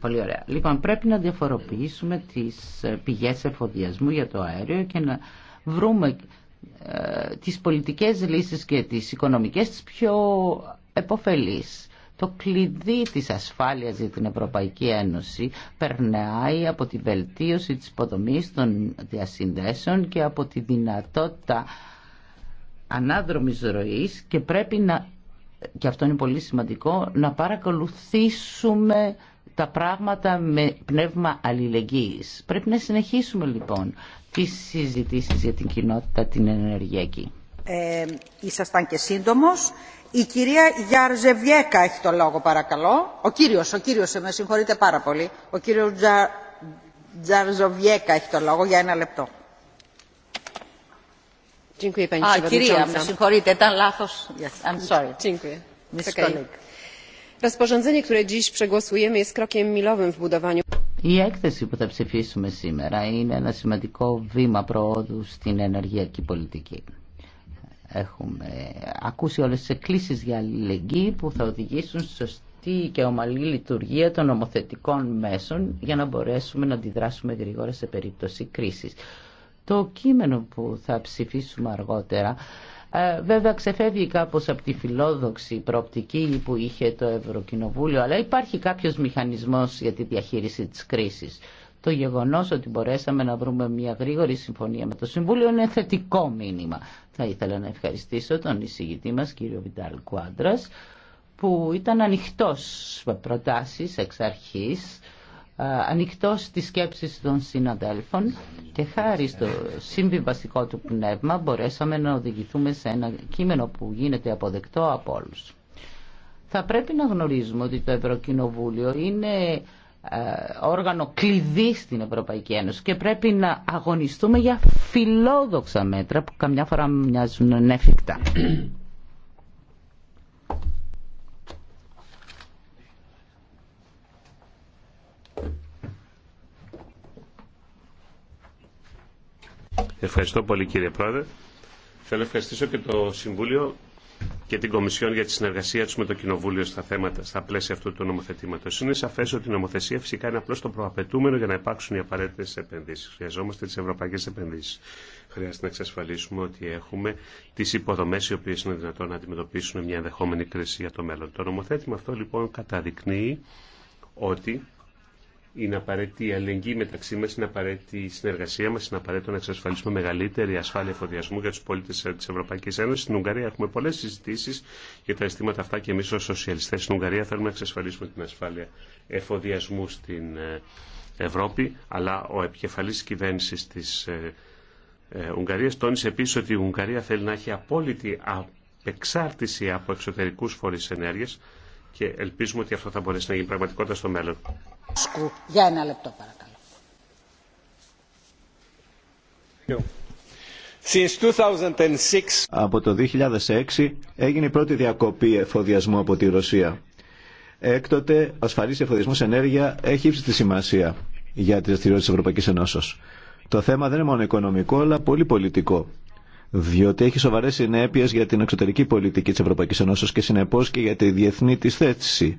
Πολύ ωραία. Λοιπόν, πρέπει να διαφοροποιήσουμε τις πηγές εφοδιασμού για το αέριο και να βρούμε ε, τις πολιτικές λύσεις και τις οικονομικές τις πιο επωφελείς. Το κλειδί της ασφάλειας για την Ευρωπαϊκή Ένωση περνάει από τη βελτίωση της υποδομής των διασυνδέσεων και από τη δυνατότητα ανάδρομης ροής και πρέπει να, και αυτό είναι πολύ σημαντικό, να παρακολουθήσουμε τα πράγματα με πνεύμα αλληλεγγύης. Πρέπει να συνεχίσουμε λοιπόν τις συζητήσεις για την κοινότητα την ενεργειακή. Ε, ήσασταν και σύντομος. Η κυρία Γιαρζεβιέκα έχει το λόγο παρακαλώ. Ο κύριος, ο κύριος, ε, με συγχωρείτε πάρα πολύ. Ο κύριος Τζα... Τζαρζοβιέκα έχει το λόγο για ένα λεπτό. Α, κυρία, με συγχωρείτε, ήταν λάθος. Yes, I'm sorry. Dziękuję. Rozporządzenie, które dziś przegłosujemy, jest krokiem milowym w budowaniu. Η έκθεση που θα ψηφίσουμε σήμερα είναι ένα σημαντικό βήμα προόδου στην ενεργειακή πολιτική. Έχουμε ακούσει όλες τις εκκλήσεις για αλληλεγγύη που θα οδηγήσουν σωστή και ομαλή λειτουργία των νομοθετικών μέσων για να μπορέσουμε να αντιδράσουμε γρήγορα σε περίπτωση κρίσης. Το κείμενο που θα ψηφίσουμε αργότερα ε, βέβαια ξεφεύγει κάπως από τη φιλόδοξη προοπτική που είχε το Ευρωκοινοβούλιο, αλλά υπάρχει κάποιος μηχανισμός για τη διαχείριση της κρίσης. Το γεγονός ότι μπορέσαμε να βρούμε μια γρήγορη συμφωνία με το Συμβούλιο είναι θετικό μήνυμα. Θα ήθελα να ευχαριστήσω τον εισηγητή μας, κύριο Βιντάλ Κουάντρας, που ήταν ανοιχτός με προτάσεις εξ αρχής ανοιχτός στις σκέψεις των συναδέλφων και χάρη στο συμβιβαστικό του πνεύμα μπορέσαμε να οδηγηθούμε σε ένα κείμενο που γίνεται αποδεκτό από όλους. Θα πρέπει να γνωρίζουμε ότι το Ευρωκοινοβούλιο είναι ε, όργανο κλειδί στην Ευρωπαϊκή Ένωση και πρέπει να αγωνιστούμε για φιλόδοξα μέτρα που καμιά φορά μοιάζουν ανέφικτα. Ευχαριστώ πολύ κύριε Πρόεδρε. Θέλω να ευχαριστήσω και το Συμβούλιο και την Κομισιόν για τη συνεργασία του με το Κοινοβούλιο στα, θέματα, στα πλαίσια αυτού του νομοθετήματο. Είναι σαφέ ότι η νομοθεσία φυσικά είναι απλώ το προαπαιτούμενο για να υπάρξουν οι απαραίτητε επενδύσει. Χρειαζόμαστε τι ευρωπαϊκέ επενδύσει. Χρειάζεται να εξασφαλίσουμε ότι έχουμε τι υποδομέ οι οποίε είναι δυνατόν να αντιμετωπίσουν μια ενδεχόμενη κρίση για το μέλλον. Το νομοθέτημα αυτό λοιπόν καταδεικνύει ότι είναι απαραίτητη η αλληλεγγύη μεταξύ μα, είναι απαραίτητη η συνεργασία μα, είναι απαραίτητο να εξασφαλίσουμε μεγαλύτερη ασφάλεια εφοδιασμού για του πολίτε ε, τη Ευρωπαϊκή Ένωση. Στην Ουγγαρία έχουμε πολλέ συζητήσει για τα αισθήματα αυτά και εμεί ω σοσιαλιστέ στην Ουγγαρία θέλουμε να εξασφαλίσουμε την ασφάλεια εφοδιασμού στην ε, Ευρώπη. Αλλά ο επικεφαλή κυβέρνηση τη ε, Ουγγαρία τόνισε επίση ότι η Ουγγαρία θέλει να έχει απόλυτη απεξάρτηση από εξωτερικού φορεί ενέργεια και ελπίζουμε ότι αυτό θα μπορέσει να γίνει πραγματικότητα στο μέλλον. Για ένα λεπτό παρακαλώ. Από το 2006 έγινε η πρώτη διακοπή εφοδιασμού από τη Ρωσία. Έκτοτε, ασφαλής εφοδιασμός ενέργεια έχει τη σημασία για τις δραστηριότητα της Ευρωπαϊκής Ενώσεως. Το θέμα δεν είναι μόνο οικονομικό, αλλά πολύ πολιτικό διότι έχει σοβαρές συνέπειε για την εξωτερική πολιτική της Ευρωπαϊκής Ένωσης και συνεπώς και για τη διεθνή της θέση.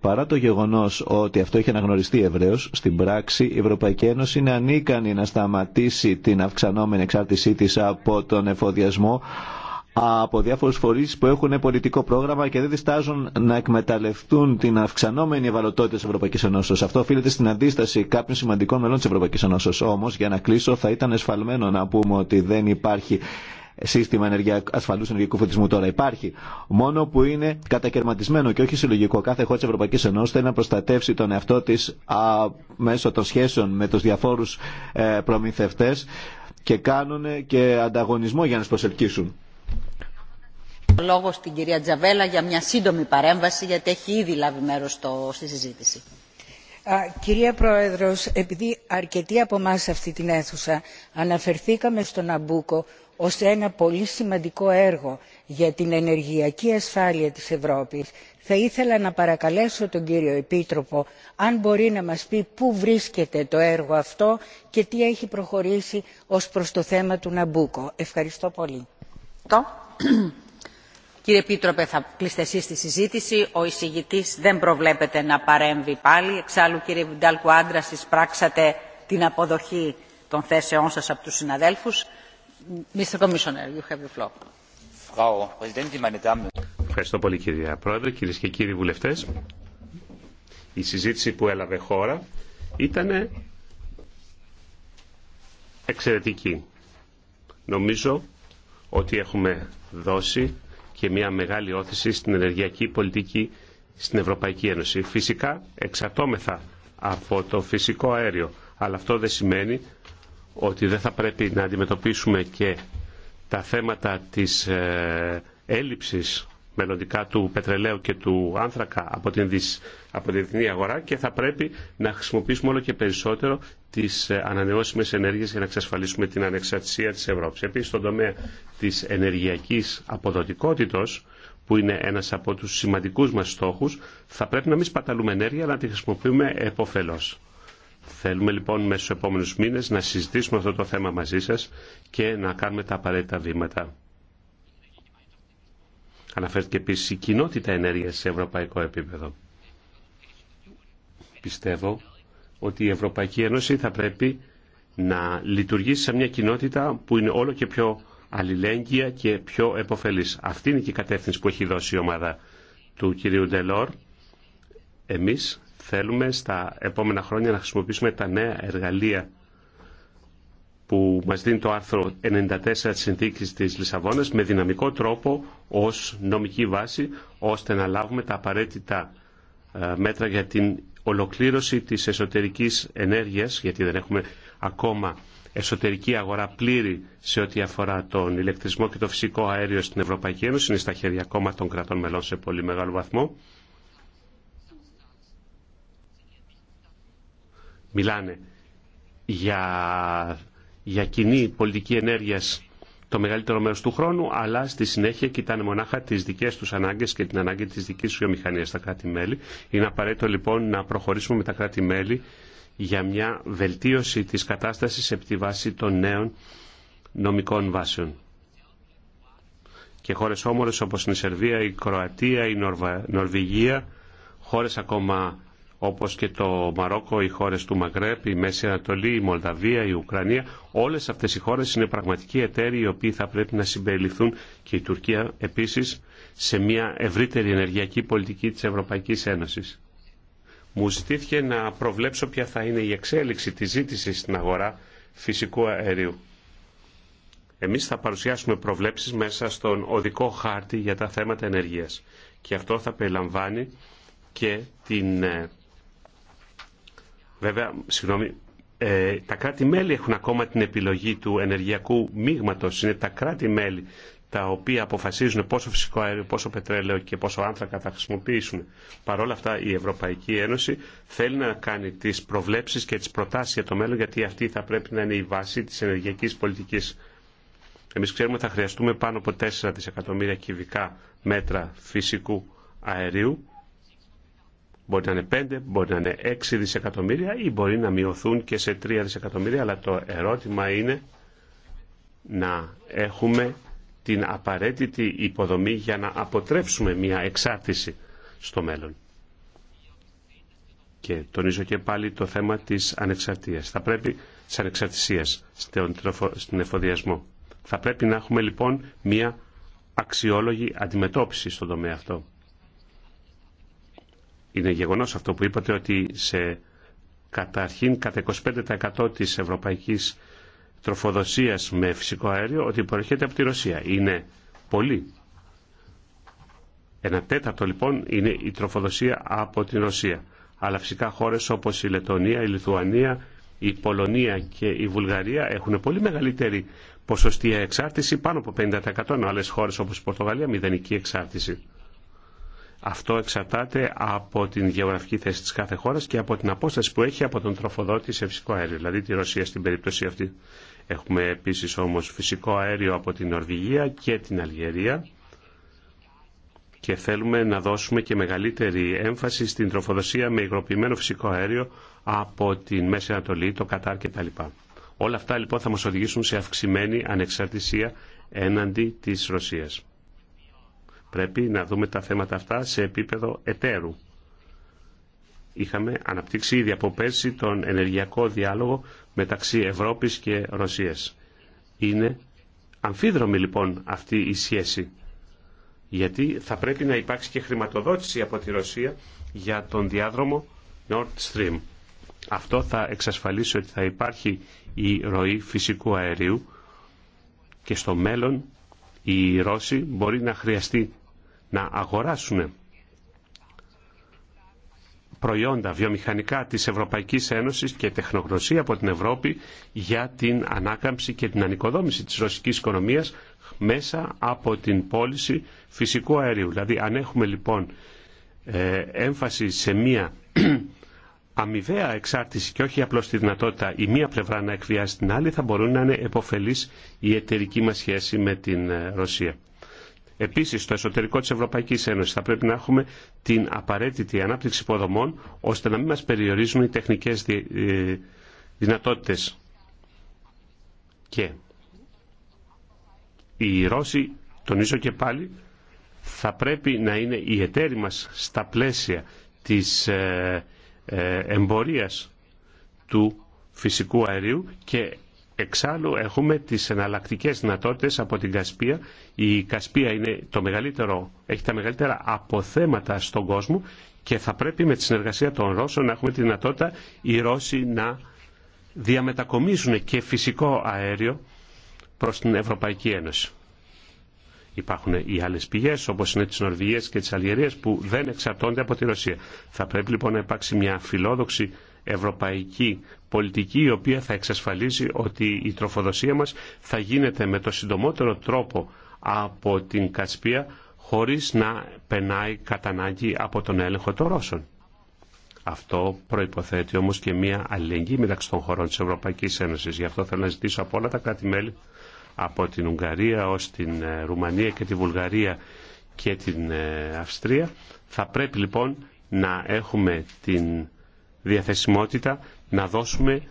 Παρά το γεγονός ότι αυτό έχει αναγνωριστεί ευρέως, στην πράξη η Ευρωπαϊκή Ένωση είναι ανίκανη να σταματήσει την αυξανόμενη εξάρτησή τη από τον εφοδιασμό από διάφορου φορείς που έχουν πολιτικό πρόγραμμα και δεν διστάζουν να εκμεταλλευτούν την αυξανόμενη ευαλωτότητα της Ευρωπαϊκής Ενώσεως. Αυτό οφείλεται στην αντίσταση κάποιων σημαντικών μελών της Ευρωπαϊκής Ενώσεως. Όμως, για να κλείσω, θα ήταν εσφαλμένο να πούμε ότι δεν υπάρχει σύστημα ασφαλού ενεργειακού φωτισμού τώρα υπάρχει. Μόνο που είναι κατακαιρματισμένο και όχι συλλογικό. Κάθε χώρα τη Ευρωπαϊκή Ενώση θέλει να προστατεύσει τον εαυτό τη μέσω των σχέσεων με του διαφόρου ε, προμηθευτέ και κάνουν και ανταγωνισμό για να του προσελκύσουν. Λόγο στην κυρία Τζαβέλα για μια σύντομη παρέμβαση, γιατί έχει ήδη λάβει μέρο στη συζήτηση. Κυρία Πρόεδρος, επειδή αρκετοί από εμά σε αυτή την αίθουσα αναφερθήκαμε στο Ναμπούκο ως ένα πολύ σημαντικό έργο για την ενεργειακή ασφάλεια της Ευρώπης, θα ήθελα να παρακαλέσω τον κύριο Επίτροπο αν μπορεί να μας πει πού βρίσκεται το έργο αυτό και τι έχει προχωρήσει ως προς το θέμα του Ναμπούκο. Ευχαριστώ πολύ. Κύριε Πίτροπε, θα κλείστε εσείς τη συζήτηση. Ο εισηγητής δεν προβλέπεται να παρέμβει πάλι. Εξάλλου, κύριε Βιντάλκου Άντρα, πράξατε την αποδοχή των θέσεών σας από τους συναδέλφους. Mr. Commissioner, you have the floor. Ευχαριστώ πολύ κύριε Πρόεδρε, κυρίες και κύριοι βουλευτές. Η συζήτηση που έλαβε χώρα ήταν εξαιρετική. Νομίζω ότι έχουμε δώσει και μια μεγάλη όθηση στην ενεργειακή πολιτική στην Ευρωπαϊκή Ένωση. Φυσικά εξαρτώμεθα από το φυσικό αέριο, αλλά αυτό δεν σημαίνει ότι δεν θα πρέπει να αντιμετωπίσουμε και τα θέματα της ε, έλλειψης μελλοντικά του πετρελαίου και του άνθρακα από την, από την διεθνή αγορά και θα πρέπει να χρησιμοποιήσουμε όλο και περισσότερο τις ε, ανανεώσιμες ενέργειες για να εξασφαλίσουμε την ανεξαρτησία της Ευρώπης. Επίσης, στον τομέα της ενεργειακής αποδοτικότητος, που είναι ένας από τους σημαντικούς μας στόχους, θα πρέπει να μην σπαταλούμε ενέργεια, αλλά να τη χρησιμοποιούμε επωφελώς. Θέλουμε λοιπόν μέσα στους επόμενους μήνες να συζητήσουμε αυτό το θέμα μαζί σας και να κάνουμε τα απαραίτητα βήματα. Αναφέρθηκε επίσης η κοινότητα ενέργειας σε ευρωπαϊκό επίπεδο. Πιστεύω ότι η Ευρωπαϊκή Ένωση θα πρέπει να λειτουργήσει σε μια κοινότητα που είναι όλο και πιο αλληλέγγυα και πιο επωφελή. Αυτή είναι και η κατεύθυνση που έχει δώσει η ομάδα του κυρίου Ντελόρ. Εμείς θέλουμε στα επόμενα χρόνια να χρησιμοποιήσουμε τα νέα εργαλεία που μας δίνει το άρθρο 94 της Συνθήκης της Λισαβόνας με δυναμικό τρόπο ως νομική βάση ώστε να λάβουμε τα απαραίτητα ε, μέτρα για την ολοκλήρωση της εσωτερικής ενέργειας γιατί δεν έχουμε ακόμα εσωτερική αγορά πλήρη σε ό,τι αφορά τον ηλεκτρισμό και το φυσικό αέριο στην Ευρωπαϊκή Ένωση είναι στα χέρια ακόμα των κρατών μελών σε πολύ μεγάλο βαθμό. Μιλάνε για για κοινή πολιτική ενέργειας το μεγαλύτερο μέρος του χρόνου, αλλά στη συνέχεια κοιτάνε μονάχα τι δικές τους ανάγκες και την ανάγκη της δικής του βιομηχανία στα κράτη-μέλη. Είναι απαραίτητο λοιπόν να προχωρήσουμε με τα κράτη-μέλη για μια βελτίωση της κατάστασης επί τη βάση των νέων νομικών βάσεων. Και χώρες όμορες όπω είναι η Σερβία, η Κροατία, η Νορβηγία, χώρε ακόμα όπως και το Μαρόκο, οι χώρες του Μαγκρέπ, η Μέση Ανατολή, η Μολδαβία, η Ουκρανία, όλες αυτές οι χώρες είναι πραγματικοί εταίροι οι οποίοι θα πρέπει να συμπεριληφθούν και η Τουρκία επίσης σε μια ευρύτερη ενεργειακή πολιτική της Ευρωπαϊκής Ένωσης. Μου ζητήθηκε να προβλέψω ποια θα είναι η εξέλιξη της ζήτηση στην αγορά φυσικού αερίου. Εμείς θα παρουσιάσουμε προβλέψεις μέσα στον οδικό χάρτη για τα θέματα ενεργείας και αυτό θα περιλαμβάνει και την ε, Βέβαια, συγγνώμη, ε, τα κράτη-μέλη έχουν ακόμα την επιλογή του ενεργειακού μείγματο. Είναι τα κράτη-μέλη τα οποία αποφασίζουν πόσο φυσικό αέριο, πόσο πετρέλαιο και πόσο άνθρακα θα χρησιμοποιήσουν. Παρ' όλα αυτά η Ευρωπαϊκή Ένωση θέλει να κάνει τις προβλέψεις και τις προτάσεις για το μέλλον γιατί αυτή θα πρέπει να είναι η βάση της ενεργειακής πολιτικής. Εμείς ξέρουμε ότι θα χρειαστούμε πάνω από 4 δισεκατομμύρια κυβικά μέτρα φυσικού αερίου Μπορεί να είναι 5, μπορεί να είναι 6 δισεκατομμύρια ή μπορεί να μειωθούν και σε 3 δισεκατομμύρια, αλλά το ερώτημα είναι να έχουμε την απαραίτητη υποδομή για να αποτρέψουμε μια εξάρτηση στο μέλλον. Και τονίζω και πάλι το θέμα της ανεξαρτίας. Θα πρέπει της ανεξαρτησίας στον εφοδιασμό. Θα πρέπει να έχουμε λοιπόν μια αξιόλογη αντιμετώπιση στον τομέα αυτό. Είναι γεγονός αυτό που είπατε ότι σε καταρχήν κατά 25% της ευρωπαϊκής τροφοδοσίας με φυσικό αέριο ότι προέρχεται από τη Ρωσία. Είναι πολύ. Ένα τέταρτο λοιπόν είναι η τροφοδοσία από την Ρωσία. Αλλά φυσικά χώρες όπως η Λετωνία, η Λιθουανία, η Πολωνία και η Βουλγαρία έχουν πολύ μεγαλύτερη ποσοστία εξάρτηση, πάνω από 50% άλλες χώρες όπως η Πορτογαλία μηδενική εξάρτηση. Αυτό εξαρτάται από την γεωγραφική θέση της κάθε χώρας και από την απόσταση που έχει από τον τροφοδότη σε φυσικό αέριο, δηλαδή τη Ρωσία στην περίπτωση αυτή. Έχουμε επίσης όμως φυσικό αέριο από την Νορβηγία και την Αλγερία και θέλουμε να δώσουμε και μεγαλύτερη έμφαση στην τροφοδοσία με υγροποιημένο φυσικό αέριο από τη Μέση Ανατολή, το Κατάρ κτλ. Όλα αυτά λοιπόν θα μας οδηγήσουν σε αυξημένη ανεξαρτησία έναντι της Ρωσίας. Πρέπει να δούμε τα θέματα αυτά σε επίπεδο εταίρου. Είχαμε αναπτύξει ήδη από πέρσι τον ενεργειακό διάλογο μεταξύ Ευρώπης και Ρωσίας. Είναι αμφίδρομη λοιπόν αυτή η σχέση. Γιατί θα πρέπει να υπάρξει και χρηματοδότηση από τη Ρωσία για τον διάδρομο Nord Stream. Αυτό θα εξασφαλίσει ότι θα υπάρχει η ροή φυσικού αερίου και στο μέλλον η Ρώση μπορεί να χρειαστεί να αγοράσουν προϊόντα βιομηχανικά της Ευρωπαϊκής Ένωσης και τεχνογνωσία από την Ευρώπη για την ανάκαμψη και την ανοικοδόμηση της ρωσικής οικονομίας μέσα από την πώληση φυσικού αερίου. Δηλαδή αν έχουμε λοιπόν ε, έμφαση σε μία αμοιβαία εξάρτηση και όχι απλώς τη δυνατότητα η μία πλευρά να εκβιάσει την άλλη θα μπορούν να είναι επωφελείς η εταιρική μας σχέση με την ε, Ρωσία. Επίση, στο εσωτερικό τη Ευρωπαϊκή Ένωση θα πρέπει να έχουμε την απαραίτητη ανάπτυξη υποδομών ώστε να μην μα περιορίζουν οι τεχνικέ ε, δυνατότητε. Και οι Ρώσοι, τονίζω και πάλι, θα πρέπει να είναι οι εταίροι μας στα πλαίσια της ε, ε, εμπορίας του φυσικού αερίου και Εξάλλου έχουμε τις εναλλακτικέ δυνατότητες από την Κασπία. Η Κασπία είναι το μεγαλύτερο, έχει τα μεγαλύτερα αποθέματα στον κόσμο και θα πρέπει με τη συνεργασία των Ρώσων να έχουμε τη δυνατότητα οι Ρώσοι να διαμετακομίσουν και φυσικό αέριο προς την Ευρωπαϊκή Ένωση. Υπάρχουν οι άλλε πηγέ, όπω είναι τη Νορβηγία και τη Αλγερία, που δεν εξαρτώνται από τη Ρωσία. Θα πρέπει λοιπόν να υπάρξει μια φιλόδοξη ευρωπαϊκή πολιτική η οποία θα εξασφαλίζει ότι η τροφοδοσία μας θα γίνεται με το συντομότερο τρόπο από την Κασπία χωρίς να περνάει κατά από τον έλεγχο των Ρώσων. Αυτό προϋποθέτει όμως και μια αλληλεγγύη μεταξύ των χωρών της Ευρωπαϊκής Ένωσης. Γι' αυτό θέλω να ζητήσω από όλα τα κράτη-μέλη, από την Ουγγαρία ως την ε, Ρουμανία και τη Βουλγαρία και την ε, Αυστρία, θα πρέπει λοιπόν να έχουμε την διαθεσιμότητα να δώσουμε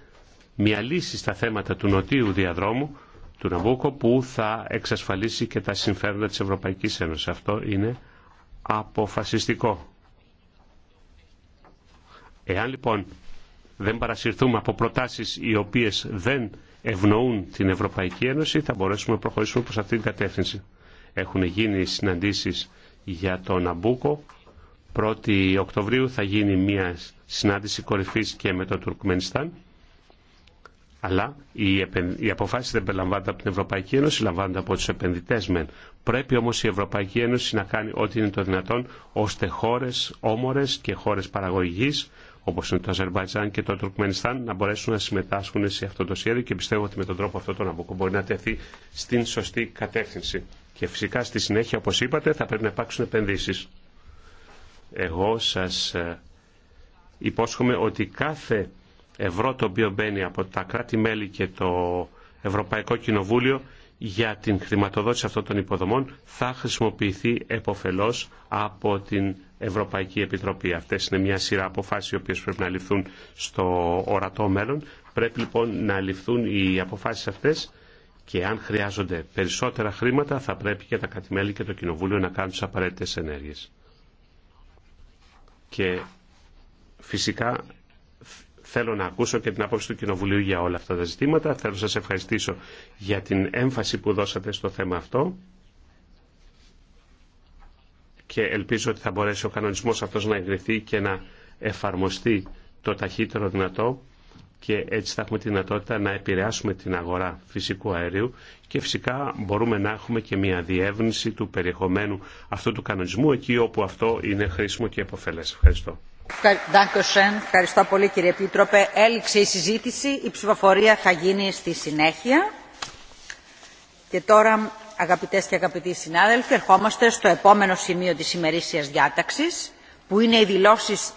μια λύση στα θέματα του νοτίου διαδρόμου του Ναμπούκο που θα εξασφαλίσει και τα συμφέροντα της Ευρωπαϊκής Ένωσης. Αυτό είναι αποφασιστικό. Εάν λοιπόν δεν παρασυρθούμε από προτάσεις οι οποίες δεν ευνοούν την Ευρωπαϊκή Ένωση θα μπορέσουμε να προχωρήσουμε προς αυτήν την κατεύθυνση. Έχουν γίνει συναντήσεις για το Ναμπούκο. 1η Οκτωβρίου θα γίνει μια συνάντηση κορυφή και με το Τουρκμενιστάν. Αλλά οι αποφάσει δεν περιλαμβάνονται από την Ευρωπαϊκή Ένωση, λαμβάνονται από του επενδυτέ μεν. Πρέπει όμω η Ευρωπαϊκή Ένωση να κάνει ό,τι είναι το δυνατόν, ώστε χώρε όμορε και χώρε παραγωγή, όπω είναι το Αζερβαϊτζάν και το Τουρκμενιστάν, να μπορέσουν να συμμετάσχουν σε αυτό το σχέδιο και πιστεύω ότι με τον τρόπο αυτό το να μπορεί να τεθεί στην σωστή κατεύθυνση. Και φυσικά στη συνέχεια, όπω είπατε, θα πρέπει να υπάρξουν επενδύσει. Εγώ σα. Ε, υπόσχομαι ότι κάθε ευρώ το οποίο μπαίνει από τα κράτη-μέλη και το Ευρωπαϊκό Κοινοβούλιο για την χρηματοδότηση αυτών των υποδομών θα χρησιμοποιηθεί εποφελώς από την Ευρωπαϊκή Επιτροπή. Αυτές είναι μια σειρά αποφάσεις οι οποίες πρέπει να ληφθούν στο ορατό μέλλον. Πρέπει λοιπόν να ληφθούν οι αποφάσεις αυτές και αν χρειάζονται περισσότερα χρήματα θα πρέπει και τα κατημέλη και το Κοινοβούλιο να κάνουν τις απαραίτητες ενέργειες. Φυσικά θέλω να ακούσω και την απόψη του Κοινοβουλίου για όλα αυτά τα ζητήματα. Θέλω να σας ευχαριστήσω για την έμφαση που δώσατε στο θέμα αυτό και ελπίζω ότι θα μπορέσει ο κανονισμός αυτός να εγκριθεί και να εφαρμοστεί το ταχύτερο δυνατό και έτσι θα έχουμε τη δυνατότητα να επηρεάσουμε την αγορά φυσικού αερίου και φυσικά μπορούμε να έχουμε και μια διεύνηση του περιεχομένου αυτού του κανονισμού εκεί όπου αυτό είναι χρήσιμο και επωφελές. Ευχαριστώ. Ευχαριστώ πολύ κύριε Επίτροπε. Έληξε η συζήτηση. Η ψηφοφορία θα γίνει στη συνέχεια. Και τώρα, αγαπητές και αγαπητοί συνάδελφοι, ερχόμαστε στο επόμενο σημείο της ημερήσιας διάταξης, που είναι οι δηλώσεις